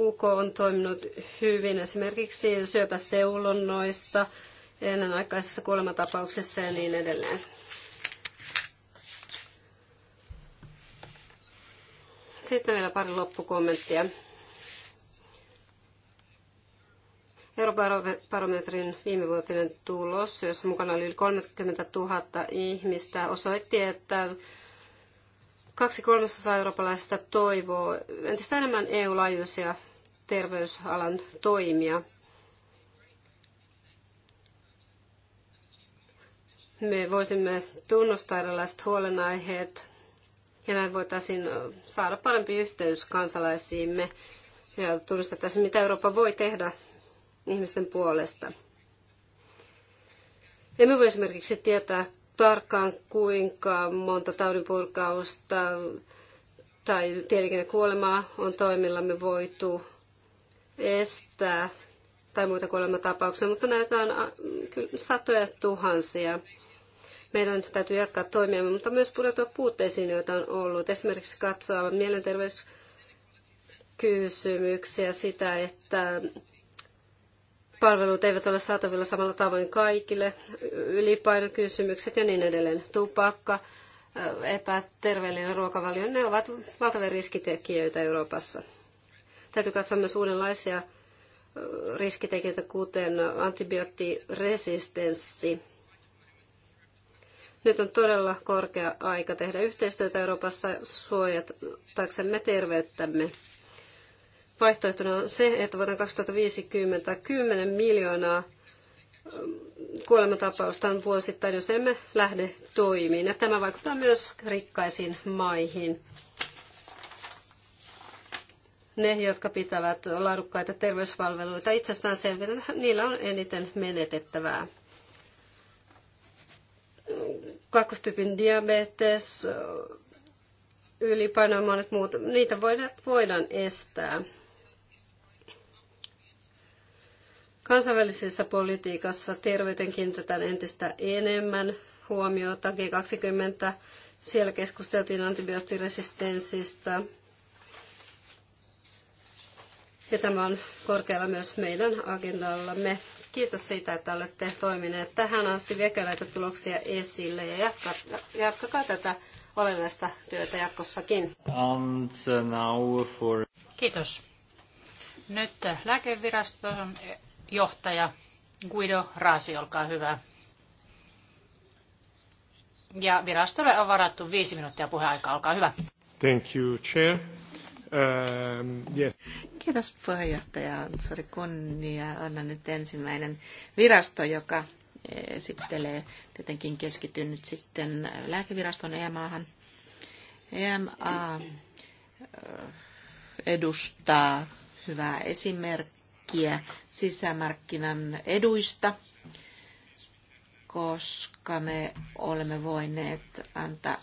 Speaker 3: UK on toiminut hyvin esimerkiksi syöpäseulonnoissa, ennenaikaisessa kuolematapauksessa ja niin edelleen. Sitten vielä pari loppukommenttia. Eurobarometrin viimevuotinen tulos, jossa mukana oli yli 30 000 ihmistä, osoitti, että kaksi kolmasosaa eurooppalaisista toivoo entistä enemmän EU-laajuisia terveysalan toimija. Me voisimme tunnustaa erilaiset huolenaiheet ja näin voitaisiin saada parempi yhteys kansalaisiimme ja tunnustaa tässä, mitä Eurooppa voi tehdä ihmisten puolesta. Emme voi esimerkiksi tietää tarkkaan, kuinka monta taudinpurkausta tai tieliikennekuolemaa on toimillamme voitu estää tai muita kuolematapauksia, mutta näitä on satoja tuhansia. Meidän täytyy jatkaa toimia, mutta myös pureutua puutteisiin, joita on ollut. Esimerkiksi katsoa mielenterveyskysymyksiä, sitä, että palvelut eivät ole saatavilla samalla tavoin kaikille, ylipainokysymykset ja niin edelleen. Tupakka, epäterveellinen ruokavalio, ne ovat valtavia riskitekijöitä Euroopassa. Täytyy katsoa myös uudenlaisia riskitekijöitä, kuten antibioottiresistenssi. Nyt on todella korkea aika tehdä yhteistyötä Euroopassa suojataksemme terveyttämme. Vaihtoehtona on se, että vuoteen 2050 10 miljoonaa kuolematapausta on vuosittain, jos emme lähde toimiin. Ja tämä vaikuttaa myös rikkaisiin maihin. Ne, jotka pitävät laadukkaita terveyspalveluita itsestään selvinä, niillä on eniten menetettävää. Kakkostyypin diabetes, ylipaino ja monet muut, niitä voidaan, voidaan estää. Kansainvälisessä politiikassa terveyteen kiinnitetään entistä enemmän huomiota. G20, siellä keskusteltiin antibioottiresistenssistä. Ja tämä on korkealla myös meidän agendallamme. Kiitos siitä, että olette toimineet tähän asti. Viekää näitä tuloksia esille ja jatkakaa, jatkakaa tätä olennaista työtä jatkossakin.
Speaker 1: And uh, now for...
Speaker 3: Kiitos. Nyt lääkeviraston
Speaker 2: johtaja Guido Raasi, olkaa hyvä. Ja virastolle on varattu viisi minuuttia puheaikaa, olkaa hyvä.
Speaker 6: Thank you, Chair. Um, yes.
Speaker 2: Kiitos puheenjohtaja
Speaker 5: Kunnia. Anna nyt ensimmäinen virasto, joka esittelee. Tietenkin keskityn nyt sitten lääkeviraston EMAhan. EMA edustaa hyvää esimerkkiä sisämarkkinan eduista – koska me olemme voineet antaa,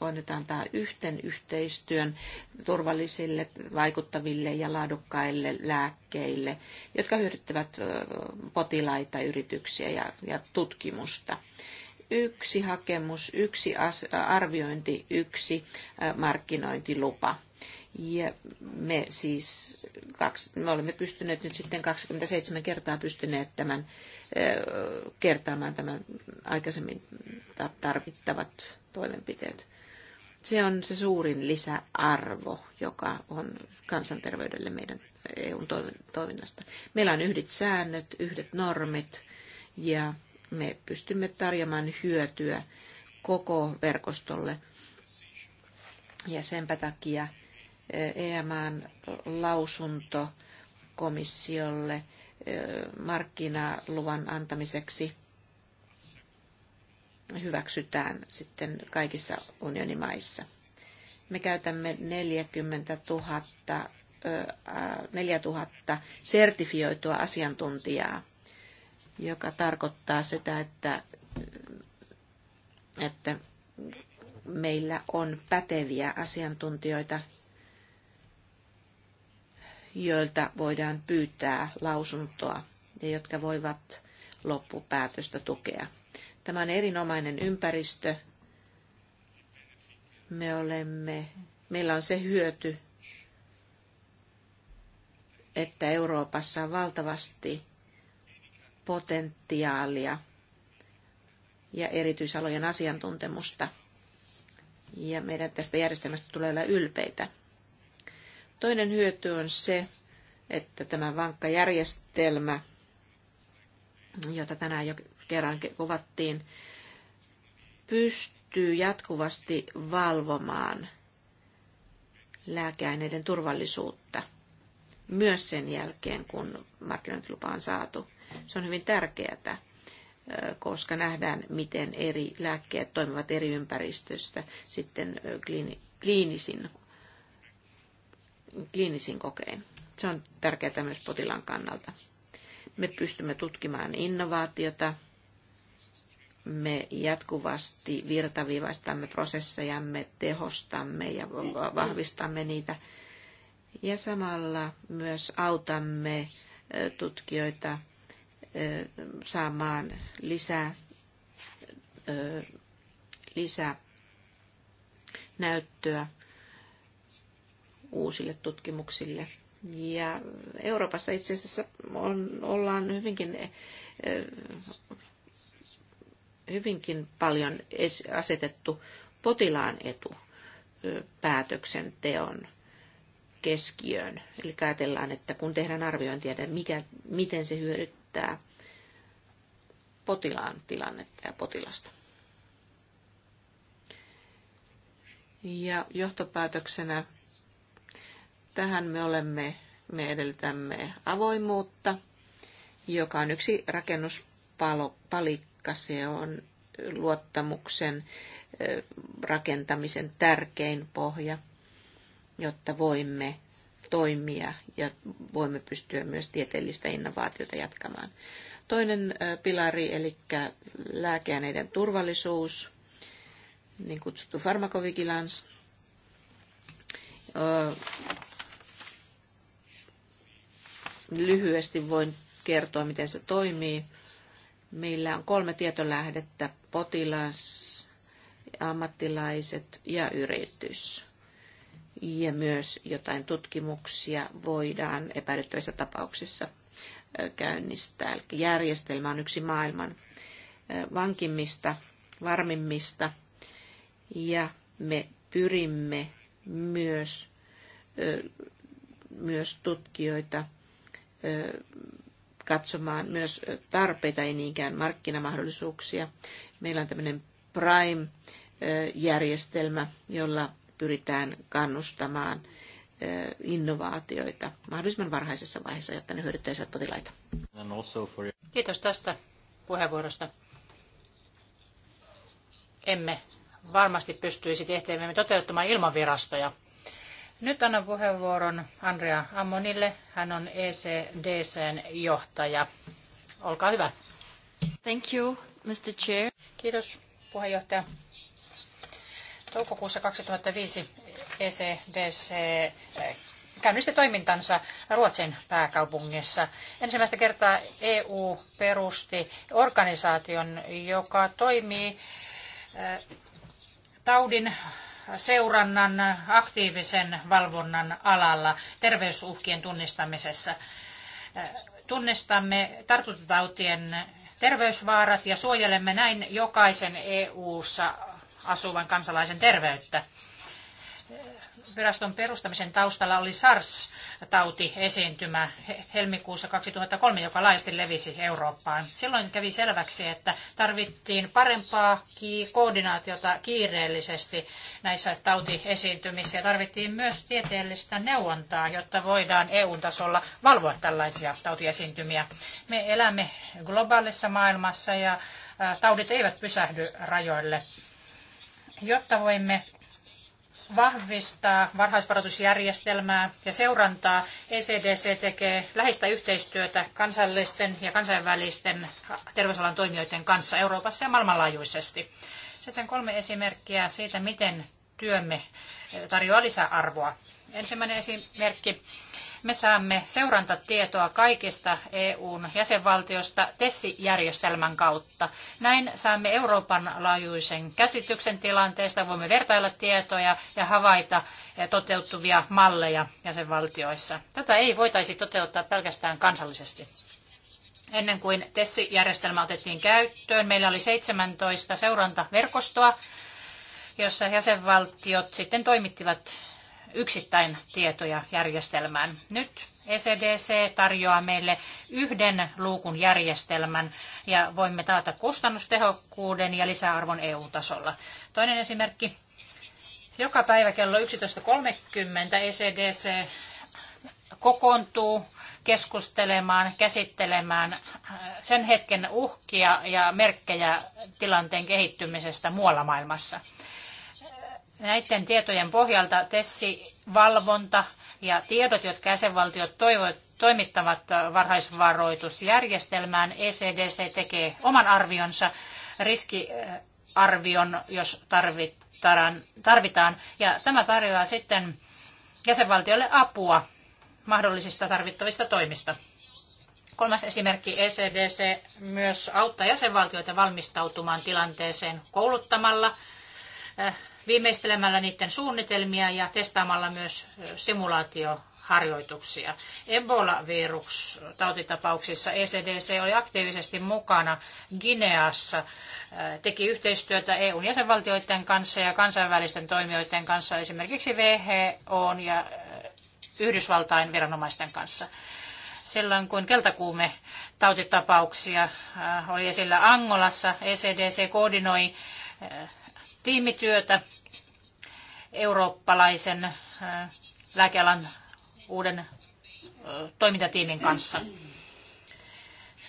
Speaker 5: voineet antaa yhten yhteistyön turvallisille, vaikuttaville ja laadukkaille lääkkeille, jotka hyödyttävät potilaita, yrityksiä ja, ja tutkimusta. Yksi hakemus, yksi arviointi, yksi markkinointilupa ja me siis, kaksi, me olemme pystyneet nyt sitten 27 kertaa pystyneet tämän, kertaamaan tämän aikaisemmin tarvittavat toimenpiteet. Se on se suurin lisäarvo, joka on kansanterveydelle meidän EUn toiminnasta. Meillä on yhdet säännöt, yhdet normit ja me pystymme tarjoamaan hyötyä koko verkostolle. Ja senpä takia EMAn lausunto komissiolle e, markkinaluvan antamiseksi hyväksytään sitten kaikissa unionimaissa. Me käytämme 40 000, 4000 sertifioitua asiantuntijaa, joka tarkoittaa sitä, että, että meillä on päteviä asiantuntijoita joilta voidaan pyytää lausuntoa ja jotka voivat loppupäätöstä tukea. Tämä on erinomainen ympäristö. Me olemme, meillä on se hyöty, että Euroopassa on valtavasti potentiaalia ja erityisalojen asiantuntemusta. Ja meidän tästä järjestelmästä tulee olla ylpeitä. Toinen hyöty on se, että tämä vankka järjestelmä, jota tänään jo kerran kuvattiin, pystyy jatkuvasti valvomaan lääkeaineiden turvallisuutta myös sen jälkeen, kun markkinointilupa on saatu. Se on hyvin tärkeää, koska nähdään, miten eri lääkkeet toimivat eri ympäristöstä sitten kliinisin kliinisin kokein. Se on tärkeää myös potilaan kannalta. Me pystymme tutkimaan innovaatiota, me jatkuvasti virtaviivaistamme prosessejamme, tehostamme ja vahvistamme niitä. Ja samalla myös autamme tutkijoita saamaan lisää, lisää näyttöä uusille tutkimuksille. Ja Euroopassa itse asiassa on, ollaan hyvinkin, eh, hyvinkin paljon asetettu potilaan etu päätöksenteon keskiöön. Eli ajatellaan, että kun tehdään arviointia, että mikä, miten se hyödyttää potilaan tilannetta ja potilasta. Ja johtopäätöksenä Tähän me olemme, me edellytämme avoimuutta, joka on yksi rakennuspalikka. Se on luottamuksen rakentamisen tärkein pohja, jotta voimme toimia ja voimme pystyä myös tieteellistä innovaatiota jatkamaan. Toinen pilari, eli lääkeaineiden turvallisuus, niin kutsuttu farmakovigilans, lyhyesti voin kertoa, miten se toimii. Meillä on kolme tietolähdettä, potilas, ammattilaiset ja yritys. Ja myös jotain tutkimuksia voidaan epäilyttävissä tapauksissa käynnistää. Eli järjestelmä on yksi maailman vankimmista, varmimmista. Ja me pyrimme myös, myös tutkijoita katsomaan myös tarpeita, ei niinkään markkinamahdollisuuksia. Meillä on tämmöinen Prime-järjestelmä, jolla pyritään kannustamaan innovaatioita mahdollisimman varhaisessa vaiheessa, jotta ne hyödyttäisivät potilaita.
Speaker 2: Kiitos tästä puheenvuorosta. Emme varmasti pystyisi tehtäviämme toteuttamaan ilman virastoja. Nyt annan puheenvuoron Andrea Ammonille. Hän on ECDCn johtaja. Olkaa hyvä. Thank you, Mr. Chair. Kiitos, puheenjohtaja. Toukokuussa 2005 ECDC eh, käynnisti toimintansa Ruotsin pääkaupungissa. Ensimmäistä kertaa EU perusti organisaation, joka toimii eh, taudin seurannan, aktiivisen valvonnan alalla terveysuhkien tunnistamisessa. Tunnistamme tartuntatautien terveysvaarat ja suojelemme näin jokaisen EU-ssa asuvan kansalaisen terveyttä viraston perustamisen taustalla oli SARS-tautiesiintymä helmikuussa 2003, joka laajasti levisi Eurooppaan. Silloin kävi selväksi, että tarvittiin parempaa koordinaatiota kiireellisesti näissä tautiesiintymissä ja tarvittiin myös tieteellistä neuvontaa, jotta voidaan EU-tasolla valvoa tällaisia tautiesiintymiä. Me elämme globaalissa maailmassa ja taudit eivät pysähdy rajoille jotta voimme vahvistaa varhaisvaroitusjärjestelmää ja seurantaa. ECDC tekee läheistä yhteistyötä kansallisten ja kansainvälisten terveysalan toimijoiden kanssa Euroopassa ja maailmanlaajuisesti. Sitten kolme esimerkkiä siitä, miten työmme tarjoaa lisäarvoa. Ensimmäinen esimerkki me saamme seurantatietoa kaikista EUn jäsenvaltiosta TESSI-järjestelmän kautta. Näin saamme Euroopan laajuisen käsityksen tilanteesta, voimme vertailla tietoja ja havaita eh, toteutuvia malleja jäsenvaltioissa. Tätä ei voitaisi toteuttaa pelkästään kansallisesti. Ennen kuin TESSI-järjestelmä otettiin käyttöön, meillä oli 17 seurantaverkostoa, jossa jäsenvaltiot sitten toimittivat yksittäin tietoja järjestelmään. Nyt ECDC tarjoaa meille yhden luukun järjestelmän ja voimme taata kustannustehokkuuden ja lisäarvon EU-tasolla. Toinen esimerkki. Joka päivä kello 11.30 ECDC kokoontuu keskustelemaan, käsittelemään sen hetken uhkia ja merkkejä tilanteen kehittymisestä muualla maailmassa. Näiden tietojen pohjalta TESSI valvonta ja tiedot, jotka jäsenvaltiot toivoivat toimittavat varhaisvaroitusjärjestelmään. ECDC tekee oman arvionsa, riskiarvion, jos tarvitaan, tarvitaan. Ja tämä tarjoaa sitten jäsenvaltiolle apua mahdollisista tarvittavista toimista. Kolmas esimerkki ECDC myös auttaa jäsenvaltioita valmistautumaan tilanteeseen kouluttamalla eh, viimeistelemällä niiden suunnitelmia ja testaamalla myös simulaatioharjoituksia. Ebola-virus tautitapauksissa ECDC oli aktiivisesti mukana Gineassa, teki yhteistyötä EUn jäsenvaltioiden kanssa ja kansainvälisten toimijoiden kanssa, esimerkiksi WHO ja Yhdysvaltain viranomaisten kanssa. Silloin kun keltakuume tautitapauksia oli esillä Angolassa, ECDC koordinoi tiimityötä eurooppalaisen lääkealan uuden toimintatiimin kanssa.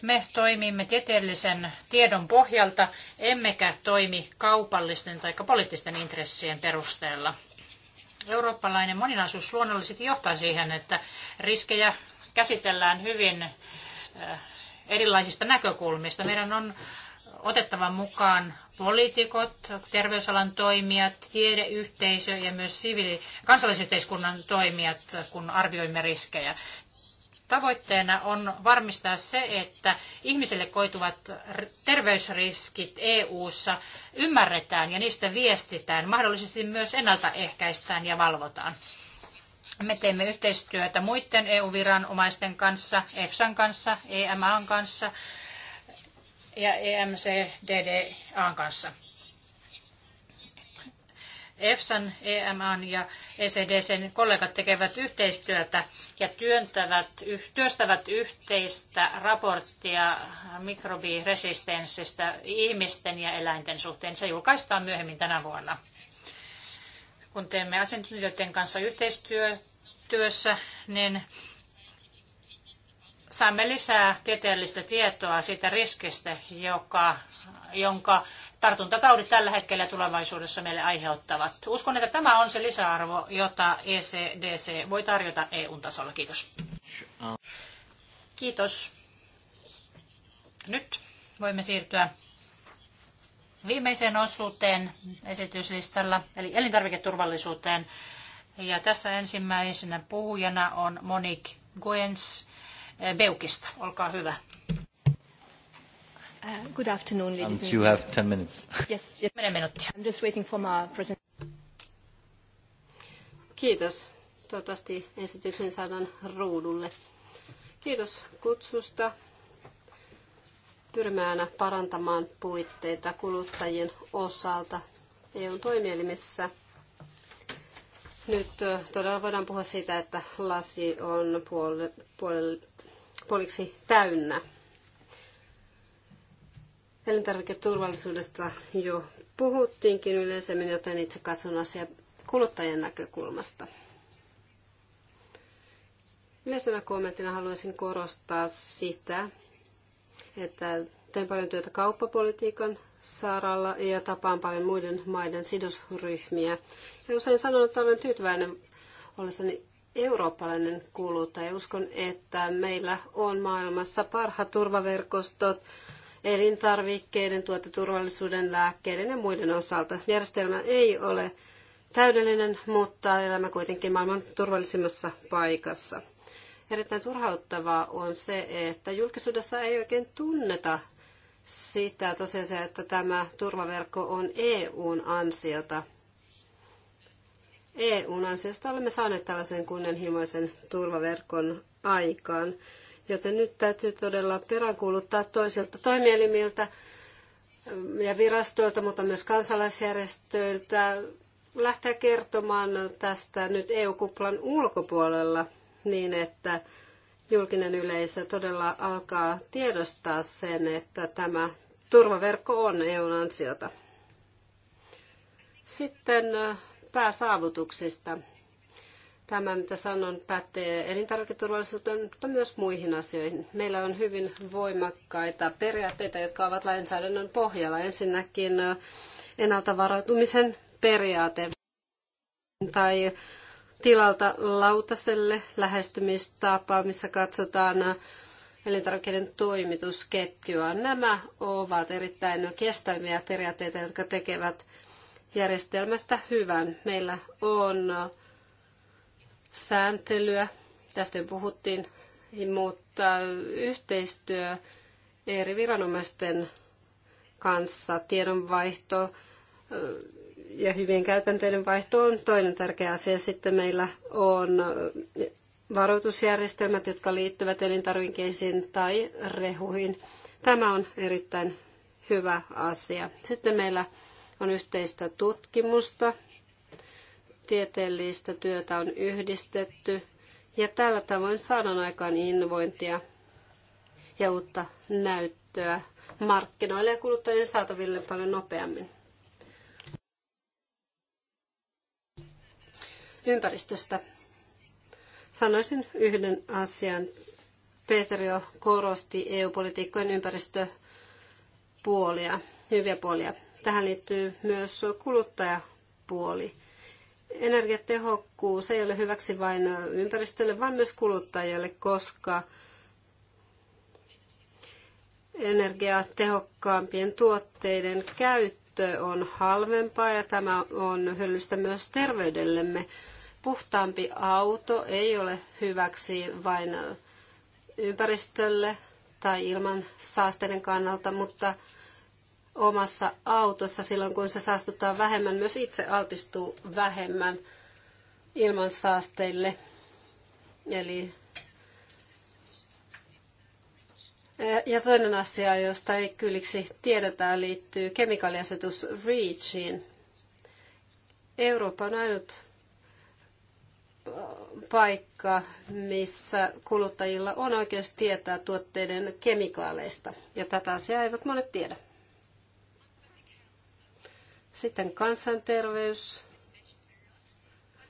Speaker 2: Me toimimme tieteellisen tiedon pohjalta, emmekä toimi kaupallisten tai poliittisten intressien perusteella. Eurooppalainen moninaisuus luonnollisesti johtaa siihen, että riskejä käsitellään hyvin erilaisista näkökulmista. Meidän on otettava mukaan poliitikot, terveysalan toimijat, tiedeyhteisö ja myös siviili- kansalaisyhteiskunnan toimijat, kun arvioimme riskejä. Tavoitteena on varmistaa se, että ihmisille koituvat terveysriskit EU-ssa ymmärretään ja niistä viestitään, mahdollisesti myös ennaltaehkäistään ja valvotaan. Me teemme yhteistyötä muiden EU-viranomaisten kanssa, EFSAn kanssa, EMAn kanssa, ja EMCDDAn kanssa. EFSAn, EMAn ja ECDCn kollegat tekevät yhteistyötä ja työntävät, työstävät yhteistä raporttia mikrobiresistenssistä ihmisten ja eläinten suhteen. Se julkaistaan myöhemmin tänä vuonna. Kun teemme asiantuntijoiden kanssa yhteistyötyössä, niin saamme lisää tieteellistä tietoa siitä riskistä, joka, jonka tartuntataudit tällä hetkellä ja tulevaisuudessa meille aiheuttavat. Uskon, että tämä on se lisäarvo, jota ECDC voi tarjota EU-tasolla. Kiitos. Kiitos. Nyt voimme siirtyä viimeiseen osuuteen esityslistalla, eli elintarviketurvallisuuteen. Ja tässä ensimmäisenä puhujana on Monique Guens Beukista. Olkaa hyvä. Uh,
Speaker 3: good afternoon, ladies and gentlemen. you have 10 minutes. Yes, yes. 10 minuuttia. I'm just waiting for my present. Kiitos. Toivottavasti esityksen saadaan ruudulle. Kiitos kutsusta. Pyrimme aina parantamaan puitteita kuluttajien osalta EU-toimielimissä – nyt todella voidaan puhua siitä, että lasi on puol, puol, puoliksi täynnä. Elintarviketurvallisuudesta jo puhuttiinkin yleisemmin, joten itse katson asiaa kuluttajien näkökulmasta. Yleisenä kommenttina haluaisin korostaa sitä, että teen paljon työtä kauppapolitiikan saralla ja tapaan paljon muiden maiden sidosryhmiä. Ja usein sanon, että olen tyytyväinen ollessani eurooppalainen kuluttaja. Uskon, että meillä on maailmassa parhaat turvaverkostot elintarvikkeiden, tuoteturvallisuuden, lääkkeiden ja muiden osalta. Järjestelmä ei ole täydellinen, mutta elämä kuitenkin maailman turvallisimmassa paikassa. Erittäin turhauttavaa on se, että julkisuudessa ei oikein tunneta sitä tosiasiaa, että tämä turvaverkko on EUn ansiota. EUn ansiosta olemme saaneet tällaisen kunnianhimoisen turvaverkon aikaan, joten nyt täytyy todella peräänkuuluttaa toisilta toimielimiltä ja virastoilta, mutta myös kansalaisjärjestöiltä lähteä kertomaan tästä nyt EU-kuplan ulkopuolella niin, että julkinen yleisö todella alkaa tiedostaa sen, että tämä turvaverkko on EUn ansiota. Sitten pääsaavutuksista. Tämä, mitä sanon, pätee elintarviketurvallisuuteen, mutta myös muihin asioihin. Meillä on hyvin voimakkaita periaatteita, jotka ovat lainsäädännön pohjalla. Ensinnäkin ennalta varautumisen periaate tai tilalta lautaselle lähestymistapaa, missä katsotaan elintarvikkeiden toimitusketjua. Nämä ovat erittäin kestäviä periaatteita, jotka tekevät järjestelmästä hyvän. Meillä on sääntelyä, tästä jo puhuttiin, mutta yhteistyö eri viranomaisten kanssa, tiedonvaihto, ja hyvien käytänteiden vaihto on toinen tärkeä asia. Sitten meillä on varoitusjärjestelmät, jotka liittyvät elintarvikkeisiin tai rehuihin. Tämä on erittäin hyvä asia. Sitten meillä on yhteistä tutkimusta, tieteellistä työtä on yhdistetty ja tällä tavoin saadaan aikaan innovointia ja uutta näyttöä markkinoille ja kuluttajien saataville paljon nopeammin. ympäristöstä. Sanoisin yhden asian. Peter jo korosti EU-politiikkojen ympäristöpuolia, hyviä puolia. Tähän liittyy myös kuluttajapuoli. Energiatehokkuus ei ole hyväksi vain ympäristölle, vaan myös kuluttajille, koska energiatehokkaampien tuotteiden käyttö on halvempaa ja tämä on hyödyllistä myös terveydellemme. Puhtaampi auto ei ole hyväksi vain ympäristölle tai ilman saasteiden kannalta, mutta omassa autossa silloin, kun se saastuttaa vähemmän, myös itse altistuu vähemmän ilman saasteille. Eli e, ja toinen asia, josta ei kylliksi tiedetä, liittyy kemikaaliasetus REACHiin. Eurooppa on ainut paikka, missä kuluttajilla on oikeus tietää tuotteiden kemikaaleista. Ja tätä asiaa eivät monet tiedä. Sitten kansanterveys.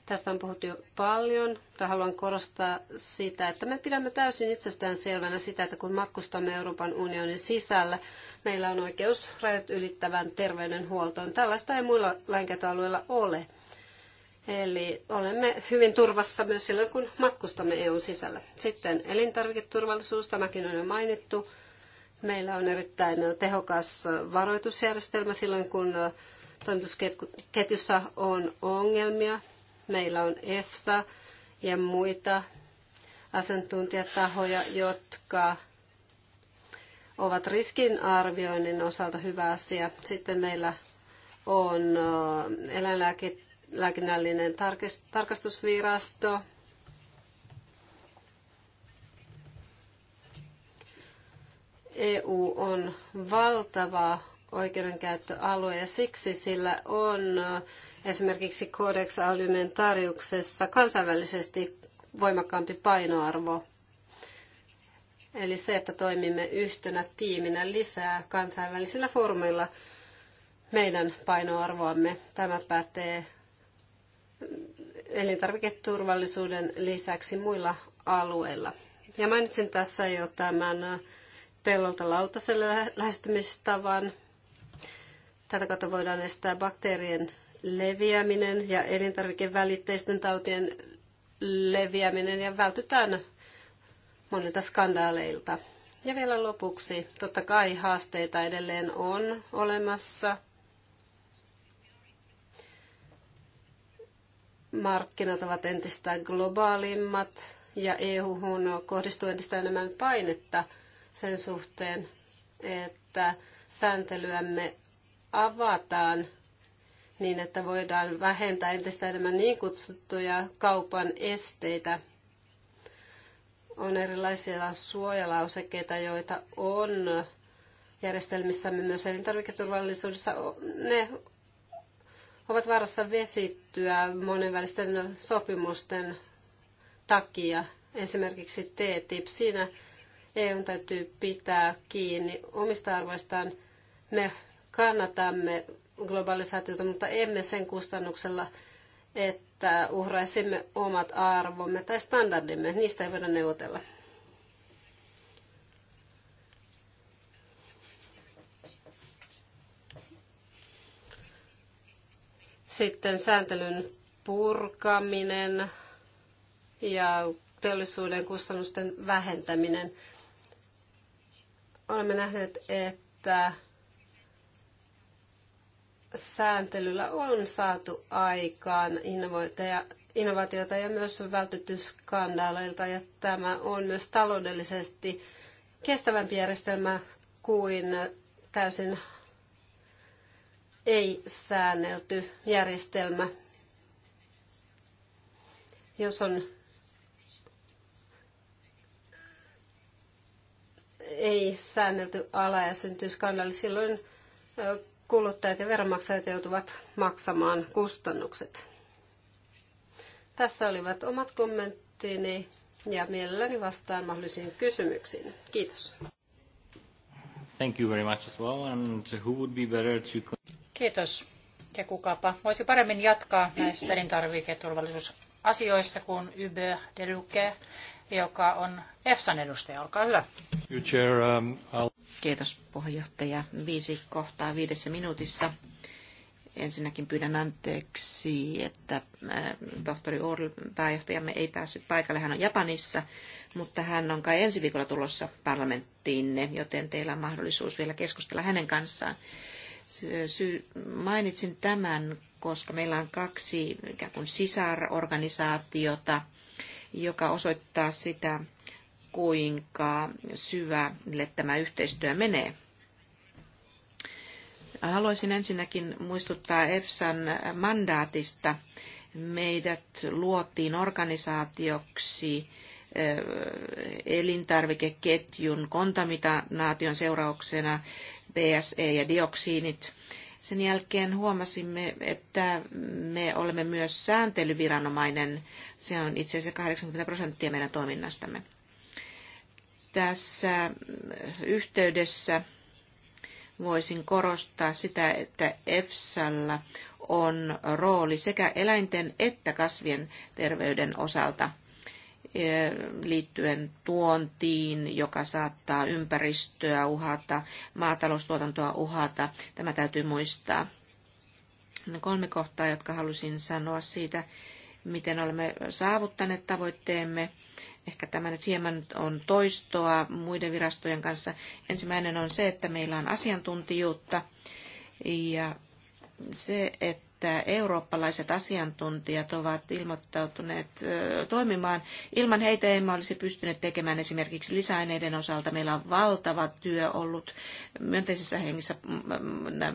Speaker 3: Tästä on puhuttu jo paljon, mutta haluan korostaa sitä, että me pidämme täysin itsestään selvänä sitä, että kun matkustamme Euroopan unionin sisällä, meillä on oikeus rajat ylittävään terveydenhuoltoon. Tällaista ei muilla lainkäyttöalueilla ole. Eli olemme hyvin turvassa myös silloin, kun matkustamme EUn sisällä. Sitten elintarviketurvallisuus, tämäkin on jo mainittu. Meillä on erittäin tehokas varoitusjärjestelmä silloin, kun toimitusketjussa on ongelmia. Meillä on EFSA ja muita asiantuntijatahoja, jotka ovat riskinarvioinnin osalta hyvä asia. Sitten meillä on eläinlääkit lääkinnällinen tarkastusvirasto. EU on valtava oikeudenkäyttöalue ja siksi sillä on äh, esimerkiksi Codex Alimentariuksessa kansainvälisesti voimakkaampi painoarvo. Eli se, että toimimme yhtenä tiiminä lisää kansainvälisillä foorumeilla meidän painoarvoamme. Tämä pätee elintarviketurvallisuuden lisäksi muilla alueilla. Ja mainitsin tässä jo tämän pellolta lautaselle lähestymistavan. Tätä kautta voidaan estää bakteerien leviäminen ja elintarvikevälitteisten tautien leviäminen ja vältytään monilta skandaaleilta. Ja vielä lopuksi, totta kai haasteita edelleen on olemassa – markkinat ovat entistä globaalimmat ja EU kohdistuu entistä enemmän painetta sen suhteen, että sääntelyämme avataan niin, että voidaan vähentää entistä enemmän niin kutsuttuja kaupan esteitä. On erilaisia suojalausekkeita, joita on järjestelmissämme myös elintarviketurvallisuudessa. Ne ovat vaarassa vesittyä monenvälisten sopimusten takia. Esimerkiksi TTIP, siinä EU täytyy pitää kiinni omista arvoistaan. Me kannatamme globalisaatiota, mutta emme sen kustannuksella, että uhraisimme omat arvomme tai standardimme. Niistä ei voida neuvotella. Sitten sääntelyn purkaminen ja teollisuuden kustannusten vähentäminen. Olemme nähneet, että sääntelyllä on saatu aikaan innovaatioita ja myös vältytty skandaaleilta. Ja tämä on myös taloudellisesti kestävämpi järjestelmä kuin täysin ei-säännelty järjestelmä. Jos on ei-säännelty ala ja syntyy skandaali, silloin kuluttajat ja veronmaksajat joutuvat maksamaan kustannukset. Tässä olivat omat kommenttini ja mielelläni vastaan mahdollisiin kysymyksiin. Kiitos.
Speaker 1: Thank you very much as well. And who would be better to...
Speaker 3: Kiitos. Ja
Speaker 2: kukapa voisi paremmin jatkaa näistä elintarviketurvallisuusasioista kuin Uber Deluke, joka on EFSAn edustaja. Olkaa hyvä.
Speaker 1: Um,
Speaker 5: Kiitos puheenjohtaja. Viisi kohtaa viidessä minuutissa. Ensinnäkin pyydän anteeksi, että äh, tohtori Orl, pääjohtajamme, ei päässyt paikalle. Hän on Japanissa, mutta hän on kai ensi viikolla tulossa parlamenttiinne, joten teillä on mahdollisuus vielä keskustella hänen kanssaan mainitsin tämän, koska meillä on kaksi ikään kuin sisarorganisaatiota, joka osoittaa sitä, kuinka syvälle tämä yhteistyö menee. Haluaisin ensinnäkin muistuttaa EFSAn mandaatista. Meidät luotiin organisaatioksi elintarvikeketjun kontaminaation seurauksena PSE ja dioksiinit. Sen jälkeen huomasimme, että me olemme myös sääntelyviranomainen. Se on itse asiassa 80 prosenttia meidän toiminnastamme. Tässä mm, yhteydessä voisin korostaa sitä, että EFSAlla on rooli sekä eläinten että kasvien terveyden osalta – Eh, liittyen tuontiin, joka saattaa ympäristöä uhata, maataloustuotantoa uhata. Tämä täytyy muistaa. Ne no, kolme kohtaa, jotka halusin sanoa siitä, miten olemme saavuttaneet tavoitteemme. Ehkä tämä nyt hieman on toistoa muiden virastojen kanssa. Ensimmäinen on se, että meillä on asiantuntijuutta ja se, että että eurooppalaiset asiantuntijat ovat ilmoittautuneet toimimaan. Ilman heitä emme olisi pystyneet tekemään esimerkiksi lisäaineiden osalta. Meillä on valtava työ ollut myönteisessä hengissä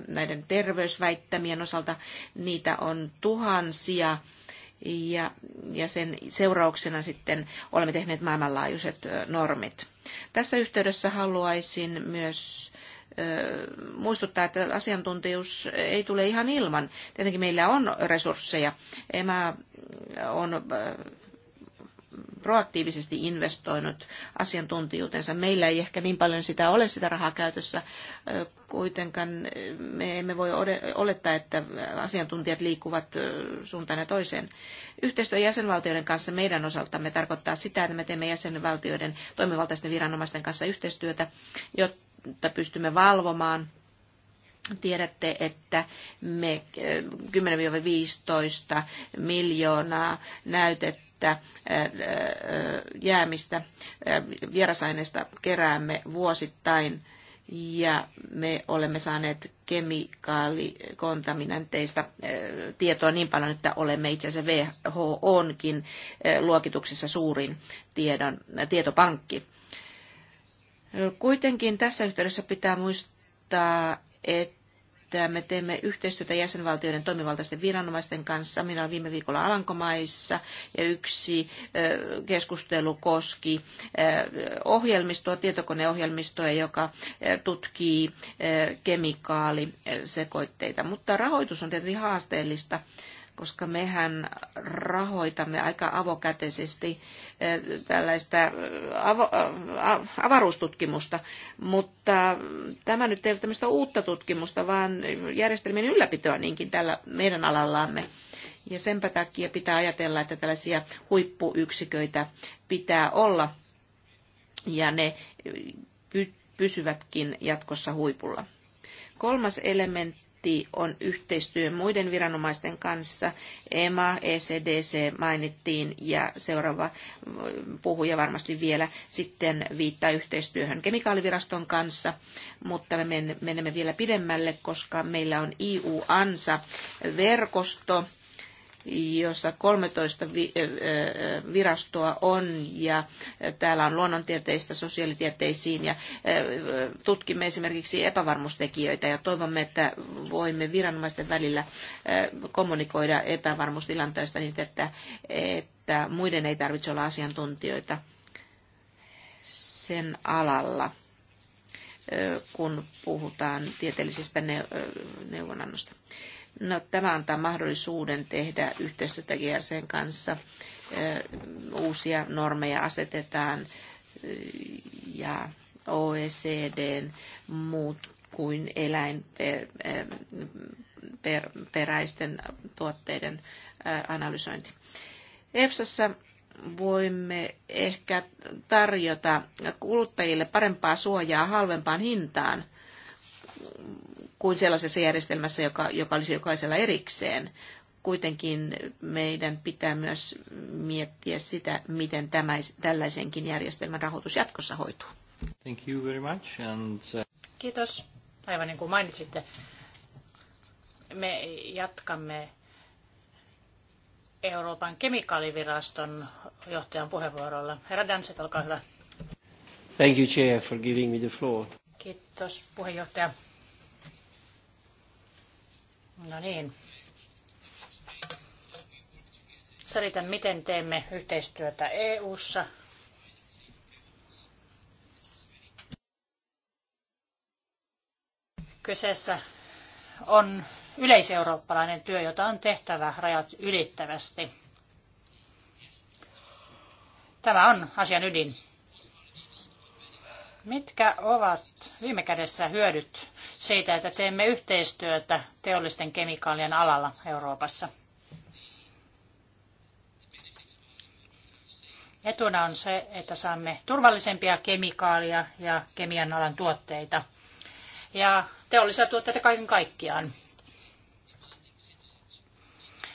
Speaker 5: näiden terveysväittämien osalta. Niitä on tuhansia. Ja, ja sen seurauksena sitten olemme tehneet maailmanlaajuiset normit. Tässä yhteydessä haluaisin myös muistuttaa, että asiantuntijuus ei tule ihan ilman. Tietenkin meillä on resursseja. Emä on proaktiivisesti investoinut asiantuntijuutensa. Meillä ei ehkä niin paljon sitä ole sitä rahaa käytössä. Kuitenkaan me emme voi olettaa, että asiantuntijat liikkuvat suuntaan ja toiseen. Yhteistyö jäsenvaltioiden kanssa meidän osaltamme tarkoittaa sitä, että me teemme jäsenvaltioiden toimivaltaisten viranomaisten kanssa yhteistyötä, jotta että pystymme valvomaan. Tiedätte, että me 10-15 miljoonaa näytettä että jäämistä vierasaineista keräämme vuosittain ja me olemme saaneet kemikaalikontaminanteista tietoa niin paljon, että olemme itse asiassa WHOnkin luokituksessa suurin tiedon, tietopankki. Kuitenkin tässä yhteydessä pitää muistaa, että me teemme yhteistyötä jäsenvaltioiden toimivaltaisten viranomaisten kanssa. Minä olin viime viikolla Alankomaissa ja yksi keskustelu koski ohjelmistoa, tietokoneohjelmistoa, joka tutkii kemikaalisekoitteita. Mutta rahoitus on tietenkin haasteellista koska mehän rahoitamme aika avokätisesti eh, tällaista eh, eh, avaruustutkimusta, mutta tämä nyt ei ole tämmöistä uutta tutkimusta, vaan järjestelmien ylläpitoa niinkin tällä meidän alallamme. Ja senpä takia pitää ajatella, että tällaisia huippuyksiköitä pitää olla, ja ne pysyvätkin jatkossa huipulla. Kolmas elementti pointti on yhteistyö muiden viranomaisten kanssa. EMA, ECDC mainittiin ja seuraava puhuja varmasti vielä sitten viittaa yhteistyöhön kemikaaliviraston kanssa, mutta me menemme vielä pidemmälle, koska meillä on EU-ANSA-verkosto, jossa 13 virastoa on ja täällä on luonnontieteistä sosiaalitieteisiin ja tutkimme esimerkiksi epävarmuustekijöitä ja toivomme, että voimme viranomaisten välillä kommunikoida epävarmuustilanteesta niin, että, että muiden ei tarvitse olla asiantuntijoita sen alalla kun puhutaan tieteellisestä neuvonannosta. No, tämä antaa mahdollisuuden tehdä yhteistyötä GRCn kanssa. Uusia normeja asetetaan ja OECDn muut kuin eläinperäisten tuotteiden analysointi. EFSassa voimme ehkä tarjota kuluttajille parempaa suojaa halvempaan hintaan – kuin sellaisessa järjestelmässä, joka, joka olisi jokaisella erikseen. Kuitenkin meidän pitää myös miettiä sitä, miten tämä, tällaisenkin järjestelmän rahoitus jatkossa hoituu.
Speaker 1: Thank you very much and... Uh,
Speaker 2: Kiitos. Aivan niin kuin mainitsitte, me jatkamme Euroopan kemikaaliviraston johtajan puheenvuorolla. Herra Danset, olkaa hyvä.
Speaker 3: Thank you, Chair, for giving me the floor.
Speaker 2: Kiitos puheenjohtaja. No niin. Selitän, miten teemme yhteistyötä EU-ssa. Kyseessä on yleiseurooppalainen työ, jota on tehtävä rajat ylittävästi. Tämä on asian ydin. Mitkä ovat viime kädessä hyödyt siitä, että teemme yhteistyötä teollisten kemikaalien alalla Euroopassa? Etuna on se, että saamme turvallisempia kemikaalia ja kemian alan tuotteita ja teollisia tuotteita kaiken kaikkiaan.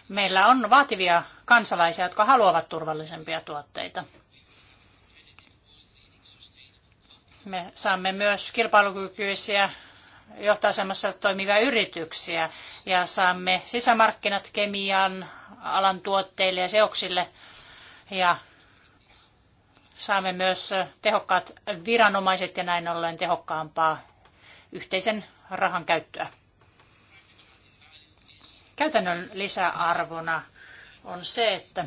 Speaker 2: Meillä on vaativia kansalaisia, jotka haluavat turvallisempia tuotteita. Me saamme myös kilpailukykyisiä johtoasemassa toimivia yrityksiä ja saamme sisämarkkinat kemian alan tuotteille ja seoksille ja saamme myös tehokkaat viranomaiset ja näin ollen tehokkaampaa yhteisen rahan käyttöä. Käytännön lisäarvona on se, että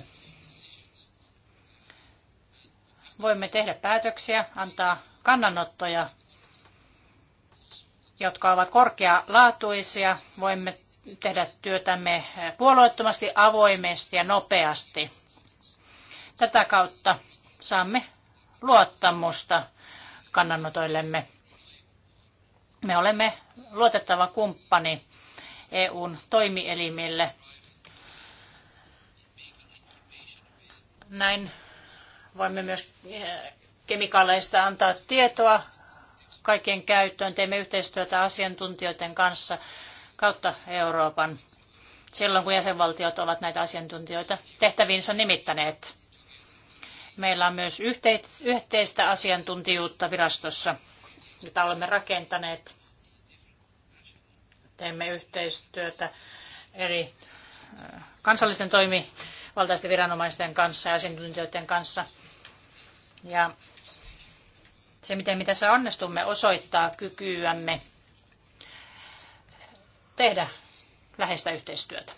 Speaker 2: voimme tehdä päätöksiä, antaa kannanottoja, jotka ovat korkealaatuisia. Voimme tehdä työtämme puolueettomasti, avoimesti ja nopeasti. Tätä kautta saamme luottamusta kannanotoillemme. Me olemme luotettava kumppani EUn toimielimille. Näin voimme myös kemikaaleista antaa tietoa kaikkien käyttöön. Teemme yhteistyötä asiantuntijoiden kanssa kautta Euroopan silloin, kun jäsenvaltiot ovat näitä asiantuntijoita tehtäviinsä nimittäneet. Meillä on myös yhteistä asiantuntijuutta virastossa, jota olemme rakentaneet. Teemme yhteistyötä eri äh, kansallisten toimivaltaisten viranomaisten kanssa ja asiantuntijoiden kanssa. Ja se, miten me tässä onnistumme, osoittaa kykyämme tehdä läheistä yhteistyötä.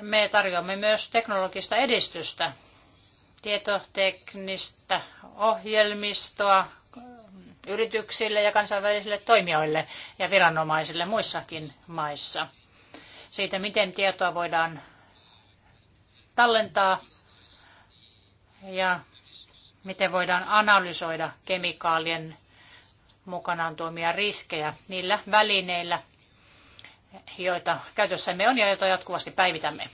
Speaker 2: Me tarjoamme myös teknologista edistystä, tietoteknistä ohjelmistoa yrityksille ja kansainvälisille toimijoille ja viranomaisille muissakin maissa. Siitä, miten tietoa voidaan tallentaa ja miten voidaan analysoida kemikaalien mukanaan tuomia riskejä niillä välineillä, joita käytössämme on ja joita jatkuvasti päivitämme.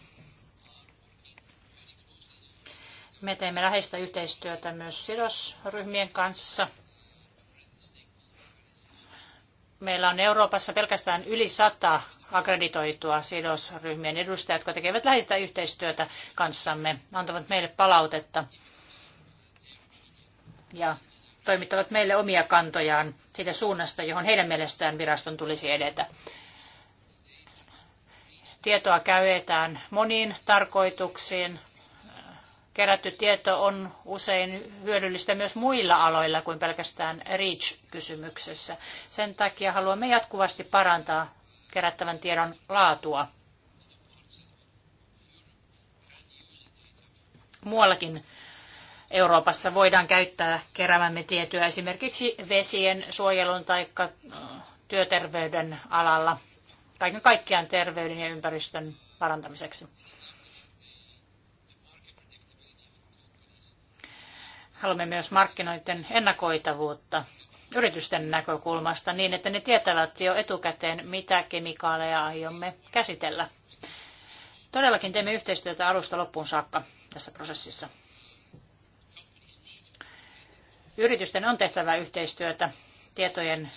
Speaker 2: Me teemme läheistä yhteistyötä myös sidosryhmien kanssa. Meillä on Euroopassa pelkästään yli sata akreditoitua sidosryhmien edustajia, jotka tekevät läheistä yhteistyötä kanssamme, antavat meille palautetta ja toimittavat meille omia kantojaan siitä suunnasta, johon heidän mielestään viraston tulisi edetä. Tietoa käytetään moniin tarkoituksiin. Kerätty tieto on usein hyödyllistä myös muilla aloilla kuin pelkästään REACH-kysymyksessä. Sen takia haluamme jatkuvasti parantaa kerättävän tiedon laatua. Muuallakin Euroopassa voidaan käyttää keräämämme tietoa esimerkiksi vesien suojelun tai äh, työterveyden alalla. Kaiken kaikkiaan terveyden ja ympäristön parantamiseksi. Haluamme myös markkinoiden ennakoitavuutta yritysten näkökulmasta niin, että ne tietävät jo etukäteen, mitä kemikaaleja aiomme käsitellä. Todellakin teemme yhteistyötä alusta loppuun saakka tässä prosessissa. Yritysten on tehtävä yhteistyötä tietojen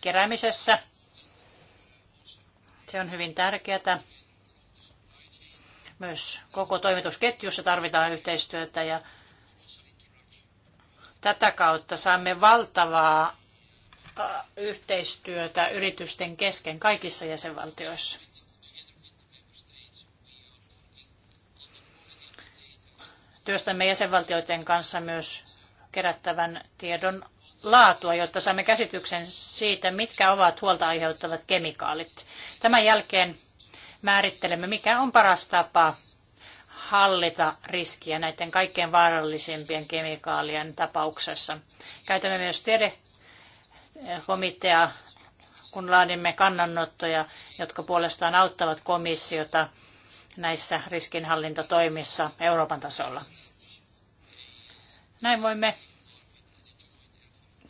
Speaker 2: keräämisessä. Se on hyvin tärkeää. Myös koko toimitusketjussa tarvitaan yhteistyötä ja Tätä kautta saamme valtavaa äh, yhteistyötä yritysten kesken kaikissa jäsenvaltioissa. Työstämme jäsenvaltioiden kanssa myös kerättävän tiedon laatua, jotta saamme käsityksen siitä, mitkä ovat huolta aiheuttavat kemikaalit. Tämän jälkeen määrittelemme, mikä on paras tapa hallita riskiä näiden kaikkein vaarallisimpien kemikaalien tapauksessa. Käytämme myös komitea, kun laadimme kannanottoja, jotka puolestaan auttavat komissiota näissä riskinhallintatoimissa Euroopan tasolla. Näin voimme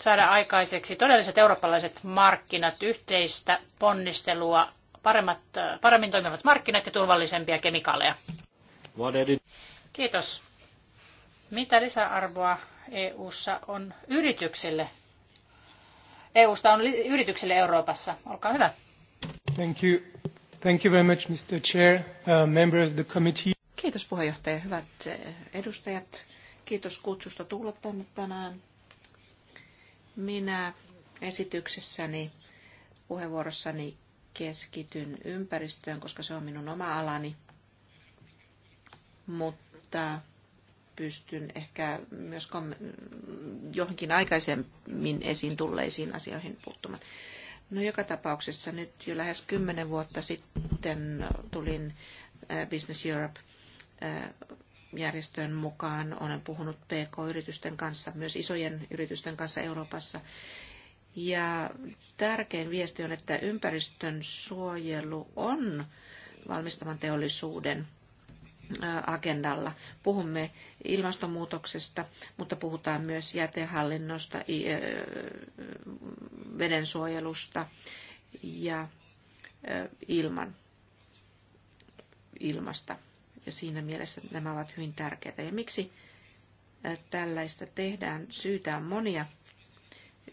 Speaker 2: saada aikaiseksi todelliset eurooppalaiset markkinat, yhteistä ponnistelua, paremmat, paremmin toimivat markkinat ja turvallisempia kemikaaleja. Kiitos. Mitä lisäarvoa EU:ssa on yrityksille? EUsta on yrityksille Euroopassa. Olkaa hyvä.
Speaker 6: Thank you. Thank you very much, Mr. Chair, uh, member of the committee.
Speaker 5: Kiitos puheenjohtaja. Hyvät eh, edustajat, kiitos kutsusta tulla tänne tänään. Minä esityksessäni, puheenvuorossani keskityn ympäristöön, koska se on minun oma alani mutta pystyn ehkä myös johonkin aikaisemmin esiin tulleisiin asioihin puuttumaan. No joka tapauksessa nyt jo lähes kymmenen vuotta sitten tulin äh, Business Europe äh, järjestöön mukaan. Olen puhunut PK-yritysten kanssa, myös isojen yritysten kanssa Euroopassa. Ja tärkein viesti on, että ympäristön suojelu on valmistavan teollisuuden agendalla. Puhumme ilmastonmuutoksesta, mutta puhutaan myös jätehallinnosta, vedensuojelusta ja ilman, ilmasta. Ja siinä mielessä nämä ovat hyvin tärkeitä. Ja miksi tällaista tehdään? Syytä on monia.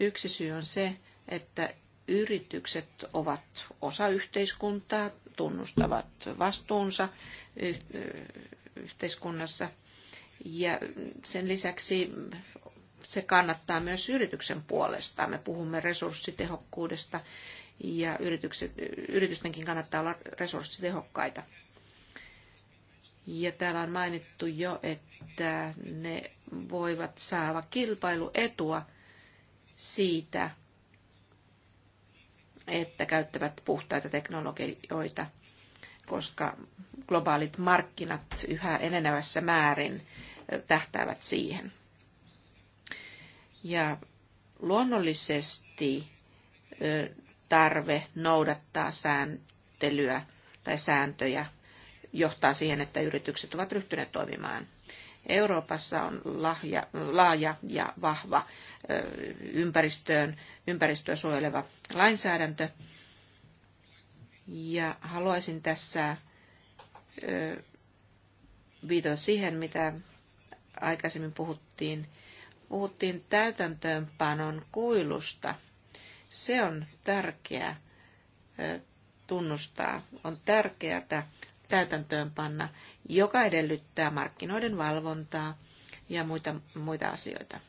Speaker 5: Yksi syy on se, että yritykset ovat osa yhteiskuntaa, tunnustavat vastuunsa yhteiskunnassa. Ja sen lisäksi se kannattaa myös yrityksen puolesta. Me puhumme resurssitehokkuudesta ja yritykset, yritystenkin kannattaa olla resurssitehokkaita. Ja täällä on mainittu jo, että ne voivat saada kilpailuetua siitä, että käyttävät puhtaita teknologioita, koska globaalit markkinat yhä enenevässä määrin tähtäävät siihen. Ja luonnollisesti tarve noudattaa sääntelyä tai sääntöjä johtaa siihen, että yritykset ovat ryhtyneet toimimaan. Euroopassa on lahja, laaja ja vahva ympäristöön, ympäristöä suojeleva lainsäädäntö. Ja haluaisin tässä viitata siihen, mitä aikaisemmin puhuttiin. Puhuttiin täytäntöönpanon kuilusta. Se on tärkeää tunnustaa. On tärkeää täytäntöönpanna, joka edellyttää markkinoiden valvontaa ja muita, muita asioita.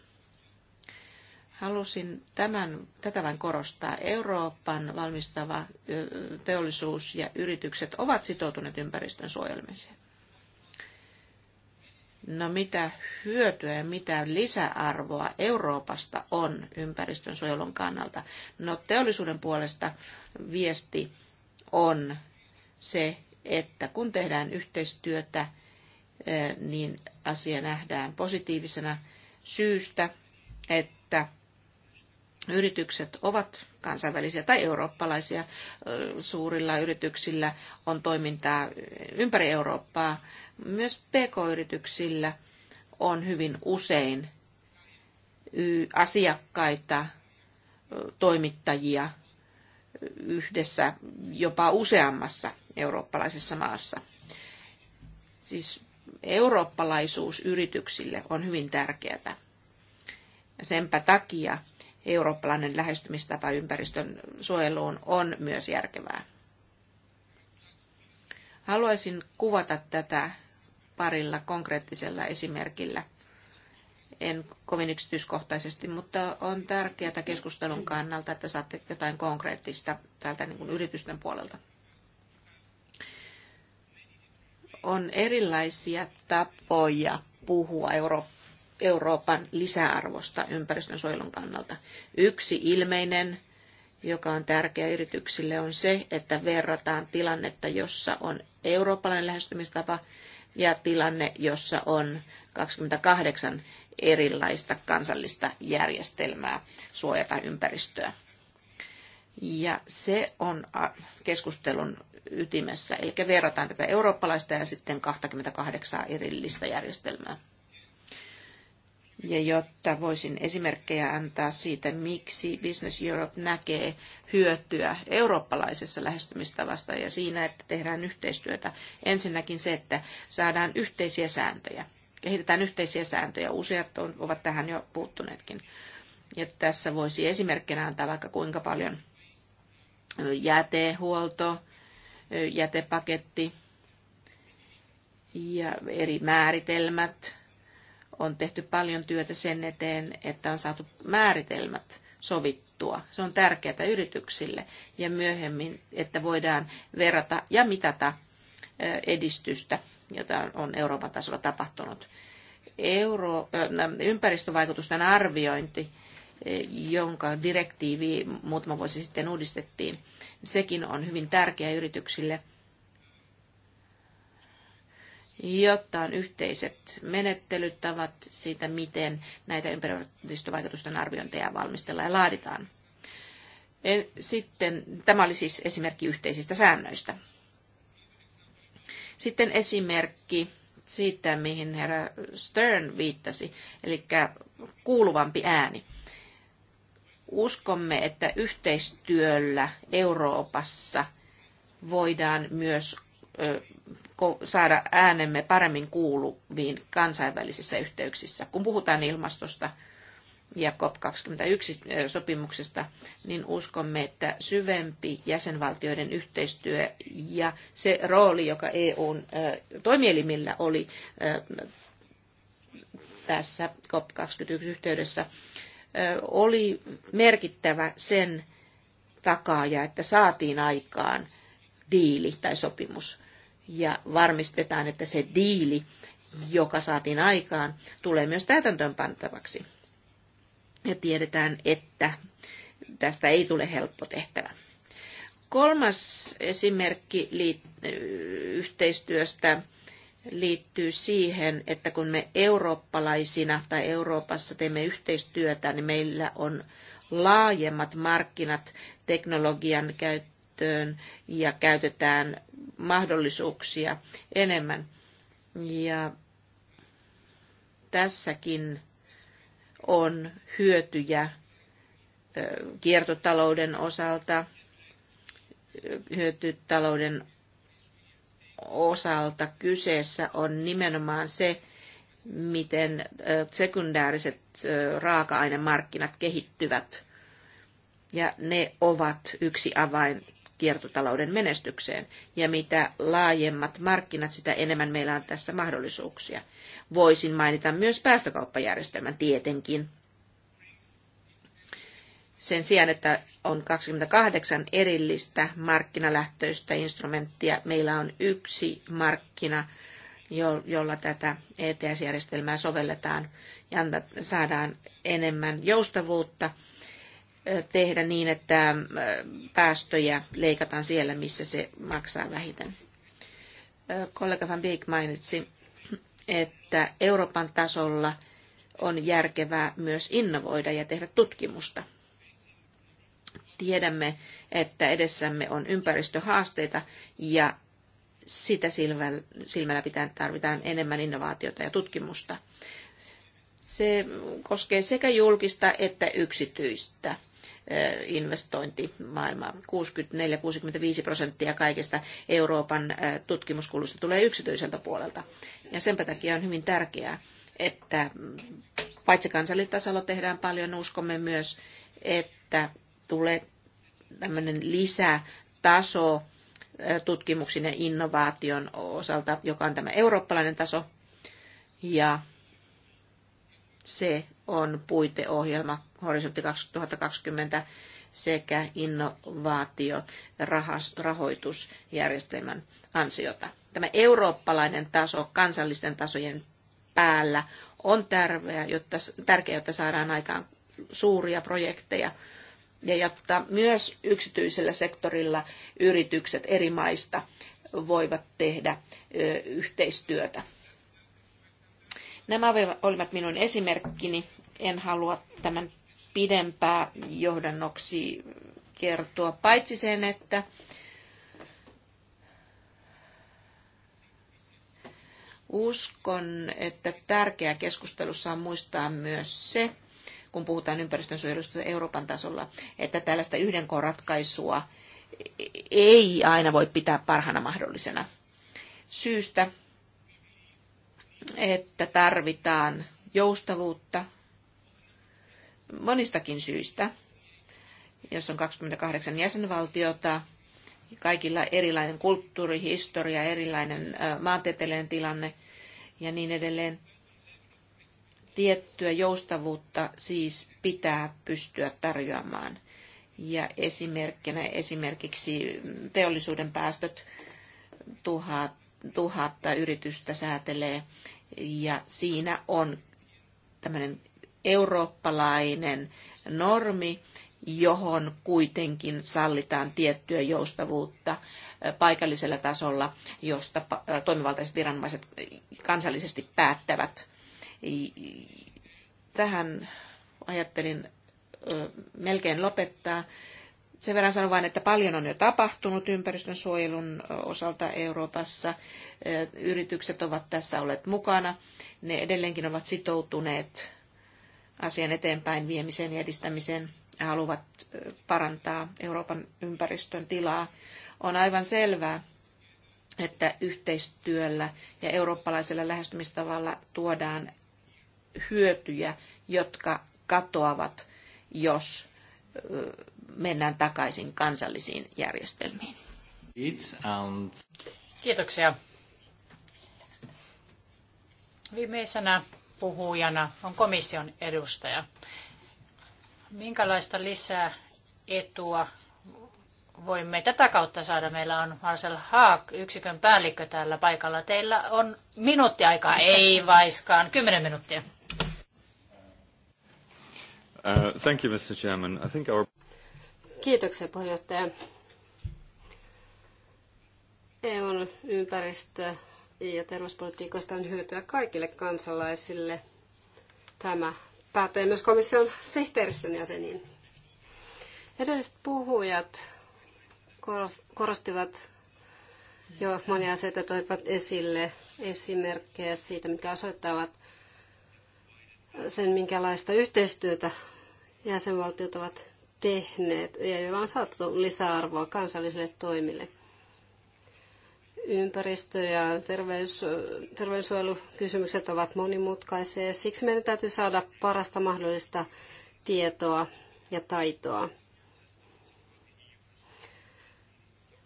Speaker 5: Halusin tämän, tätä vain korostaa. Euroopan valmistava teollisuus ja yritykset ovat sitoutuneet ympäristön suojelmiseen. No mitä hyötyä ja mitä lisäarvoa Euroopasta on ympäristön suojelun kannalta? No teollisuuden puolesta viesti on se, että kun tehdään yhteistyötä, niin asia nähdään positiivisena syystä, että yritykset ovat kansainvälisiä tai eurooppalaisia. Suurilla yrityksillä on toimintaa ympäri Eurooppaa. Myös pk-yrityksillä on hyvin usein asiakkaita, toimittajia yhdessä jopa useammassa eurooppalaisessa maassa. Siis eurooppalaisuus yrityksille on hyvin tärkeää. Senpä takia eurooppalainen lähestymistapa ympäristön suojeluun on myös järkevää. Haluaisin kuvata tätä parilla konkreettisella esimerkillä. En kovin yksityiskohtaisesti, mutta on tärkeää keskustelun kannalta, että saatte jotain konkreettista täältä niin kuin yritysten puolelta. On erilaisia tapoja puhua Euroopan. Euroopan lisäarvosta ympäristönsuojelun kannalta. Yksi ilmeinen, joka on tärkeä yrityksille, on se, että verrataan tilannetta, jossa on eurooppalainen lähestymistapa ja tilanne, jossa on 28 erilaista kansallista järjestelmää suojata ympäristöä. Ja se on keskustelun ytimessä, eli verrataan tätä eurooppalaista ja sitten 28 erillistä järjestelmää. Ja jotta voisin esimerkkejä antaa siitä, miksi Business Europe näkee hyötyä eurooppalaisessa lähestymistavasta ja siinä, että tehdään yhteistyötä. Ensinnäkin se, että saadaan yhteisiä sääntöjä. Kehitetään yhteisiä sääntöjä. Useat ovat tähän jo puuttuneetkin. Ja tässä voisi esimerkkinä antaa vaikka kuinka paljon jätehuolto, jätepaketti ja eri määritelmät, on tehty paljon työtä sen eteen, että on saatu määritelmät sovittua. Se on tärkeää yrityksille ja myöhemmin, että voidaan verrata ja mitata edistystä, jota on Euroopan tasolla tapahtunut. Euro, ympäristövaikutusten arviointi jonka direktiivi muutama vuosi sitten uudistettiin. Sekin on hyvin tärkeä yrityksille jotta on yhteiset menettelytavat siitä, miten näitä ympäristövaikutusten arviointeja valmistellaan ja laaditaan. Sitten, tämä oli siis esimerkki yhteisistä säännöistä. Sitten esimerkki siitä, mihin herra Stern viittasi, eli kuuluvampi ääni. Uskomme, että yhteistyöllä Euroopassa voidaan myös saada äänemme paremmin kuuluviin kansainvälisissä yhteyksissä. Kun puhutaan ilmastosta ja COP21-sopimuksesta, niin uskomme, että syvempi jäsenvaltioiden yhteistyö ja se rooli, joka EUn toimielimillä oli tässä COP21-yhteydessä, oli merkittävä sen takaaja, että saatiin aikaan diili tai sopimus ja varmistetaan, että se diili, joka saatiin aikaan, tulee myös täytäntöön pantavaksi. Ja tiedetään, että tästä ei tule helppo tehtävä. Kolmas esimerkki liit- yhteistyöstä liittyy siihen, että kun me eurooppalaisina tai Euroopassa teemme yhteistyötä, niin meillä on laajemmat markkinat teknologian käyttöön käyttöön ja käytetään mahdollisuuksia enemmän. Ja tässäkin on hyötyjä kiertotalouden osalta, hyötytalouden osalta kyseessä on nimenomaan se, miten sekundääriset raaka-ainemarkkinat kehittyvät. Ja ne ovat yksi avain kiertotalouden menestykseen. Ja mitä laajemmat markkinat, sitä enemmän meillä on tässä mahdollisuuksia. Voisin mainita myös päästökauppajärjestelmän tietenkin. Sen sijaan, että on 28 erillistä markkinalähtöistä instrumenttia, meillä on yksi markkina, jolla tätä ETS-järjestelmää sovelletaan ja saadaan enemmän joustavuutta – tehdä niin, että päästöjä leikataan siellä, missä se maksaa vähiten. Kollega Van Beek mainitsi, että Euroopan tasolla on järkevää myös innovoida ja tehdä tutkimusta. Tiedämme, että edessämme on ympäristöhaasteita ja sitä silmällä pitää, tarvitaan enemmän innovaatiota ja tutkimusta. Se koskee sekä julkista että yksityistä investointi maailmaa. 64-65 prosenttia kaikista Euroopan eh, tutkimuskulusta tulee yksityiseltä puolelta. Ja sen takia on hyvin tärkeää, että paitsi kansallitasolla tehdään paljon, uskomme myös, että tulee tämmöinen lisätaso eh, tutkimuksen ja innovaation osalta, joka on tämä eurooppalainen taso. Ja se on puiteohjelma horisontti 2020 sekä innovaatio rahoitusjärjestelmän ansiota. Tämä eurooppalainen taso kansallisten tasojen päällä on tärkeää, jotta, tärkeää, jotta saadaan aikaan suuria projekteja ja jotta myös yksityisellä sektorilla yritykset eri maista voivat tehdä yhteistyötä. Nämä olivat minun esimerkkini. En halua tämän pidempää johdannoksi kertoa, paitsi sen, että uskon, että tärkeää keskustelussa on muistaa myös se, kun puhutaan ympäristönsuojelusta Euroopan tasolla, että tällaista yhden ratkaisua ei aina voi pitää parhaana mahdollisena. Syystä, että tarvitaan joustavuutta, monistakin syistä. Jos on 28 jäsenvaltiota, kaikilla erilainen kulttuuri, historia, erilainen maantieteellinen tilanne ja niin edelleen. Tiettyä joustavuutta siis pitää pystyä tarjoamaan. Ja esimerkkinä esimerkiksi teollisuuden päästöt tuhat, tuhatta yritystä säätelee ja siinä on tämmöinen eurooppalainen normi, johon kuitenkin sallitaan tiettyä joustavuutta paikallisella tasolla, josta toimivaltaiset viranomaiset kansallisesti päättävät. Tähän ajattelin melkein lopettaa. Sen verran sanon vain, että paljon on jo tapahtunut ympäristön suojelun osalta Euroopassa. Yritykset ovat tässä olleet mukana. Ne edelleenkin ovat sitoutuneet asian eteenpäin viemiseen ja edistämiseen ja haluavat parantaa Euroopan ympäristön tilaa. On aivan selvää, että yhteistyöllä ja eurooppalaisella lähestymistavalla tuodaan hyötyjä, jotka katoavat, jos mennään takaisin kansallisiin järjestelmiin.
Speaker 2: Kiitoksia. Viimeisenä puhujana on komission edustaja. Minkälaista lisää etua voimme tätä kautta saada? Meillä on Marcel Haag, yksikön päällikkö täällä paikalla. Teillä on minuutti aikaa, ei vaiskaan, kymmenen minuuttia.
Speaker 4: Uh, thank you, Mr. Chairman. I think our...
Speaker 3: Kiitoksia, puheenjohtaja. EUn ympäristö ja terveyspolitiikasta on hyötyä kaikille kansalaisille. Tämä pätee myös komission sihteeristön jäseniin. Edelliset puhujat korostivat jo monia asioita toivat esille esimerkkejä siitä, mitkä osoittavat sen, minkälaista yhteistyötä jäsenvaltiot ovat tehneet ja joilla on saatu lisäarvoa kansallisille toimille – ympäristö- ja terveys, terveydensuojelukysymykset ovat monimutkaisia ja siksi meidän täytyy saada parasta mahdollista tietoa ja taitoa.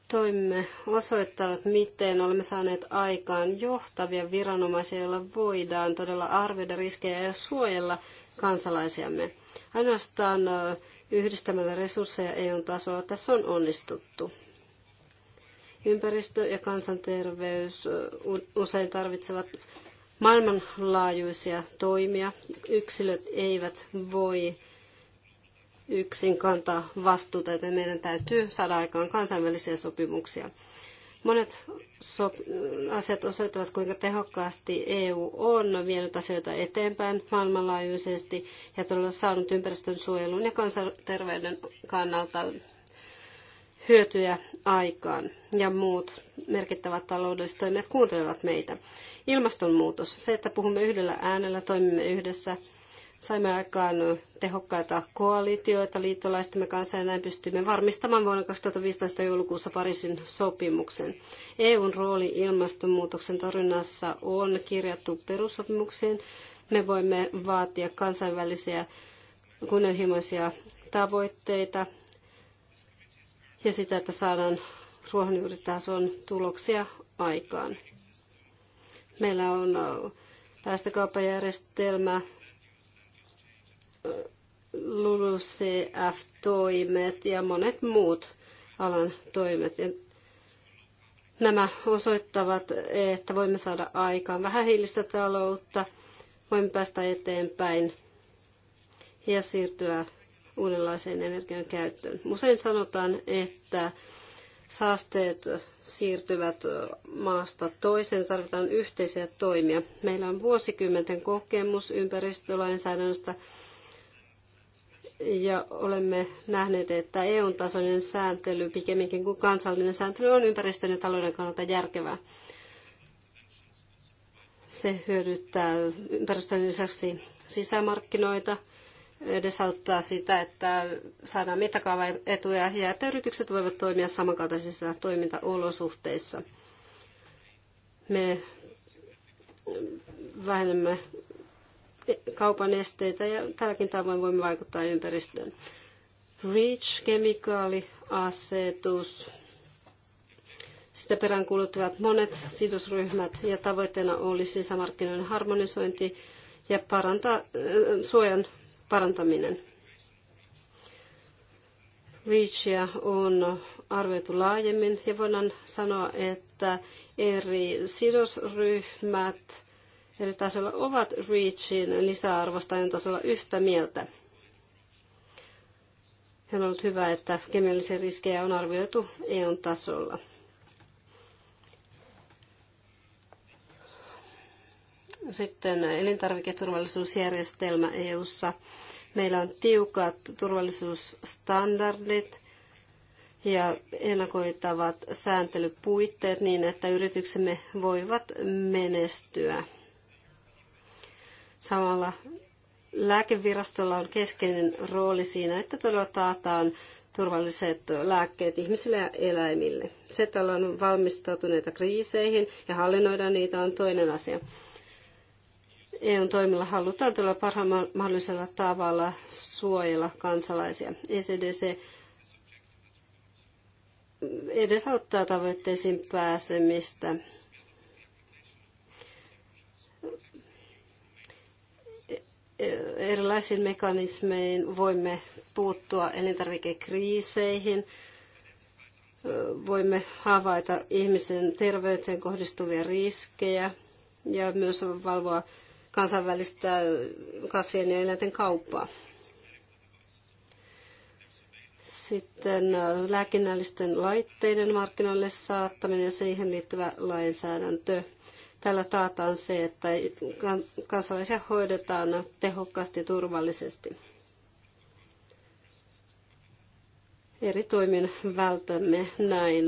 Speaker 3: Toimme osoittavat, miten olemme saaneet aikaan johtavia viranomaisia, joilla voidaan todella arvioida riskejä ja suojella kansalaisiamme. Ainoastaan yhdistämällä resursseja EU-tasolla tässä on onnistuttu. Ympäristö ja kansanterveys usein tarvitsevat maailmanlaajuisia toimia. Yksilöt eivät voi yksin kantaa vastuuta, joten meidän täytyy saada aikaan kansainvälisiä sopimuksia. Monet sop- asiat osoittavat, kuinka tehokkaasti EU on vienyt asioita eteenpäin maailmanlaajuisesti ja todella saanut ympäristön suojelun ja kansanterveyden kannalta hyötyjä aikaan ja muut merkittävät taloudelliset toimijat kuuntelevat meitä. Ilmastonmuutos, se, että puhumme yhdellä äänellä, toimimme yhdessä, saimme aikaan tehokkaita koalitioita liittolaistamme kanssa ja näin pystymme varmistamaan vuonna 2015 joulukuussa Pariisin sopimuksen. EUn rooli ilmastonmuutoksen torjunnassa on kirjattu perussopimuksiin. Me voimme vaatia kansainvälisiä kunnianhimoisia tavoitteita ja sitä, että saadaan ruohonjuuritason tuloksia aikaan. Meillä on päästökauppajärjestelmä, LULUCF-toimet ja monet muut alan toimet. Ja nämä osoittavat, että voimme saada aikaan vähähiilistä taloutta, voimme päästä eteenpäin ja siirtyä uudenlaiseen energian käyttöön. Usein sanotaan, että saasteet siirtyvät maasta toiseen, tarvitaan yhteisiä toimia. Meillä on vuosikymmenten kokemus ympäristölainsäädännöstä ja olemme nähneet, että EU-tasoinen sääntely pikemminkin kuin kansallinen sääntely on ympäristön ja talouden kannalta järkevää. Se hyödyttää ympäristön lisäksi sisämarkkinoita – edesauttaa sitä, että saadaan mittakaavaetuja ja että yritykset voivat toimia samankaltaisissa toimintaolosuhteissa. Me vähennämme kaupan esteitä ja tälläkin tavoin voimme vaikuttaa ympäristöön. REACH-kemikaaliasetus. Sitä kuluttuvat monet sidosryhmät ja tavoitteena oli sisämarkkinoiden harmonisointi ja parantaa äh, suojan parantaminen. REACHia on arvioitu laajemmin ja voidaan sanoa, että eri sidosryhmät eri tasolla ovat REACHin lisäarvostajan tasolla yhtä mieltä. on ollut hyvä, että kemiallisia riskejä on arvioitu EUn tasolla. Sitten elintarviketurvallisuusjärjestelmä EUssa – Meillä on tiukat turvallisuusstandardit ja ennakoitavat sääntelypuitteet niin, että yrityksemme voivat menestyä. Samalla lääkevirastolla on keskeinen rooli siinä, että todella taataan turvalliset lääkkeet ihmisille ja eläimille. Se, että ollaan valmistautuneita kriiseihin ja hallinnoida niitä, on toinen asia. EUn toimilla halutaan tulla parhaimmalla mahdollisella tavalla suojella kansalaisia. ECDC edesauttaa tavoitteisiin pääsemistä. Erilaisiin mekanismeihin voimme puuttua elintarvikekriiseihin, voimme havaita ihmisen terveyteen kohdistuvia riskejä ja myös valvoa kansainvälistä kasvien ja eläinten kauppaa. Sitten lääkinnällisten laitteiden markkinoille saattaminen ja siihen liittyvä lainsäädäntö. Tällä taataan se, että kansalaisia hoidetaan tehokkaasti ja turvallisesti. Eri toimin vältämme näin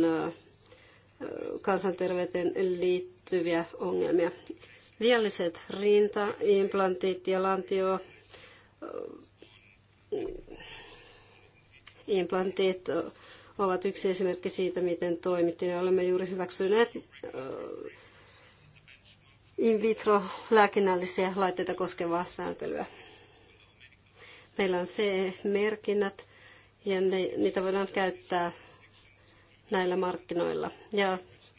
Speaker 3: kansanterveyteen liittyviä ongelmia. Vialliset rintaimplantit ja lantio implantit ovat yksi esimerkki siitä, miten toimittiin. olemme juuri hyväksyneet äh, in vitro lääkinnällisiä laitteita koskevaa sääntelyä. Meillä on CE-merkinnät ja ne, niitä voidaan käyttää näillä markkinoilla. Ja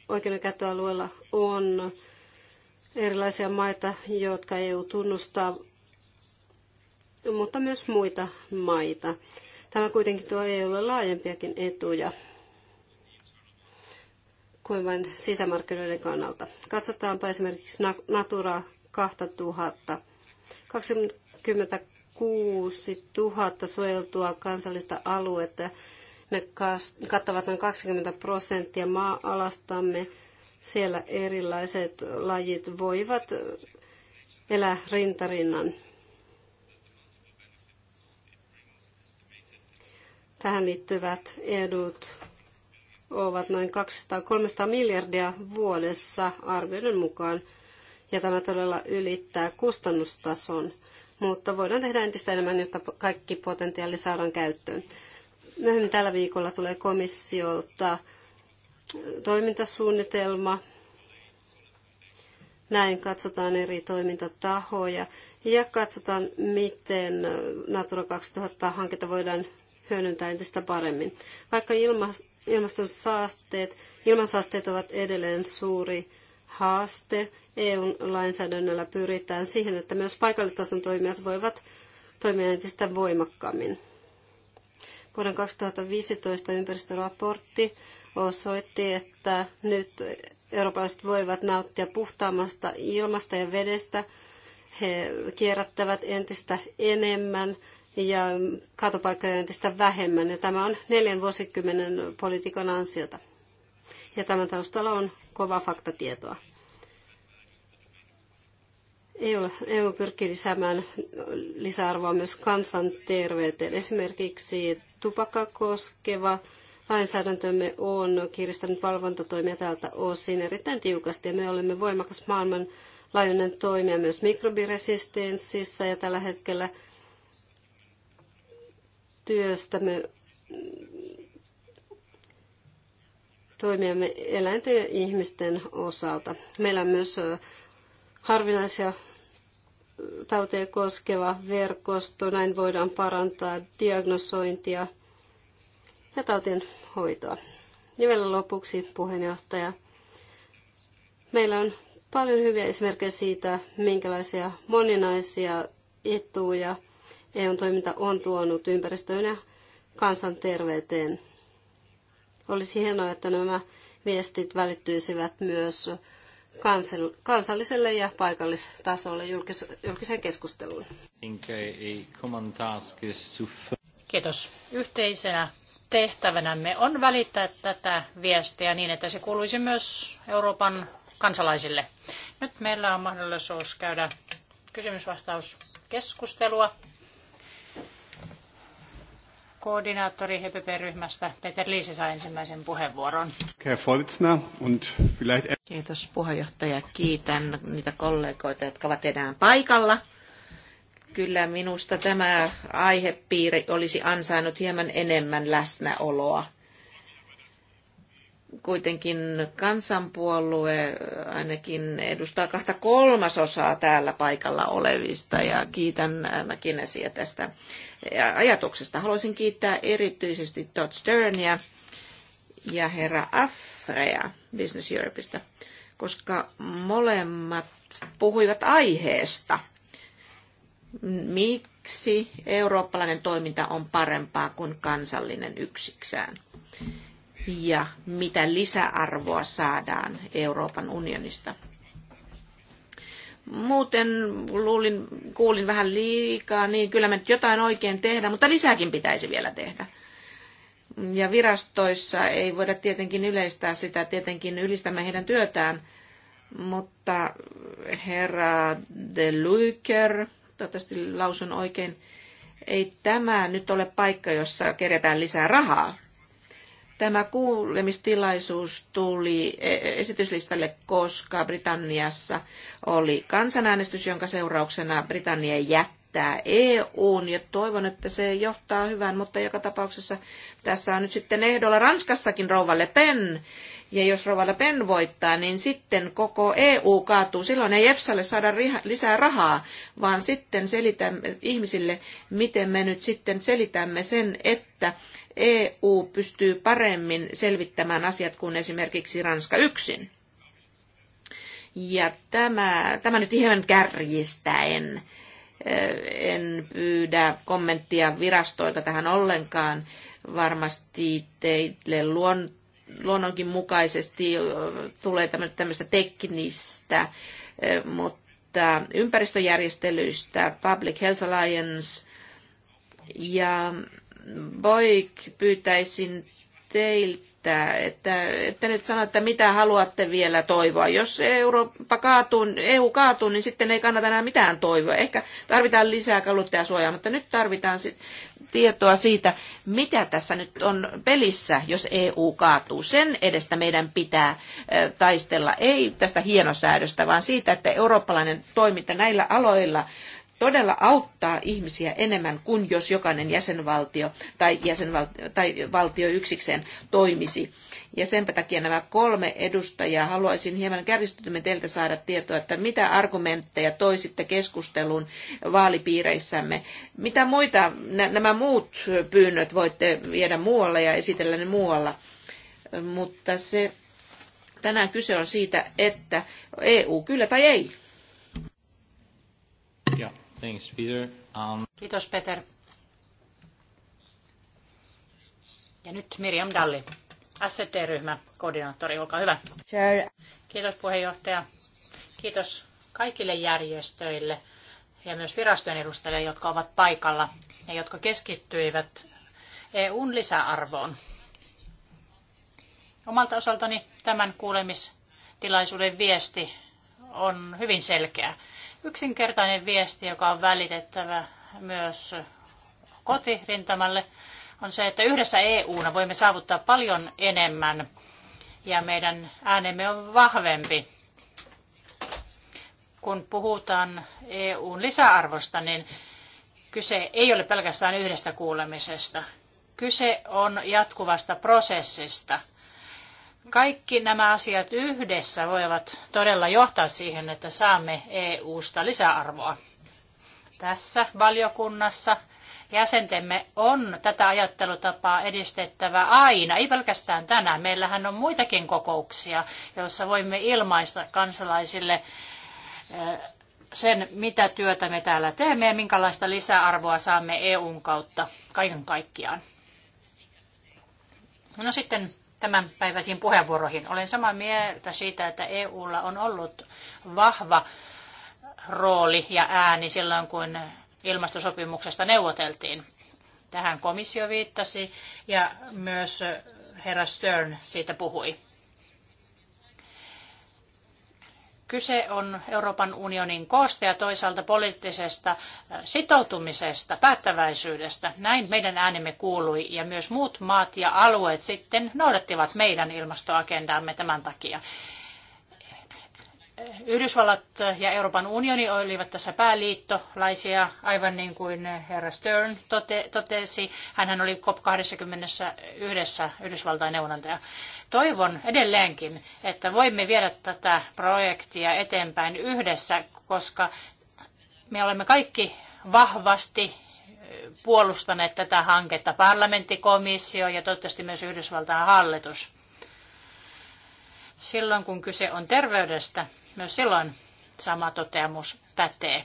Speaker 3: oikeudenkäyttöalueella on erilaisia maita, jotka EU tunnustaa, mutta myös muita maita. Tämä kuitenkin tuo EUlle laajempiakin etuja kuin vain sisämarkkinoiden kannalta. Katsotaanpa esimerkiksi Natura 2000. 26 000 suojeltua kansallista aluetta. Ne kattavat noin 20 prosenttia maa-alastamme siellä erilaiset lajit voivat elää rintarinnan. Tähän liittyvät edut ovat noin 200-300 miljardia vuodessa arvioiden mukaan, ja tämä todella ylittää kustannustason, mutta voidaan tehdä entistä enemmän, jotta kaikki potentiaali saadaan käyttöön. Myöhemmin tällä viikolla tulee komissiolta toimintasuunnitelma. Näin katsotaan eri toimintatahoja ja katsotaan, miten Natura 2000-hanketta voidaan hyödyntää entistä paremmin. Vaikka ilmaston saasteet, ilmansaasteet ovat edelleen suuri haaste, EU-lainsäädännöllä pyritään siihen, että myös paikallistason toimijat voivat toimia entistä voimakkaammin. Vuoden 2015 ympäristöraportti osoitti, että nyt eurooppalaiset voivat nauttia puhtaammasta ilmasta ja vedestä. He kierrättävät entistä enemmän ja kaatopaikkoja entistä vähemmän. Ja tämä on neljän vuosikymmenen politiikan ansiota. Ja tämän taustalla on kova faktatietoa. EU, EU pyrkii lisäämään lisäarvoa myös kansanterveyteen. Esimerkiksi tupakka koskeva lainsäädäntömme on kiristänyt valvontatoimia tältä osin erittäin tiukasti ja me olemme voimakas maailmanlaajuinen toimija myös mikrobiresistenssissä ja tällä hetkellä työstämme toimiamme eläinten ja ihmisten osalta. Meillä on myös harvinaisia tauteja koskeva verkosto. Näin voidaan parantaa diagnosointia ja tautien hoitoa. Ja vielä lopuksi puheenjohtaja. Meillä on paljon hyviä esimerkkejä siitä, minkälaisia moninaisia etuja eu toiminta on tuonut ympäristöön ja kansanterveyteen. Olisi hienoa, että nämä viestit välittyisivät myös kansalliselle ja paikallistasolle julkiseen keskusteluun.
Speaker 2: Kiitos. Yhteisenä tehtävänämme on välittää tätä viestiä niin, että se kuuluisi myös Euroopan kansalaisille. Nyt meillä on mahdollisuus käydä kysymysvastauskeskustelua. Koordinaattori HPP-ryhmästä e Peter Liisi saa ensimmäisen puheenvuoron.
Speaker 4: Kiitos puheenjohtaja.
Speaker 2: Kiitän niitä kollegoita,
Speaker 5: jotka ovat enää paikalla. Kyllä minusta tämä aihepiiri olisi ansainnut hieman enemmän läsnäoloa. Kuitenkin kansanpuolue ainakin edustaa kahta kolmasosaa täällä paikalla olevista ja kiitän Mäkinäsiä tästä ajatuksesta. Haluaisin kiittää erityisesti Todd Sternia ja herra Afrea Business Europeista, koska molemmat puhuivat aiheesta – miksi eurooppalainen toiminta on parempaa kuin kansallinen yksikään? ja mitä lisäarvoa saadaan Euroopan unionista. Muuten luulin, kuulin vähän liikaa, niin kyllä me nyt jotain oikein tehdään, mutta lisääkin pitäisi vielä tehdä. Ja virastoissa ei voida tietenkin yleistää sitä, tietenkin ylistämme heidän työtään, mutta herra de Luyker, toivottavasti lausun oikein, ei tämä nyt ole paikka, jossa kerätään lisää rahaa. Tämä kuulemistilaisuus tuli e- e- esityslistalle, koska Britanniassa oli kansanäänestys, jonka seurauksena Britannia jättää EUn ja toivon, että se johtaa hyvään, mutta joka tapauksessa tässä on nyt sitten ehdolla Ranskassakin rouvalle Pen ja jos Rova Pen voittaa, niin sitten koko EU kaatuu. Silloin ei EFSAlle saada lisää rahaa, vaan sitten selitämme ihmisille, miten me nyt sitten selitämme sen, että EU pystyy paremmin selvittämään asiat kuin esimerkiksi Ranska yksin. Ja tämä, tämä nyt ihan kärjistäen. Eh, en pyydä kommenttia virastoilta tähän ollenkaan. Varmasti teille luon, luonnonkin mukaisesti tulee tämmöistä teknistä, mutta ympäristöjärjestelyistä Public Health Alliance ja Boik pyytäisin teiltä, että, että nyt sano, että mitä haluatte vielä toivoa. Jos Eurooppa kaatuu, EU kaatuu, niin sitten ei kannata enää mitään toivoa. Ehkä tarvitaan lisää kaluttajasuojaa, mutta nyt tarvitaan sit tietoa siitä, mitä tässä nyt on pelissä, jos EU kaatuu. Sen edestä meidän pitää taistella, ei tästä hienosäädöstä, vaan siitä, että eurooppalainen toiminta näillä aloilla todella auttaa ihmisiä enemmän kuin jos jokainen jäsenvaltio tai, jäsenvaltio tai valtio yksikseen toimisi ja senpä takia nämä kolme edustajaa haluaisin hieman kärjistytämme teiltä saada tietoa, että mitä argumentteja toisitte keskusteluun vaalipiireissämme. Mitä muita nämä muut pyynnöt voitte viedä muualle ja esitellä ne muualla. Mutta se tänään kyse on siitä, että EU kyllä tai ei.
Speaker 1: Yeah, thanks, Peter. Um...
Speaker 2: Kiitos Peter. Ja nyt Miriam Dalli. ST-ryhmä, koordinaattori, olkaa hyvä. Sure. Kiitos puheenjohtaja. Kiitos kaikille järjestöille ja myös virastojen edustajille, jotka ovat paikalla ja jotka keskittyivät EUn lisäarvoon. Omalta osaltani tämän kuulemistilaisuuden viesti on hyvin selkeä. Yksinkertainen viesti, joka on välitettävä myös kotirintamalle – on se, että yhdessä EU-na voimme saavuttaa paljon enemmän ja meidän äänemme on vahvempi. Kun puhutaan EUn lisäarvosta, niin kyse ei ole pelkästään yhdestä kuulemisesta. Kyse on jatkuvasta prosessista. Kaikki nämä asiat yhdessä voivat todella johtaa siihen, että saamme EUsta lisäarvoa. Tässä valiokunnassa – jäsentemme on tätä ajattelutapaa edistettävä aina, ei pelkästään tänään. Meillähän on muitakin kokouksia, joissa voimme ilmaista kansalaisille eh, sen, mitä työtä me täällä teemme ja minkälaista lisäarvoa saamme EUn kautta kaiken kaikkiaan. No sitten tämän puheenvuoroihin. Olen samaa mieltä siitä, että EUlla on ollut vahva rooli ja ääni silloin, kun ilmastosopimuksesta neuvoteltiin. Tähän komissio viittasi ja myös herra Stern siitä puhui. Kyse on Euroopan unionin koosta ja toisaalta poliittisesta sitoutumisesta, päättäväisyydestä. Näin meidän äänemme kuului ja myös muut maat ja alueet sitten noudattivat meidän ilmastoagendaamme tämän takia. Yhdysvallat ja Euroopan unioni olivat tässä pääliittolaisia, aivan niin kuin herra Stern tote, totesi. Hänhän oli COP21 Yhdysvaltain neuvonantaja. Toivon edelleenkin, että voimme viedä tätä projektia eteenpäin yhdessä, koska me olemme kaikki vahvasti puolustaneet tätä hanketta, parlamentti, komissio ja toivottavasti myös Yhdysvaltain hallitus silloin kun kyse on terveydestä, myös silloin sama toteamus pätee.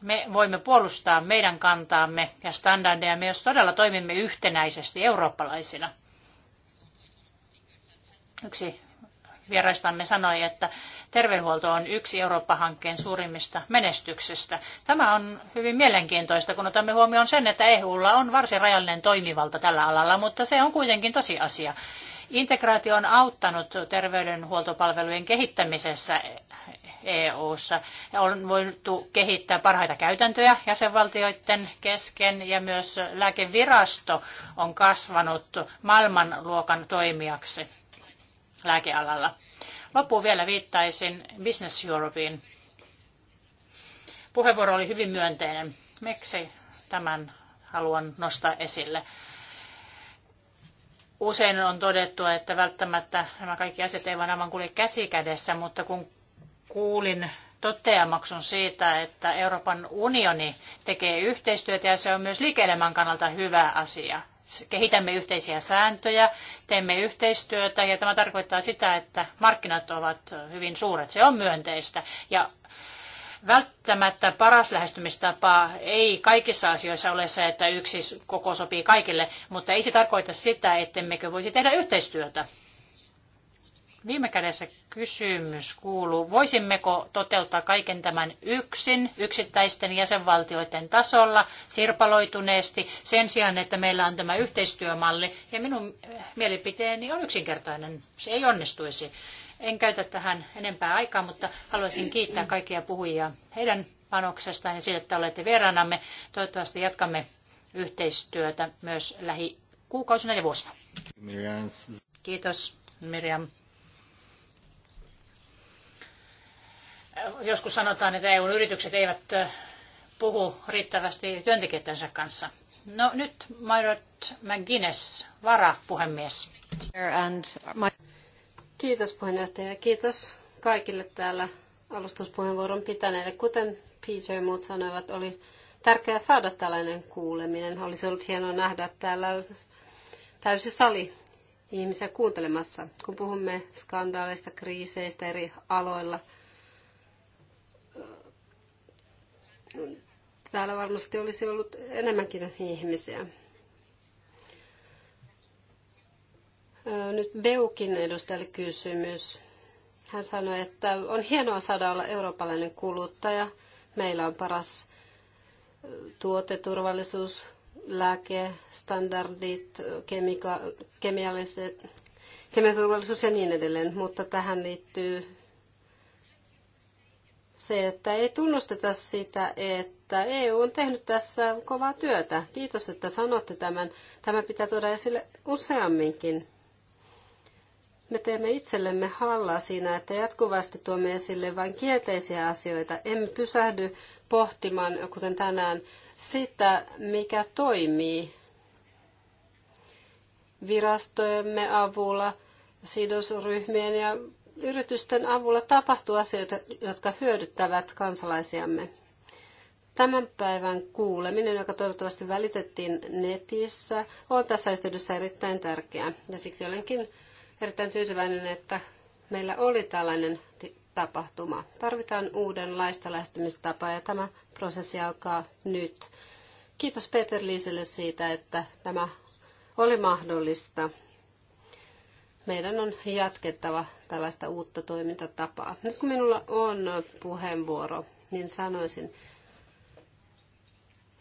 Speaker 2: Me voimme puolustaa meidän kantaamme ja standardejamme, jos todella toimimme yhtenäisesti eurooppalaisina. Yksi vieraistamme sanoi, että terveydenhuolto on yksi Eurooppa-hankkeen suurimmista menestyksistä. Tämä on hyvin mielenkiintoista, kun otamme huomioon sen, että EUlla on varsin rajallinen toimivalta tällä alalla, mutta se on kuitenkin tosiasia. Integraatio on auttanut terveydenhuoltopalvelujen kehittämisessä EU-ssa. On voitu kehittää parhaita käytäntöjä jäsenvaltioiden kesken ja myös lääkevirasto on kasvanut maailmanluokan toimijaksi lääkealalla. Loppuun vielä viittaisin Business Europeen. Puheenvuoro oli hyvin myönteinen. Miksi tämän haluan nostaa esille? Usein on todettu, että välttämättä nämä kaikki asiat eivät aivan kulje käsi kädessä, mutta kun kuulin toteamaksun siitä, että Euroopan unioni tekee yhteistyötä ja se on myös liike kannalta hyvä asia. Kehitämme yhteisiä sääntöjä, teemme yhteistyötä ja tämä tarkoittaa sitä, että markkinat ovat hyvin suuret. Se on myönteistä ja Välttämättä paras lähestymistapa ei kaikissa asioissa ole se, että yksi koko sopii kaikille, mutta ei se tarkoita sitä, ettemmekö voisi tehdä yhteistyötä. Viime kädessä kysymys kuuluu, voisimmeko toteuttaa kaiken tämän yksin, yksittäisten jäsenvaltioiden tasolla, sirpaloituneesti, sen sijaan, että meillä on tämä yhteistyömalli. Ja minun mielipiteeni on yksinkertainen, se ei onnistuisi. En käytä tähän enempää aikaa, mutta haluaisin kiittää kaikkia puhujia heidän panoksestaan ja siitä, että olette vieraanamme. Toivottavasti jatkamme yhteistyötä myös lähikuukausina ja vuosina. Kiitos Miriam. Joskus sanotaan, että EUn yritykset eivät äh, puhu riittävästi työntekijöidensä kanssa. No nyt Marot McGuinness, varapuhemies.
Speaker 3: And my... Kiitos puheenjohtaja ja kiitos kaikille täällä alustuspuheenvuoron pitäneille. Kuten PJ ja muut sanoivat, oli tärkeää saada tällainen kuuleminen. Olisi ollut hienoa nähdä täällä täysi sali ihmisiä kuuntelemassa, kun puhumme skandaaleista, kriiseistä eri aloilla. Täällä varmasti olisi ollut enemmänkin ihmisiä. nyt Beukin edustajalle kysymys. Hän sanoi, että on hienoa saada olla eurooppalainen kuluttaja. Meillä on paras tuoteturvallisuus, lääkestandardit, kemika- kemialliset, kemiaturvallisuus ja niin edelleen, mutta tähän liittyy se, että ei tunnusteta sitä, että EU on tehnyt tässä kovaa työtä. Kiitos, että sanotte tämän. Tämä pitää tuoda esille useamminkin. Me teemme itsellemme hallaa siinä, että jatkuvasti tuomme esille vain kielteisiä asioita. Emme pysähdy pohtimaan, kuten tänään, sitä, mikä toimii virastojemme avulla, sidosryhmien ja yritysten avulla tapahtuu asioita, jotka hyödyttävät kansalaisiamme. Tämän päivän kuuleminen, joka toivottavasti välitettiin netissä, on tässä yhteydessä erittäin tärkeää. Ja siksi olenkin erittäin tyytyväinen, että meillä oli tällainen tapahtuma. Tarvitaan uudenlaista lähestymistapaa ja tämä prosessi alkaa nyt. Kiitos Peter Liiselle siitä, että tämä oli mahdollista. Meidän on jatkettava tällaista uutta toimintatapaa. Nyt kun minulla on puheenvuoro, niin sanoisin,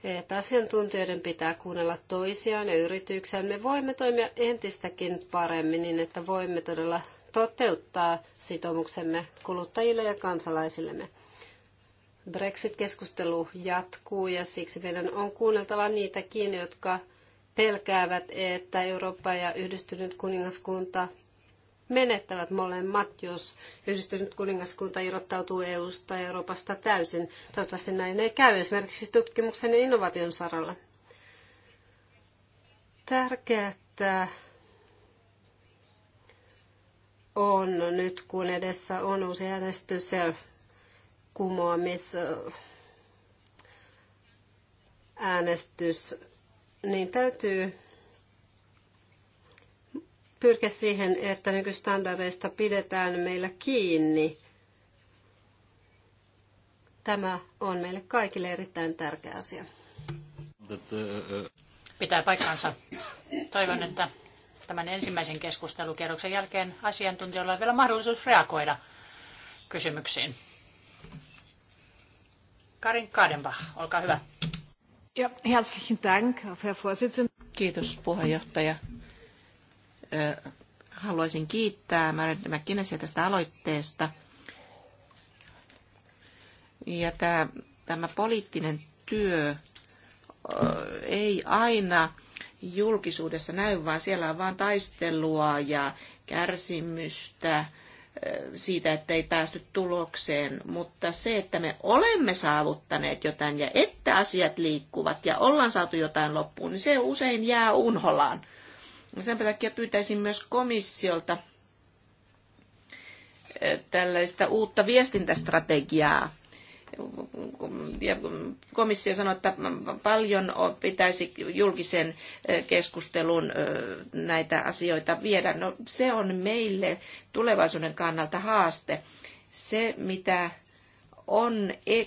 Speaker 3: että asiantuntijoiden pitää kuunnella toisiaan ja yrityksiään. Me voimme toimia entistäkin paremmin niin, että voimme todella toteuttaa sitoumuksemme kuluttajille ja kansalaisillemme. Brexit-keskustelu jatkuu ja siksi meidän on kuunneltava niitäkin, jotka pelkäävät, että Eurooppa ja yhdistynyt kuningaskunta menettävät molemmat, jos yhdistynyt kuningaskunta irrottautuu EU-sta ja Euroopasta täysin. Toivottavasti näin ei käy esimerkiksi tutkimuksen ja innovaation saralla. Tärkeää on nyt, kun edessä on uusi äänestys ja kumoamis äänestys, niin täytyy pyrkiä siihen, että nykystandardeista pidetään meillä kiinni. Tämä on meille kaikille erittäin tärkeä asia. Pitää paikkansa.
Speaker 2: Toivon, että tämän ensimmäisen keskustelukierroksen jälkeen asiantuntijoilla on vielä mahdollisuus reagoida kysymyksiin. Karin Kadenbach, olkaa hyvä.
Speaker 3: Ja, herzlichen Dank, Herr Vorsitzender.
Speaker 5: Kiitos puheenjohtaja haluaisin kiittää Marit McKinneysia tästä aloitteesta. Ja tämä, tämä poliittinen työ ei aina julkisuudessa näy, vaan siellä on vain taistelua ja kärsimystä siitä, että ei päästy tulokseen, mutta se, että me olemme saavuttaneet jotain ja että asiat liikkuvat ja ollaan saatu jotain loppuun, niin se usein jää unholaan. Sen takia pyytäisin myös komissiolta eh, tällaista uutta viestintästrategiaa. Ja komissio sanoi, että paljon pitäisi julkisen eh, keskustelun eh, näitä asioita viedä. No, se on meille tulevaisuuden kannalta haaste. Se, mitä on e-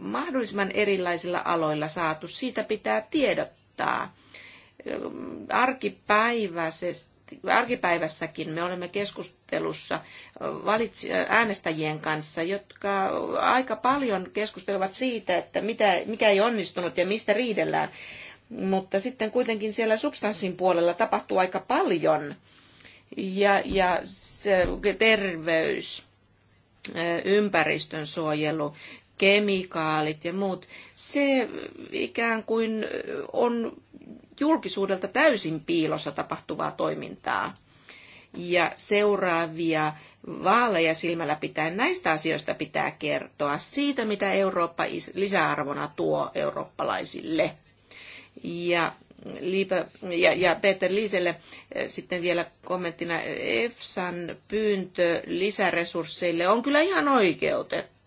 Speaker 5: mahdollisimman erilaisilla aloilla saatu, siitä pitää tiedottaa arkipäivässäkin me olemme keskustelussa äänestäjien kanssa, jotka aika paljon keskustelevat siitä, että mitä, mikä ei onnistunut ja mistä riidellään. Mutta sitten kuitenkin siellä substanssin puolella tapahtuu aika paljon. Ja, ja se, terveys, ympäristön suojelu, kemikaalit ja muut, se ikään kuin on julkisuudelta täysin piilossa tapahtuvaa toimintaa. Ja seuraavia vaaleja silmällä pitäen näistä asioista pitää kertoa siitä, mitä Eurooppa lisäarvona tuo eurooppalaisille. Ja Liipä, ja, ja Peter Liiselle eh, sitten vielä kommenttina eh, EFSAn pyyntö lisäresursseille on kyllä ihan oikeutettu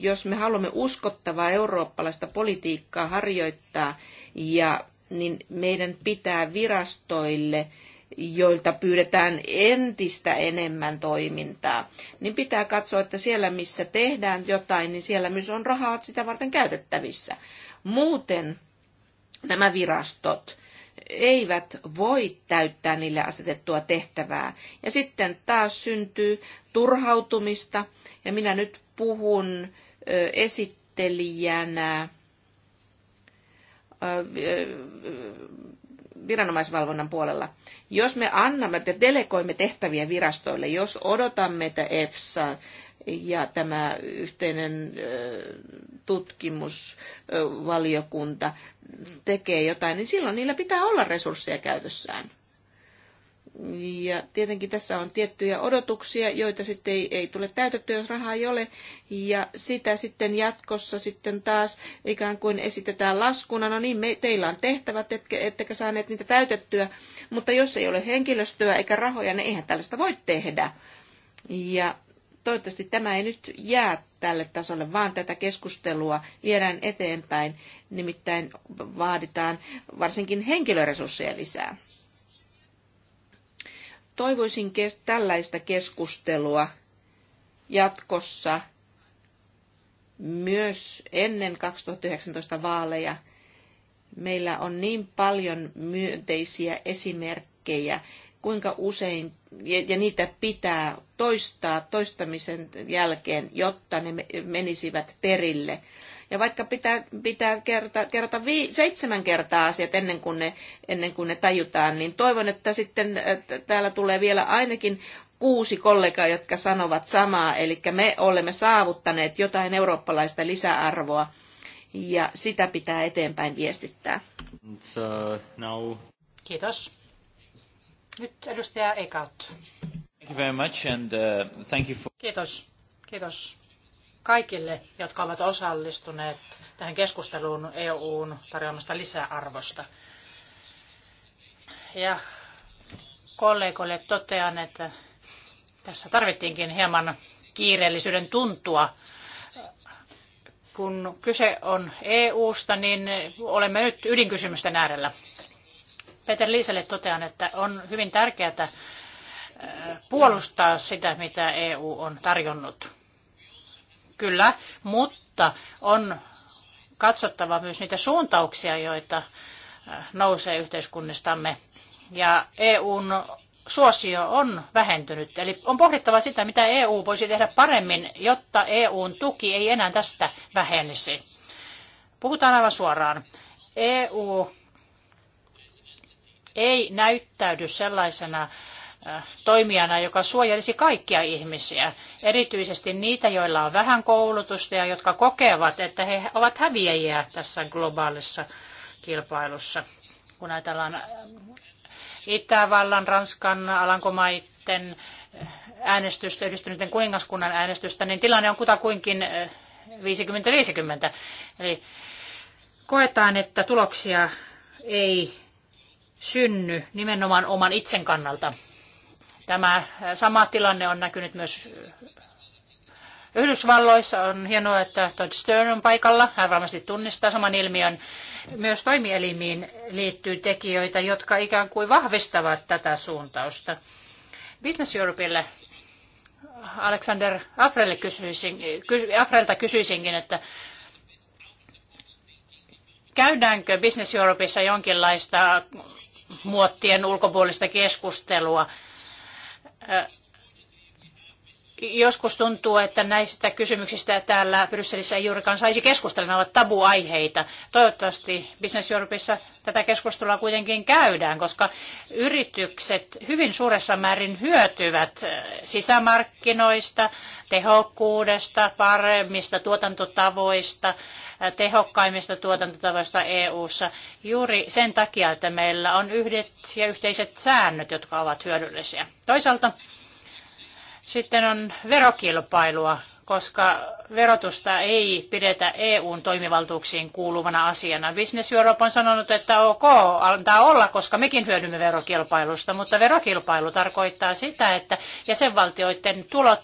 Speaker 5: jos me haluamme uskottavaa eurooppalaista politiikkaa harjoittaa, ja, niin meidän pitää virastoille joilta pyydetään entistä enemmän toimintaa, niin pitää katsoa, että siellä missä tehdään jotain, niin siellä myös on rahaa sitä varten käytettävissä. Muuten nämä virastot eivät voi täyttää niille asetettua tehtävää. Ja sitten taas syntyy turhautumista ja minä nyt puhun esittelijänä viranomaisvalvonnan puolella. Jos me annamme, me delegoimme tehtäviä virastoille, jos odotamme, että EFSA ja tämä yhteinen tutkimusvaliokunta tekee jotain, niin silloin niillä pitää olla resursseja käytössään. Ja tietenkin tässä on tiettyjä odotuksia, joita sitten ei, ei tule täytettyä, jos rahaa ei ole. Ja sitä sitten jatkossa sitten taas ikään kuin esitetään laskuna. No niin, me, teillä on tehtävät, etkä, ettekä saaneet niitä täytettyä. Mutta jos ei ole henkilöstöä eikä rahoja, niin eihän tällaista voi tehdä. Ja toivottavasti tämä ei nyt jää tälle tasolle, vaan tätä keskustelua viedään eteenpäin. Nimittäin vaaditaan varsinkin henkilöresursseja lisää toivoisin kes- tällaista keskustelua jatkossa myös ennen 2019 vaaleja. Meillä on niin paljon myönteisiä esimerkkejä, kuinka usein, ja, ja niitä pitää toistaa toistamisen jälkeen, jotta ne menisivät perille ja vaikka pitää, pitää kerta, kerta vii, seitsemän kertaa asiat ennen kuin, ne, ennen kuin ne tajutaan, niin toivon, että sitten että täällä tulee vielä ainakin kuusi kollegaa, jotka sanovat samaa. Eli me olemme saavuttaneet jotain eurooppalaista lisäarvoa ja sitä pitää eteenpäin viestittää.
Speaker 1: uh, now...
Speaker 2: Kiitos. Nyt edustaja Eikaut.
Speaker 1: Thank you very much and, uh, thank you for...
Speaker 2: Kiitos. Kiitos kaikille, jotka ovat osallistuneet tähän keskusteluun EUn tarjoamasta lisäarvosta. Ja kollegoille totean, että tässä tarvittiinkin hieman kiireellisyyden tuntua. Kun kyse on EUsta, niin olemme nyt ydinkysymysten äärellä. Peter Liiselle totean, että on hyvin tärkeää äh, puolustaa sitä, mitä EU on tarjonnut kyllä, mutta on katsottava myös niitä suuntauksia, joita äh, nousee yhteiskunnistamme. Ja EUn suosio on vähentynyt. Eli on pohdittava sitä, mitä EU voisi tehdä paremmin, jotta EUn tuki ei enää tästä vähenisi. Puhutaan aivan suoraan. EU ei näyttäydy sellaisena toimijana, joka suojelisi kaikkia ihmisiä, erityisesti niitä, joilla on vähän koulutusta ja jotka kokevat, että he ovat häviäjiä tässä globaalissa kilpailussa. Kun ajatellaan äh, Itävallan, Ranskan, Alankomaiden äh, äänestystä, yhdistyneiden kuningaskunnan äänestystä, niin tilanne on kutakuinkin 50-50. Äh, Eli koetaan, että tuloksia ei synny nimenomaan oman itsen kannalta. Tämä sama tilanne on näkynyt myös Yhdysvalloissa. On hienoa, että Todd Stern on paikalla. Hän varmasti tunnistaa saman ilmiön. Myös toimielimiin liittyy tekijöitä, jotka ikään kuin vahvistavat tätä suuntausta. Business Europeille Alexander Afrelle kysyisin, Afrelta kysyisinkin, että käydäänkö Business Europeissa jonkinlaista muottien ulkopuolista keskustelua – Äh, joskus tuntuu, että näistä kysymyksistä täällä Brysselissä ei juurikaan saisi keskustella, ovat tabuaiheita. Toivottavasti Business Europeissa tätä keskustelua kuitenkin käydään, koska yritykset hyvin suuressa määrin hyötyvät eh, sisämarkkinoista, tehokkuudesta, paremmista tuotantotavoista, eh, tehokkaimmista tuotantotavoista EU-ssa juuri sen takia, että meillä on yhdet ja yhteiset säännöt, jotka ovat hyödyllisiä. Toisaalta sitten on verokilpailua, koska verotusta ei pidetä EUn toimivaltuuksiin kuuluvana asiana. Business Europe on sanonut, että ok, antaa olla, koska mekin hyödymme verokilpailusta, mutta verokilpailu tarkoittaa sitä, että jäsenvaltioiden tulot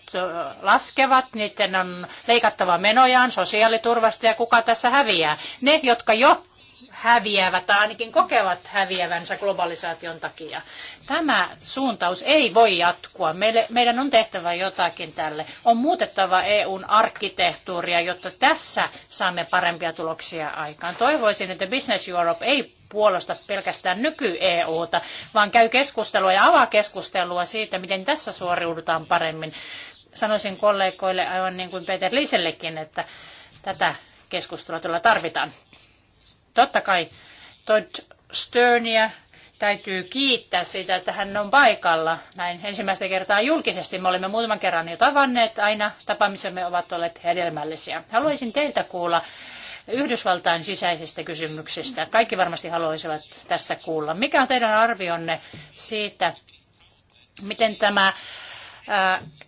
Speaker 2: laskevat, niiden on leikattava menojaan sosiaaliturvasta ja kuka tässä häviää? Ne, jotka jo häviävät tai ainakin kokevat häviävänsä globalisaation takia. Tämä suuntaus ei voi jatkua. Meille, meidän on tehtävä jotakin tälle. On muutettava EUn arkkitehtuuria, jotta tässä saamme parempia tuloksia aikaan. Toivoisin, että Business Europe ei puolusta pelkästään nyky-EUta, vaan käy keskustelua ja avaa keskustelua siitä, miten tässä suoriudutaan paremmin. Sanoisin kollegoille aivan niin kuin Peter Lisellekin, että tätä keskustelua tulla tarvitaan. Totta kai Todd Sternia täytyy kiittää siitä, että hän on paikalla. Näin ensimmäistä kertaa julkisesti me olemme muutaman kerran jo tavanneet, aina tapaamisemme ovat olleet hedelmällisiä. Haluaisin teiltä kuulla Yhdysvaltain sisäisistä kysymyksistä. Kaikki varmasti haluaisivat tästä kuulla. Mikä on teidän arvionne siitä, miten tämä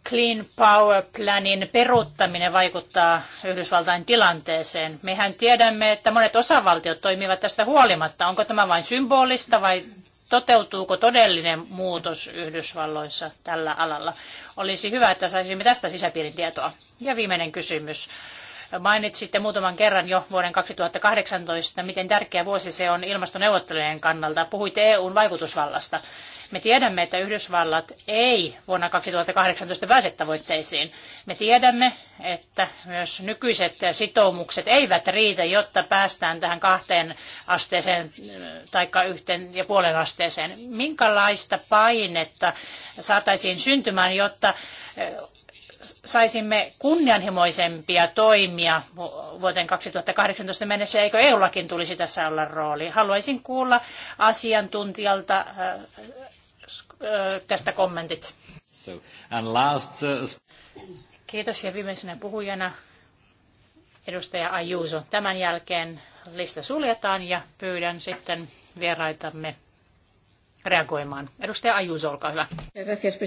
Speaker 2: Clean Power Planin peruuttaminen vaikuttaa Yhdysvaltain tilanteeseen? Mehän tiedämme, että monet osavaltiot toimivat tästä huolimatta. Onko tämä vain symbolista vai toteutuuko todellinen muutos Yhdysvalloissa tällä alalla? Olisi hyvä, että saisimme tästä sisäpiirin tietoa. Ja viimeinen kysymys. Mainitsitte muutaman kerran jo vuoden 2018, miten tärkeä vuosi se on ilmastoneuvottelujen kannalta. Puhuitte EUn vaikutusvallasta. Me tiedämme, että Yhdysvallat ei vuonna 2018 pääse tavoitteisiin. Me tiedämme, että myös nykyiset sitoumukset eivät riitä, jotta päästään tähän kahteen asteeseen tai yhteen ja puolen asteeseen. Minkälaista painetta saataisiin syntymään, jotta saisimme kunnianhimoisempia toimia vuoteen 2018 mennessä, eikö EUllakin tulisi tässä olla rooli? Haluaisin kuulla asiantuntijalta äh, äh, äh, tästä kommentit.
Speaker 1: So, and last,
Speaker 2: uh... Kiitos ja viimeisenä puhujana edustaja Ajuso. Tämän jälkeen lista suljetaan ja pyydän sitten vieraitamme reagoimaan. Edustaja Ajuso, olkaa hyvä.
Speaker 3: Gracias,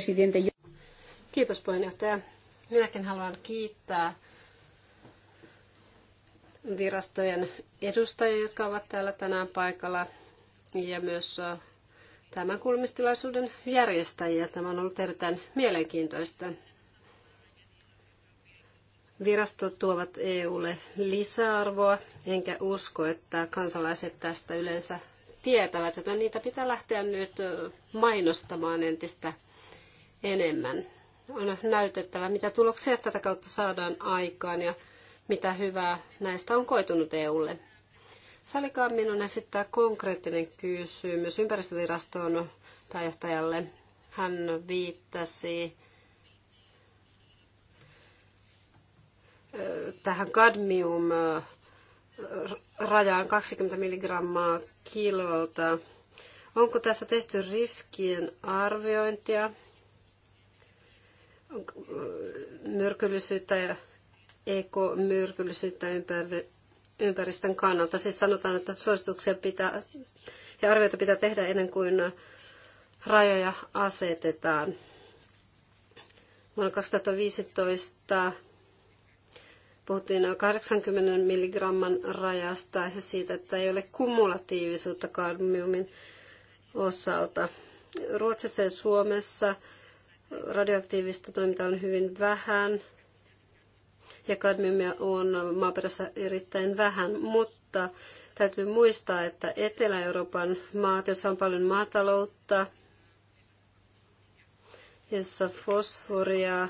Speaker 3: Kiitos puheenjohtaja. Minäkin haluan kiittää virastojen edustajia, jotka ovat täällä tänään paikalla, ja myös tämän kulmistilaisuuden järjestäjiä. Tämä on ollut erittäin mielenkiintoista. Virastot tuovat EUlle lisäarvoa, enkä usko, että kansalaiset tästä yleensä tietävät, joten niitä pitää lähteä nyt mainostamaan entistä enemmän on näytettävä, mitä tuloksia tätä kautta saadaan aikaan ja mitä hyvää näistä on koitunut EUlle. Salikaa minun esittää konkreettinen kysymys ympäristöviraston pääjohtajalle. Hän viittasi tähän kadmium rajaan 20 milligrammaa kilolta. Onko tässä tehty riskien arviointia myrkyllisyyttä ja ekomyrkyllisyyttä ympäristön kannalta. Siis sanotaan, että suosituksia pitää ja arvioita pitää tehdä ennen kuin rajoja asetetaan. Vuonna 2015 puhuttiin 80 milligramman rajasta ja siitä, että ei ole kumulatiivisuutta kadmiumin osalta. Ruotsissa ja Suomessa radioaktiivista toimintaa on hyvin vähän ja kadmiumia on maaperässä erittäin vähän, mutta täytyy muistaa, että Etelä-Euroopan maat, joissa on paljon maataloutta, jossa fosforia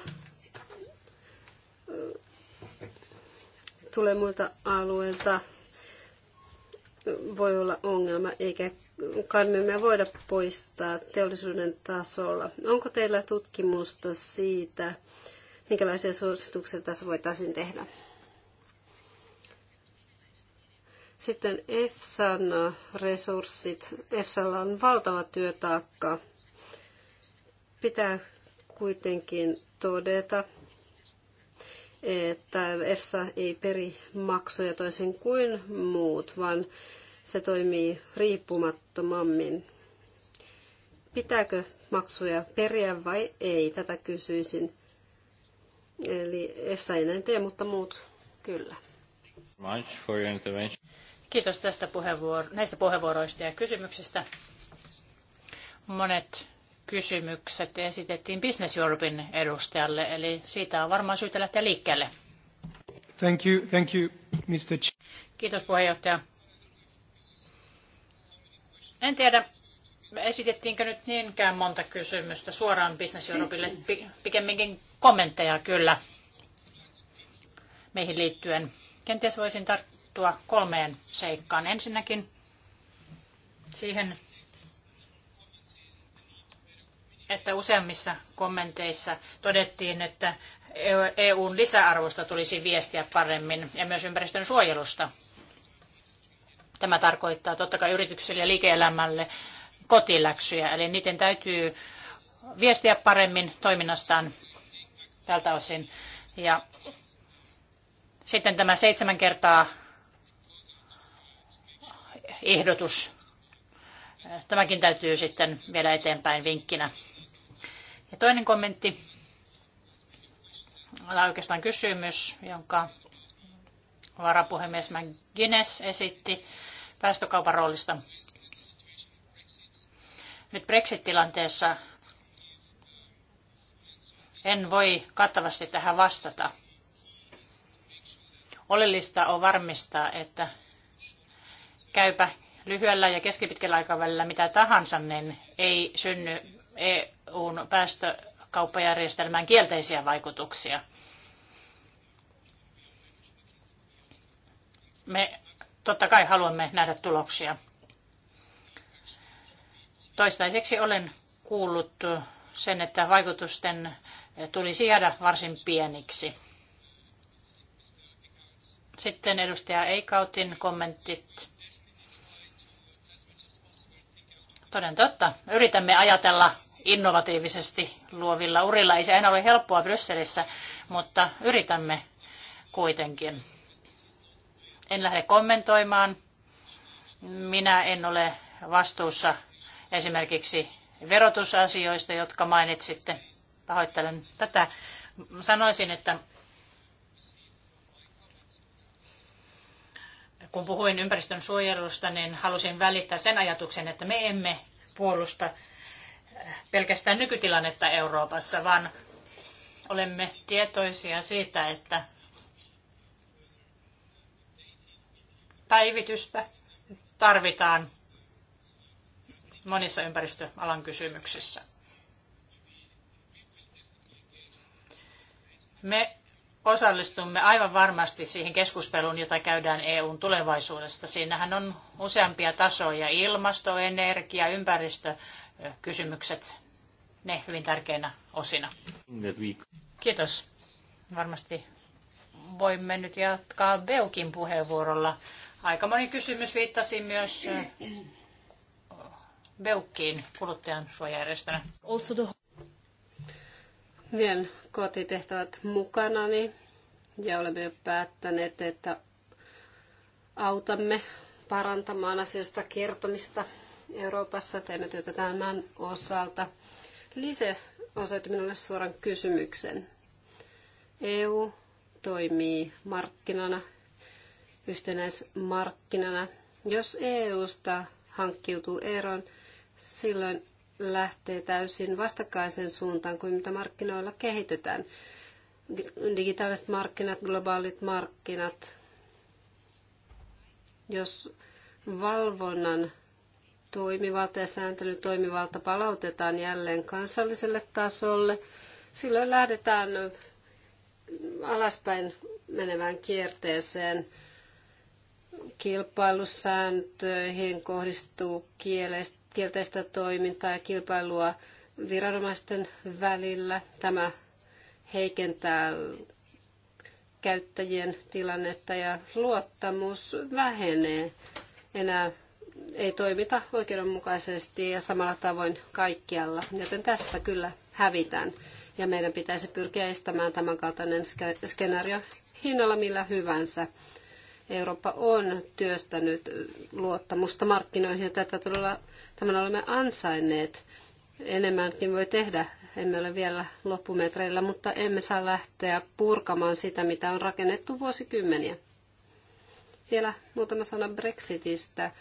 Speaker 3: tulee muilta alueilta, voi olla ongelma, eikä kai me emme voida poistaa teollisuuden tasolla. Onko teillä tutkimusta siitä, minkälaisia suosituksia tässä voitaisiin tehdä? Sitten EFSAn resurssit. EFSAlla on valtava työtaakka. Pitää kuitenkin todeta, että EFSA ei peri maksuja toisin kuin muut, vaan se toimii riippumattomammin. Pitääkö maksuja periä vai ei? Tätä kysyisin. Eli EFSA ei näin tee, mutta muut kyllä. Kiitos tästä puheenvuor- näistä puheenvuoroista
Speaker 2: ja kysymyksistä. Monet kysymykset esitettiin Business Europein edustajalle, eli siitä on varmaan syytä lähteä liikkeelle.
Speaker 6: Thank you, thank you, Mr.
Speaker 2: Kiitos puheenjohtaja. En tiedä, esitettiinkö nyt niinkään monta kysymystä suoraan Business Europeille, pikemminkin kommentteja kyllä meihin liittyen. Kenties voisin tarttua kolmeen seikkaan. Ensinnäkin siihen, että useammissa kommenteissa todettiin, että EUn e lisäarvosta tulisi viestiä paremmin ja myös ympäristön suojelusta. Tämä tarkoittaa totta kai yrityksille ja liike-elämälle kotiläksyjä, eli niiden täytyy viestiä paremmin toiminnastaan tältä osin. Ja sitten tämä seitsemän kertaa ehdotus. Tämäkin täytyy sitten viedä eteenpäin vinkkinä. Ja toinen kommentti, tai oikeastaan kysymys, jonka varapuhemies McGuinness esitti päästökaupan roolista. Nyt Brexit-tilanteessa en voi kattavasti tähän vastata. Oleellista on varmistaa, että käypä lyhyellä ja keskipitkällä aikavälillä mitä tahansa, niin ei synny EUn päästökauppajärjestelmään kielteisiä vaikutuksia. Me totta kai haluamme nähdä tuloksia. Toistaiseksi olen kuullut sen, että vaikutusten tulisi jäädä varsin pieniksi. Sitten edustaja Eikautin kommentit. Toden totta. Yritämme ajatella innovatiivisesti luovilla urilla. Ei se aina ole helppoa Brysselissä, mutta yritämme kuitenkin. En lähde kommentoimaan. Minä en ole vastuussa esimerkiksi verotusasioista, jotka mainitsitte. Pahoittelen tätä. Sanoisin, että kun puhuin ympäristön suojelusta, niin halusin välittää sen ajatuksen, että me emme puolusta äh, pelkästään nykytilannetta Euroopassa, vaan olemme tietoisia siitä, että päivitystä tarvitaan monissa ympäristöalan kysymyksissä. Me osallistumme aivan varmasti siihen keskusteluun, jota käydään EUn tulevaisuudesta. Siinähän on useampia tasoja, ilmasto, energia, ympäristökysymykset, ne hyvin tärkeinä osina. Kiitos. Varmasti voimme nyt jatkaa Beukin puheenvuorolla. Aika moni kysymys viittasi myös eh, Beukkiin kuluttajan suojajärjestönä.
Speaker 3: Vien kotitehtävät mukanani ja olemme jo päättäneet, että autamme parantamaan asioista kertomista Euroopassa. Teemme työtä tämän osalta. Lise osoitti minulle suoran kysymyksen. EU toimii markkinana, yhtenäismarkkinana. Jos EUsta hankkiutuu eroon, silloin lähtee täysin vastakkaiseen suuntaan kuin mitä markkinoilla kehitetään. Digitaaliset markkinat, globaalit markkinat. Jos valvonnan toimivalta ja sääntelyn toimivalta palautetaan jälleen kansalliselle tasolle, silloin lähdetään alaspäin menevään kierteeseen. Kilpailusääntöihin kohdistuu kielteistä toimintaa ja kilpailua viranomaisten välillä. Tämä heikentää käyttäjien tilannetta ja luottamus vähenee. Enää ei toimita oikeudenmukaisesti ja samalla tavoin kaikkialla, joten tässä kyllä hävitään ja meidän pitäisi pyrkiä estämään tämänkaltainen skenaario hinnalla millä hyvänsä. Eurooppa on työstänyt luottamusta markkinoihin ja tätä todella tämän olemme ansainneet. Enemmänkin voi tehdä, emme ole vielä loppumetreillä, mutta emme saa lähteä purkamaan sitä, mitä on rakennettu vuosikymmeniä. Vielä muutama sana Brexitistä.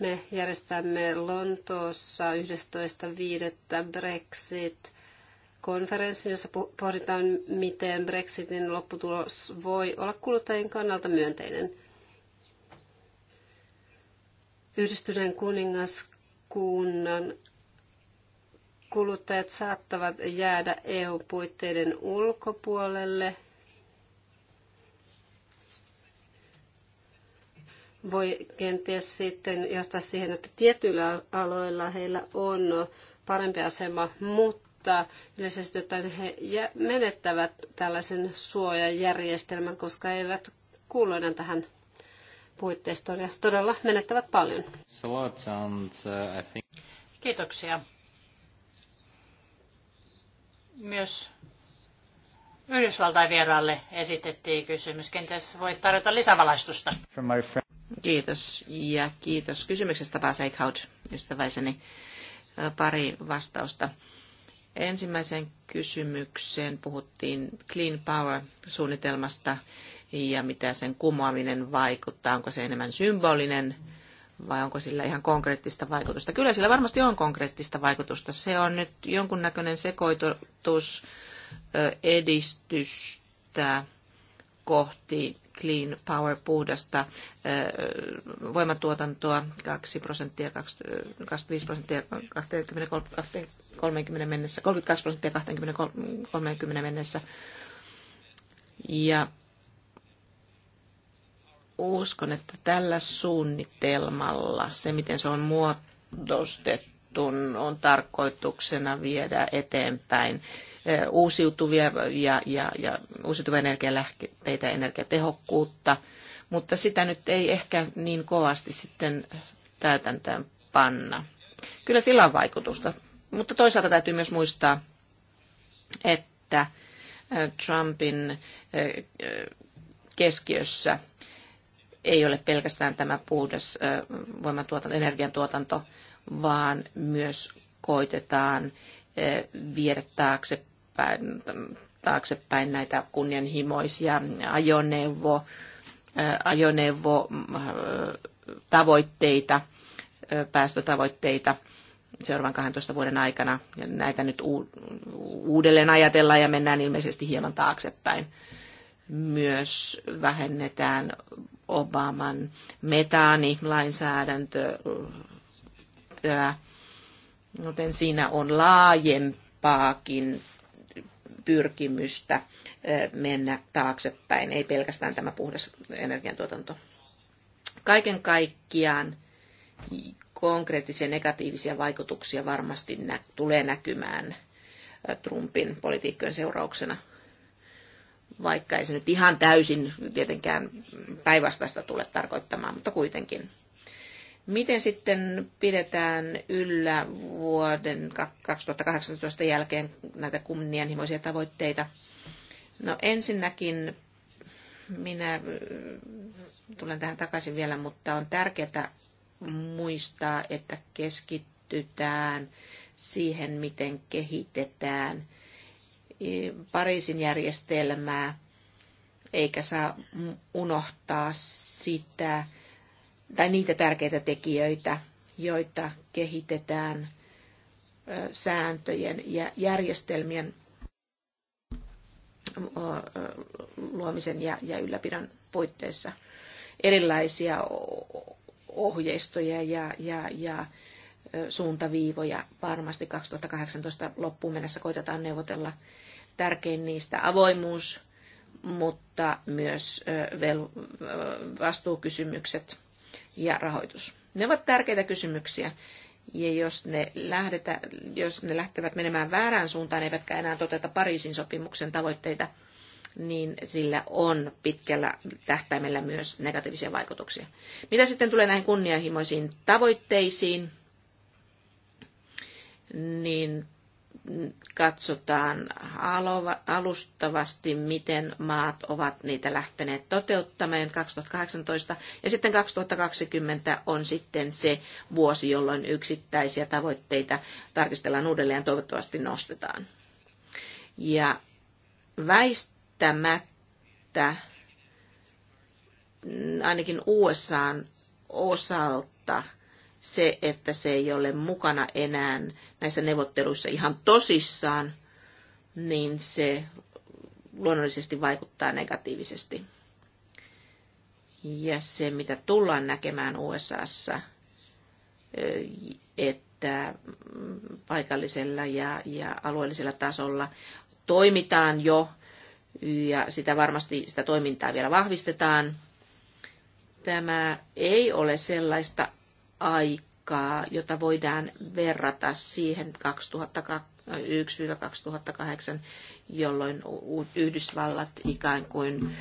Speaker 3: Me järjestämme Lontoossa 11.5. Brexit konferenssin, jossa pohditaan, miten Brexitin lopputulos voi olla kuluttajien kannalta myönteinen. Yhdistyneen kuningaskunnan kuluttajat saattavat jäädä EU-puitteiden ulkopuolelle. Voi kenties sitten johtaa siihen, että tietyillä aloilla heillä on parempi asema, mutta mutta yleisesti ottaen he menettävät tällaisen suojajärjestelmän, koska eivät kuulu enää tähän puitteistoon ja todella menettävät paljon.
Speaker 1: Uh,
Speaker 2: Kiitoksia. Myös Yhdysvaltain vieraalle esitettiin kysymys. Kenties voit tarjota lisävalaistusta.
Speaker 5: Kiitos ja kiitos kysymyksestä Bas ystäväiseni. Pari vastausta Ensimmäisen kysymykseen puhuttiin Clean Power-suunnitelmasta ja mitä sen kumoaminen vaikuttaa. Onko se enemmän symbolinen vai onko sillä ihan konkreettista vaikutusta? Kyllä sillä varmasti on konkreettista vaikutusta. Se on nyt jonkunnäköinen sekoitus edistystä kohti clean power puhdasta voimatuotantoa 2 prosenttia, 25 prosenttia 2030 30 mennessä, 32 prosenttia 20, 30 mennessä. Ja uskon, että tällä suunnitelmalla, se miten se on muodostettu, on tarkoituksena viedä eteenpäin uusiutuvia ja, ja, ja uusiutuvia energialähteitä, energiatehokkuutta, mutta sitä nyt ei ehkä niin kovasti sitten täytäntöön panna. Kyllä sillä on vaikutusta mutta toisaalta täytyy myös muistaa, että Trumpin keskiössä ei ole pelkästään tämä puhdas voimantuotanto, energiantuotanto, vaan myös koitetaan viedä taaksepäin, taaksepäin näitä kunnianhimoisia ajoneuvo, ajoneuvo tavoitteita, päästötavoitteita – seuraavan 12 vuoden aikana. Ja näitä nyt uudelleen ajatellaan ja mennään ilmeisesti hieman taaksepäin. Myös vähennetään Obaman metaanilainsäädäntöä, joten siinä on laajempaakin pyrkimystä mennä taaksepäin, ei pelkästään tämä puhdas energiantuotanto. Kaiken kaikkiaan konkreettisia negatiivisia vaikutuksia varmasti nä- tulee näkymään Trumpin politiikkojen seurauksena, vaikka ei se nyt ihan täysin tietenkään päinvastaista tule tarkoittamaan, mutta kuitenkin. Miten sitten pidetään yllä vuoden 2018 jälkeen näitä kunnianhimoisia tavoitteita? No ensinnäkin minä tulen tähän takaisin vielä, mutta on tärkeää muistaa, että keskittytään siihen, miten kehitetään e, Pariisin järjestelmää, eikä saa unohtaa sitä tai niitä tärkeitä tekijöitä, joita kehitetään sääntöjen ja järjestelmien luomisen ja, ja ylläpidon puitteissa. Erilaisia ohjeistoja ja, ja, ja suuntaviivoja. Varmasti 2018 loppuun mennessä koitetaan neuvotella tärkein niistä avoimuus, mutta myös vastuukysymykset ja rahoitus. Ne ovat tärkeitä kysymyksiä. Ja jos ne, lähdetä, jos ne lähtevät menemään väärään suuntaan, eivätkä enää toteuta Pariisin sopimuksen tavoitteita, niin sillä on pitkällä tähtäimellä myös negatiivisia vaikutuksia. Mitä sitten tulee näihin kunnianhimoisiin tavoitteisiin, niin katsotaan alustavasti, miten maat ovat niitä lähteneet toteuttamaan 2018. Ja sitten 2020 on sitten se vuosi, jolloin yksittäisiä tavoitteita tarkistellaan uudelleen ja toivottavasti nostetaan. Ja väist välttämättä mm, ainakin USAn osalta se, että se ei ole mukana enää näissä neuvotteluissa ihan tosissaan, niin se luonnollisesti vaikuttaa negatiivisesti. Ja se, mitä tullaan näkemään USAssa, että mm, paikallisella ja, ja alueellisella tasolla toimitaan jo ja sitä varmasti sitä toimintaa vielä vahvistetaan. Tämä ei ole sellaista aikaa, jota voidaan verrata siihen 2001-2008, jolloin Yhdysvallat ikään kuin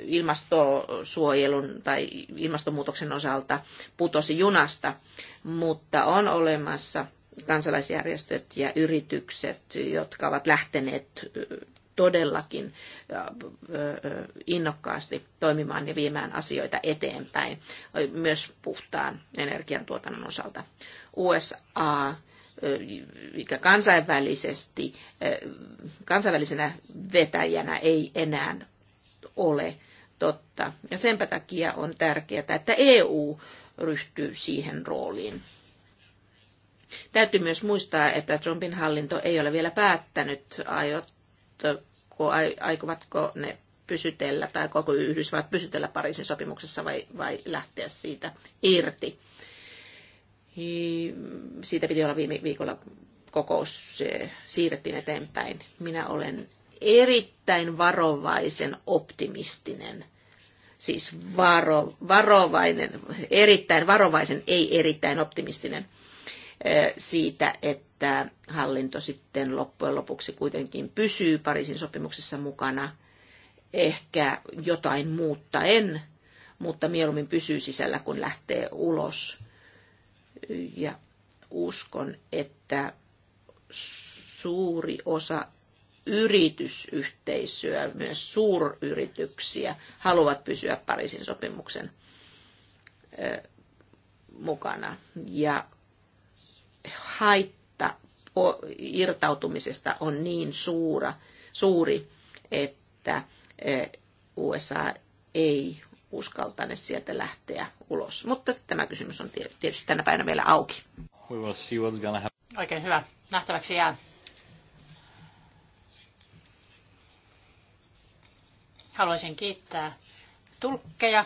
Speaker 5: ilmastosuojelun tai ilmastonmuutoksen osalta putosi junasta, mutta on olemassa kansalaisjärjestöt ja yritykset, jotka ovat lähteneet todellakin innokkaasti toimimaan ja viemään asioita eteenpäin myös puhtaan energiantuotannon osalta. USA mikä kansainvälisesti, kansainvälisenä vetäjänä ei enää ole totta. Ja senpä takia on tärkeää, että EU ryhtyy siihen rooliin. Täytyy myös muistaa, että Trumpin hallinto ei ole vielä päättänyt, aiot, aikovatko ne pysytellä tai koko Yhdysvallat pysytellä Pariisin sopimuksessa vai, vai lähteä siitä irti. Siitä piti olla viime viikolla kokous, se siirrettiin eteenpäin. Minä olen erittäin varovaisen optimistinen siis varo, varovainen, erittäin varovaisen, ei erittäin optimistinen siitä, että hallinto sitten loppujen lopuksi kuitenkin pysyy Pariisin sopimuksessa mukana, ehkä jotain muuttaen, mutta mieluummin pysyy sisällä, kun lähtee ulos. Ja uskon, että suuri osa yritysyhteisöä, myös suuryrityksiä, haluavat pysyä Pariisin sopimuksen mukana. Ja haitta irtautumisesta on niin suura, suuri, että e, USA ei uskaltane sieltä lähteä ulos. Mutta tämä kysymys on tietysti tänä päivänä vielä auki. We will see
Speaker 1: what's gonna happen.
Speaker 2: Oikein hyvä. Nähtäväksi jää. Haluaisin kiittää tulkkeja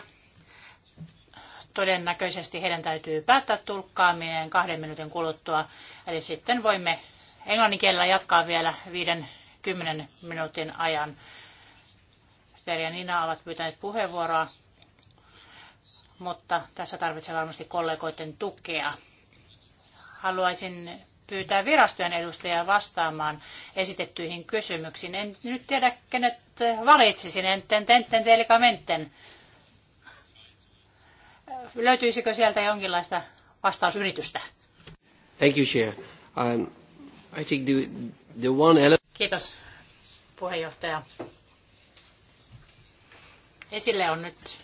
Speaker 2: todennäköisesti heidän täytyy päättää tulkkaaminen kahden minuutin kuluttua. Eli sitten voimme englannin kielellä jatkaa vielä viiden kymmenen minuutin ajan. Terja ja Nina ovat pyytäneet puheenvuoroa, mutta tässä tarvitsee varmasti kollegoiden tukea. Haluaisin pyytää virastojen edustajia vastaamaan esitettyihin kysymyksiin. En nyt tiedä, kenet valitsisin, enten, tenten, telikamenten löytyisikö sieltä jonkinlaista vastausyritystä? Thank you, Chair. Um, I think the, the one element... Kiitos, puheenjohtaja. Esille on nyt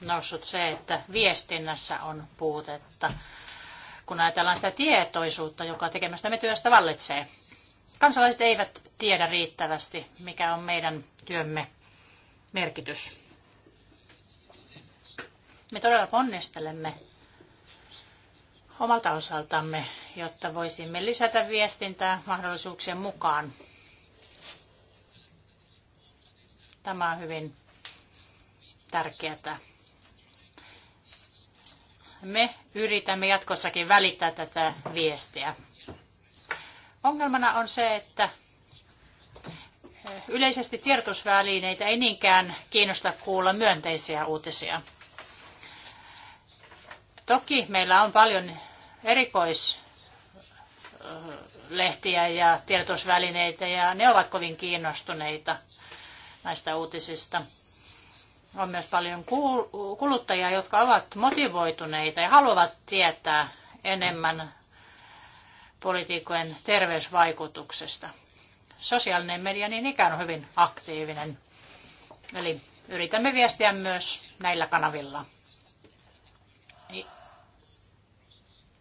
Speaker 2: noussut se, että viestinnässä on puutetta, kun ajatellaan sitä tietoisuutta, joka tekemästämme työstä vallitsee. Kansalaiset eivät tiedä riittävästi, mikä on meidän työmme merkitys. Me todella ponnistelemme omalta osaltamme, jotta voisimme lisätä viestintää mahdollisuuksien mukaan. Tämä on hyvin tärkeää. Me yritämme jatkossakin välittää tätä viestiä. Ongelmana on se, että eh, yleisesti tiedotusvälineitä ei niinkään kiinnosta kuulla myönteisiä uutisia. Toki meillä on paljon erikoislehtiä ja tiedotusvälineitä ja ne ovat kovin kiinnostuneita näistä uutisista. On myös paljon kuluttajia, jotka ovat motivoituneita ja haluavat tietää enemmän poliitikkojen terveysvaikutuksesta. Sosiaalinen media niin ikään on hyvin aktiivinen. Eli yritämme viestiä myös näillä kanavilla.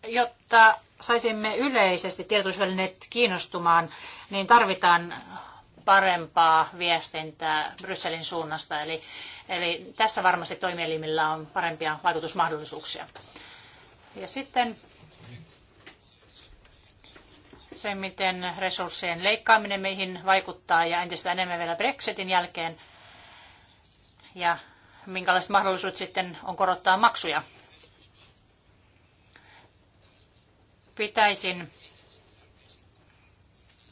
Speaker 2: jotta saisimme yleisesti tiedotusvälineet kiinnostumaan, niin tarvitaan parempaa viestintää Brysselin suunnasta. Eli, eli tässä varmasti toimielimillä on parempia vaikutusmahdollisuuksia. Ja sitten se, miten resurssien leikkaaminen meihin vaikuttaa ja entistä enemmän vielä Brexitin jälkeen. Ja minkälaiset mahdollisuudet sitten on korottaa maksuja pitäisin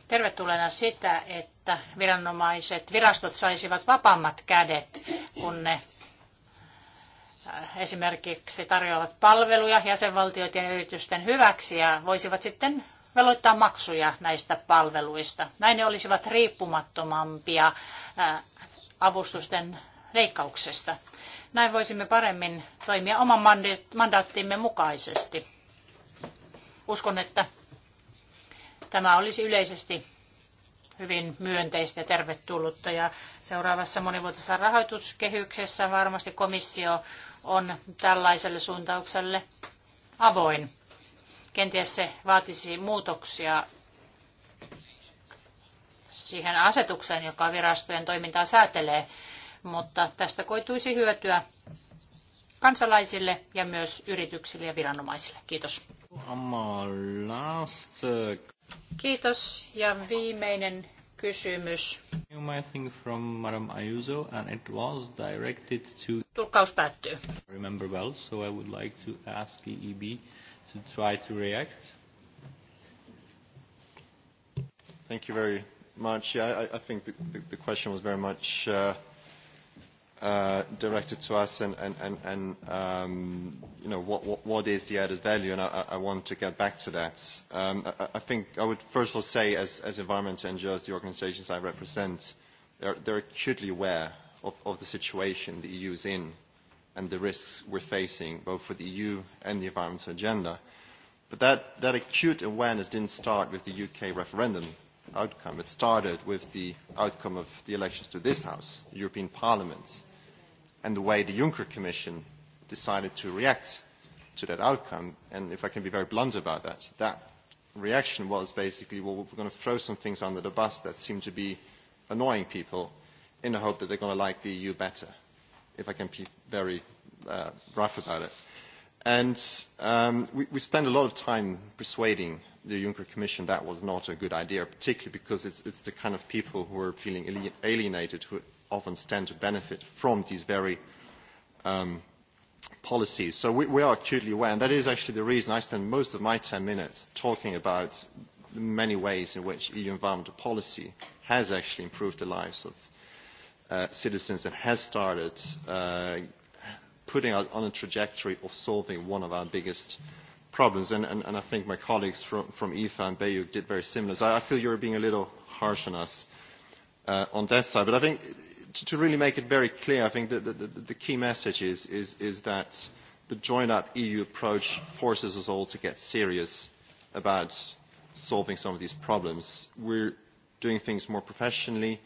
Speaker 2: tervetulleena sitä, että viranomaiset, virastot saisivat vapaammat kädet, kun ne äh, esimerkiksi tarjoavat palveluja jäsenvaltioiden ja yritysten hyväksi ja voisivat sitten veloittaa maksuja näistä palveluista. Näin ne olisivat riippumattomampia äh, avustusten leikkauksesta. Näin voisimme paremmin toimia oman mandaattimme mukaisesti. Uskon, että tämä olisi yleisesti hyvin myönteistä ja tervetullutta. Ja seuraavassa monivuotisessa rahoituskehyksessä varmasti komissio on tällaiselle suuntaukselle avoin. Kenties se vaatisi muutoksia siihen asetukseen, joka virastojen toimintaa säätelee, mutta tästä koituisi hyötyä kansalaisille ja myös yrityksille ja viranomaisille. Kiitos. Kiitos. Ja viimeinen kysymys.
Speaker 1: I from Madam Ayuso and it was directed to Tulkkaus päättyy. Remember well, so I would like to ask EEB to try to react.
Speaker 4: Thank you very much. Yeah, I, I think the, the, the question was very much uh, Uh, directed to us and, and, and, and um, you know, what, what, what is the added value? And I, I want to get back to that. Um, I, I think I would first of all say, as, as environmental NGOs, the organizations I represent, they're, they're acutely aware of, of the situation the EU is in and the risks we're facing, both for the EU and the environmental agenda. But that, that acute awareness didn't start with the UK referendum outcome. It started with the outcome of the elections to this House, European Parliament and the way the Juncker Commission decided to react to that outcome, and if I can be very blunt about that, that reaction was basically, well, we're going to throw some things under the bus that seem to be annoying people in the hope that they're going to like the EU better, if I can be very uh, rough about it. And um, we, we spent a lot of time persuading the Juncker Commission that was not a good idea, particularly because it's, it's the kind of people who are feeling alienated, who often stand to benefit from these very um, policies. So we, we are acutely aware, and that is actually the reason I spend most of my 10 minutes talking about many ways in which EU environmental policy has actually improved the lives of uh, citizens and has started uh, putting us on a trajectory of solving one of our biggest problems. And, and, and I think my colleagues from, from IFA e and Bayuk did very similar. So I, I feel you're being a little harsh on us uh, on that side. But I think to really make it very clear, I think that the, the, the key message is, is, is that the joined-up EU approach forces us all to get serious about solving some of these problems. We're doing things more professionally,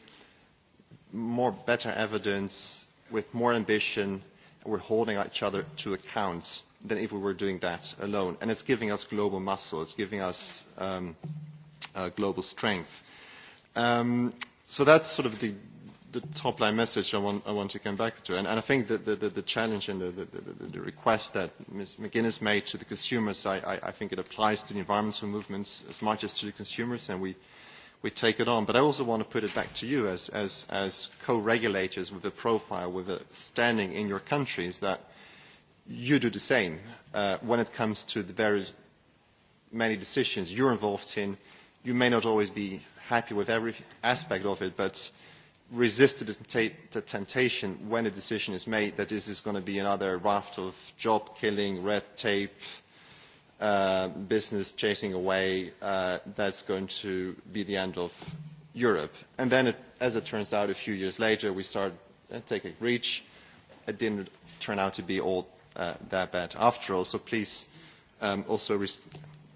Speaker 4: more better evidence, with more ambition, and we're holding each other to account than if we were doing that alone. And it's giving us global muscle. It's giving us um, uh, global strength. Um, so that's sort of the, the top-line message I want, I want to come back to. And, and I think that the, the, the challenge and the, the, the, the request that Ms. McGuinness made to the consumers, I, I, I think it applies to the environmental movements as much as to the consumers, and we, we take it on. But I also want to put it back to you as, as, as co-regulators with a profile, with a standing in your countries, that you do the same uh, when it comes to the very many decisions you're involved in. You may not always be happy with every aspect of it, but – resist the temptation when a decision is made that this is going to be another raft of job killing, red tape, uh, business chasing away uh, that's going to be the end of Europe. And then, it, as it turns out, a few years later, we start uh, taking reach. It didn't turn out to be all uh, that bad after all. So please um, also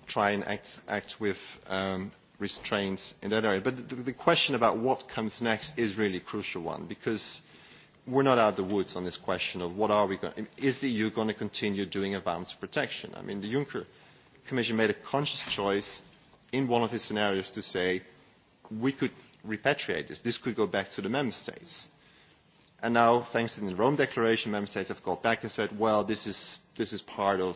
Speaker 4: try and act, act with um, restraints in that area. But the, question about what comes next is really a crucial one because we're not out of the woods on this question of what are we going is the EU going to continue doing advanced protection? I mean, the Juncker Commission made a conscious choice in one of his scenarios to say we could repatriate this. This could go back to the member states. And now, thanks to the Rome Declaration, member states have got back and said, well, this is, this is part of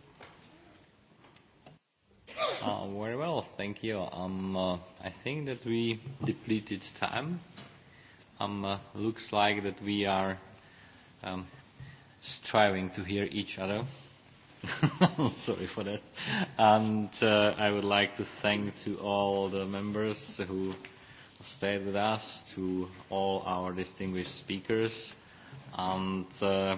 Speaker 1: Uh, very well, thank you. Um, uh, I think that we depleted time. Um, uh, looks like that we are um, striving to hear each other. Sorry for that. And uh, I would like to thank to all the members who stayed with us, to all our distinguished speakers, and. Uh,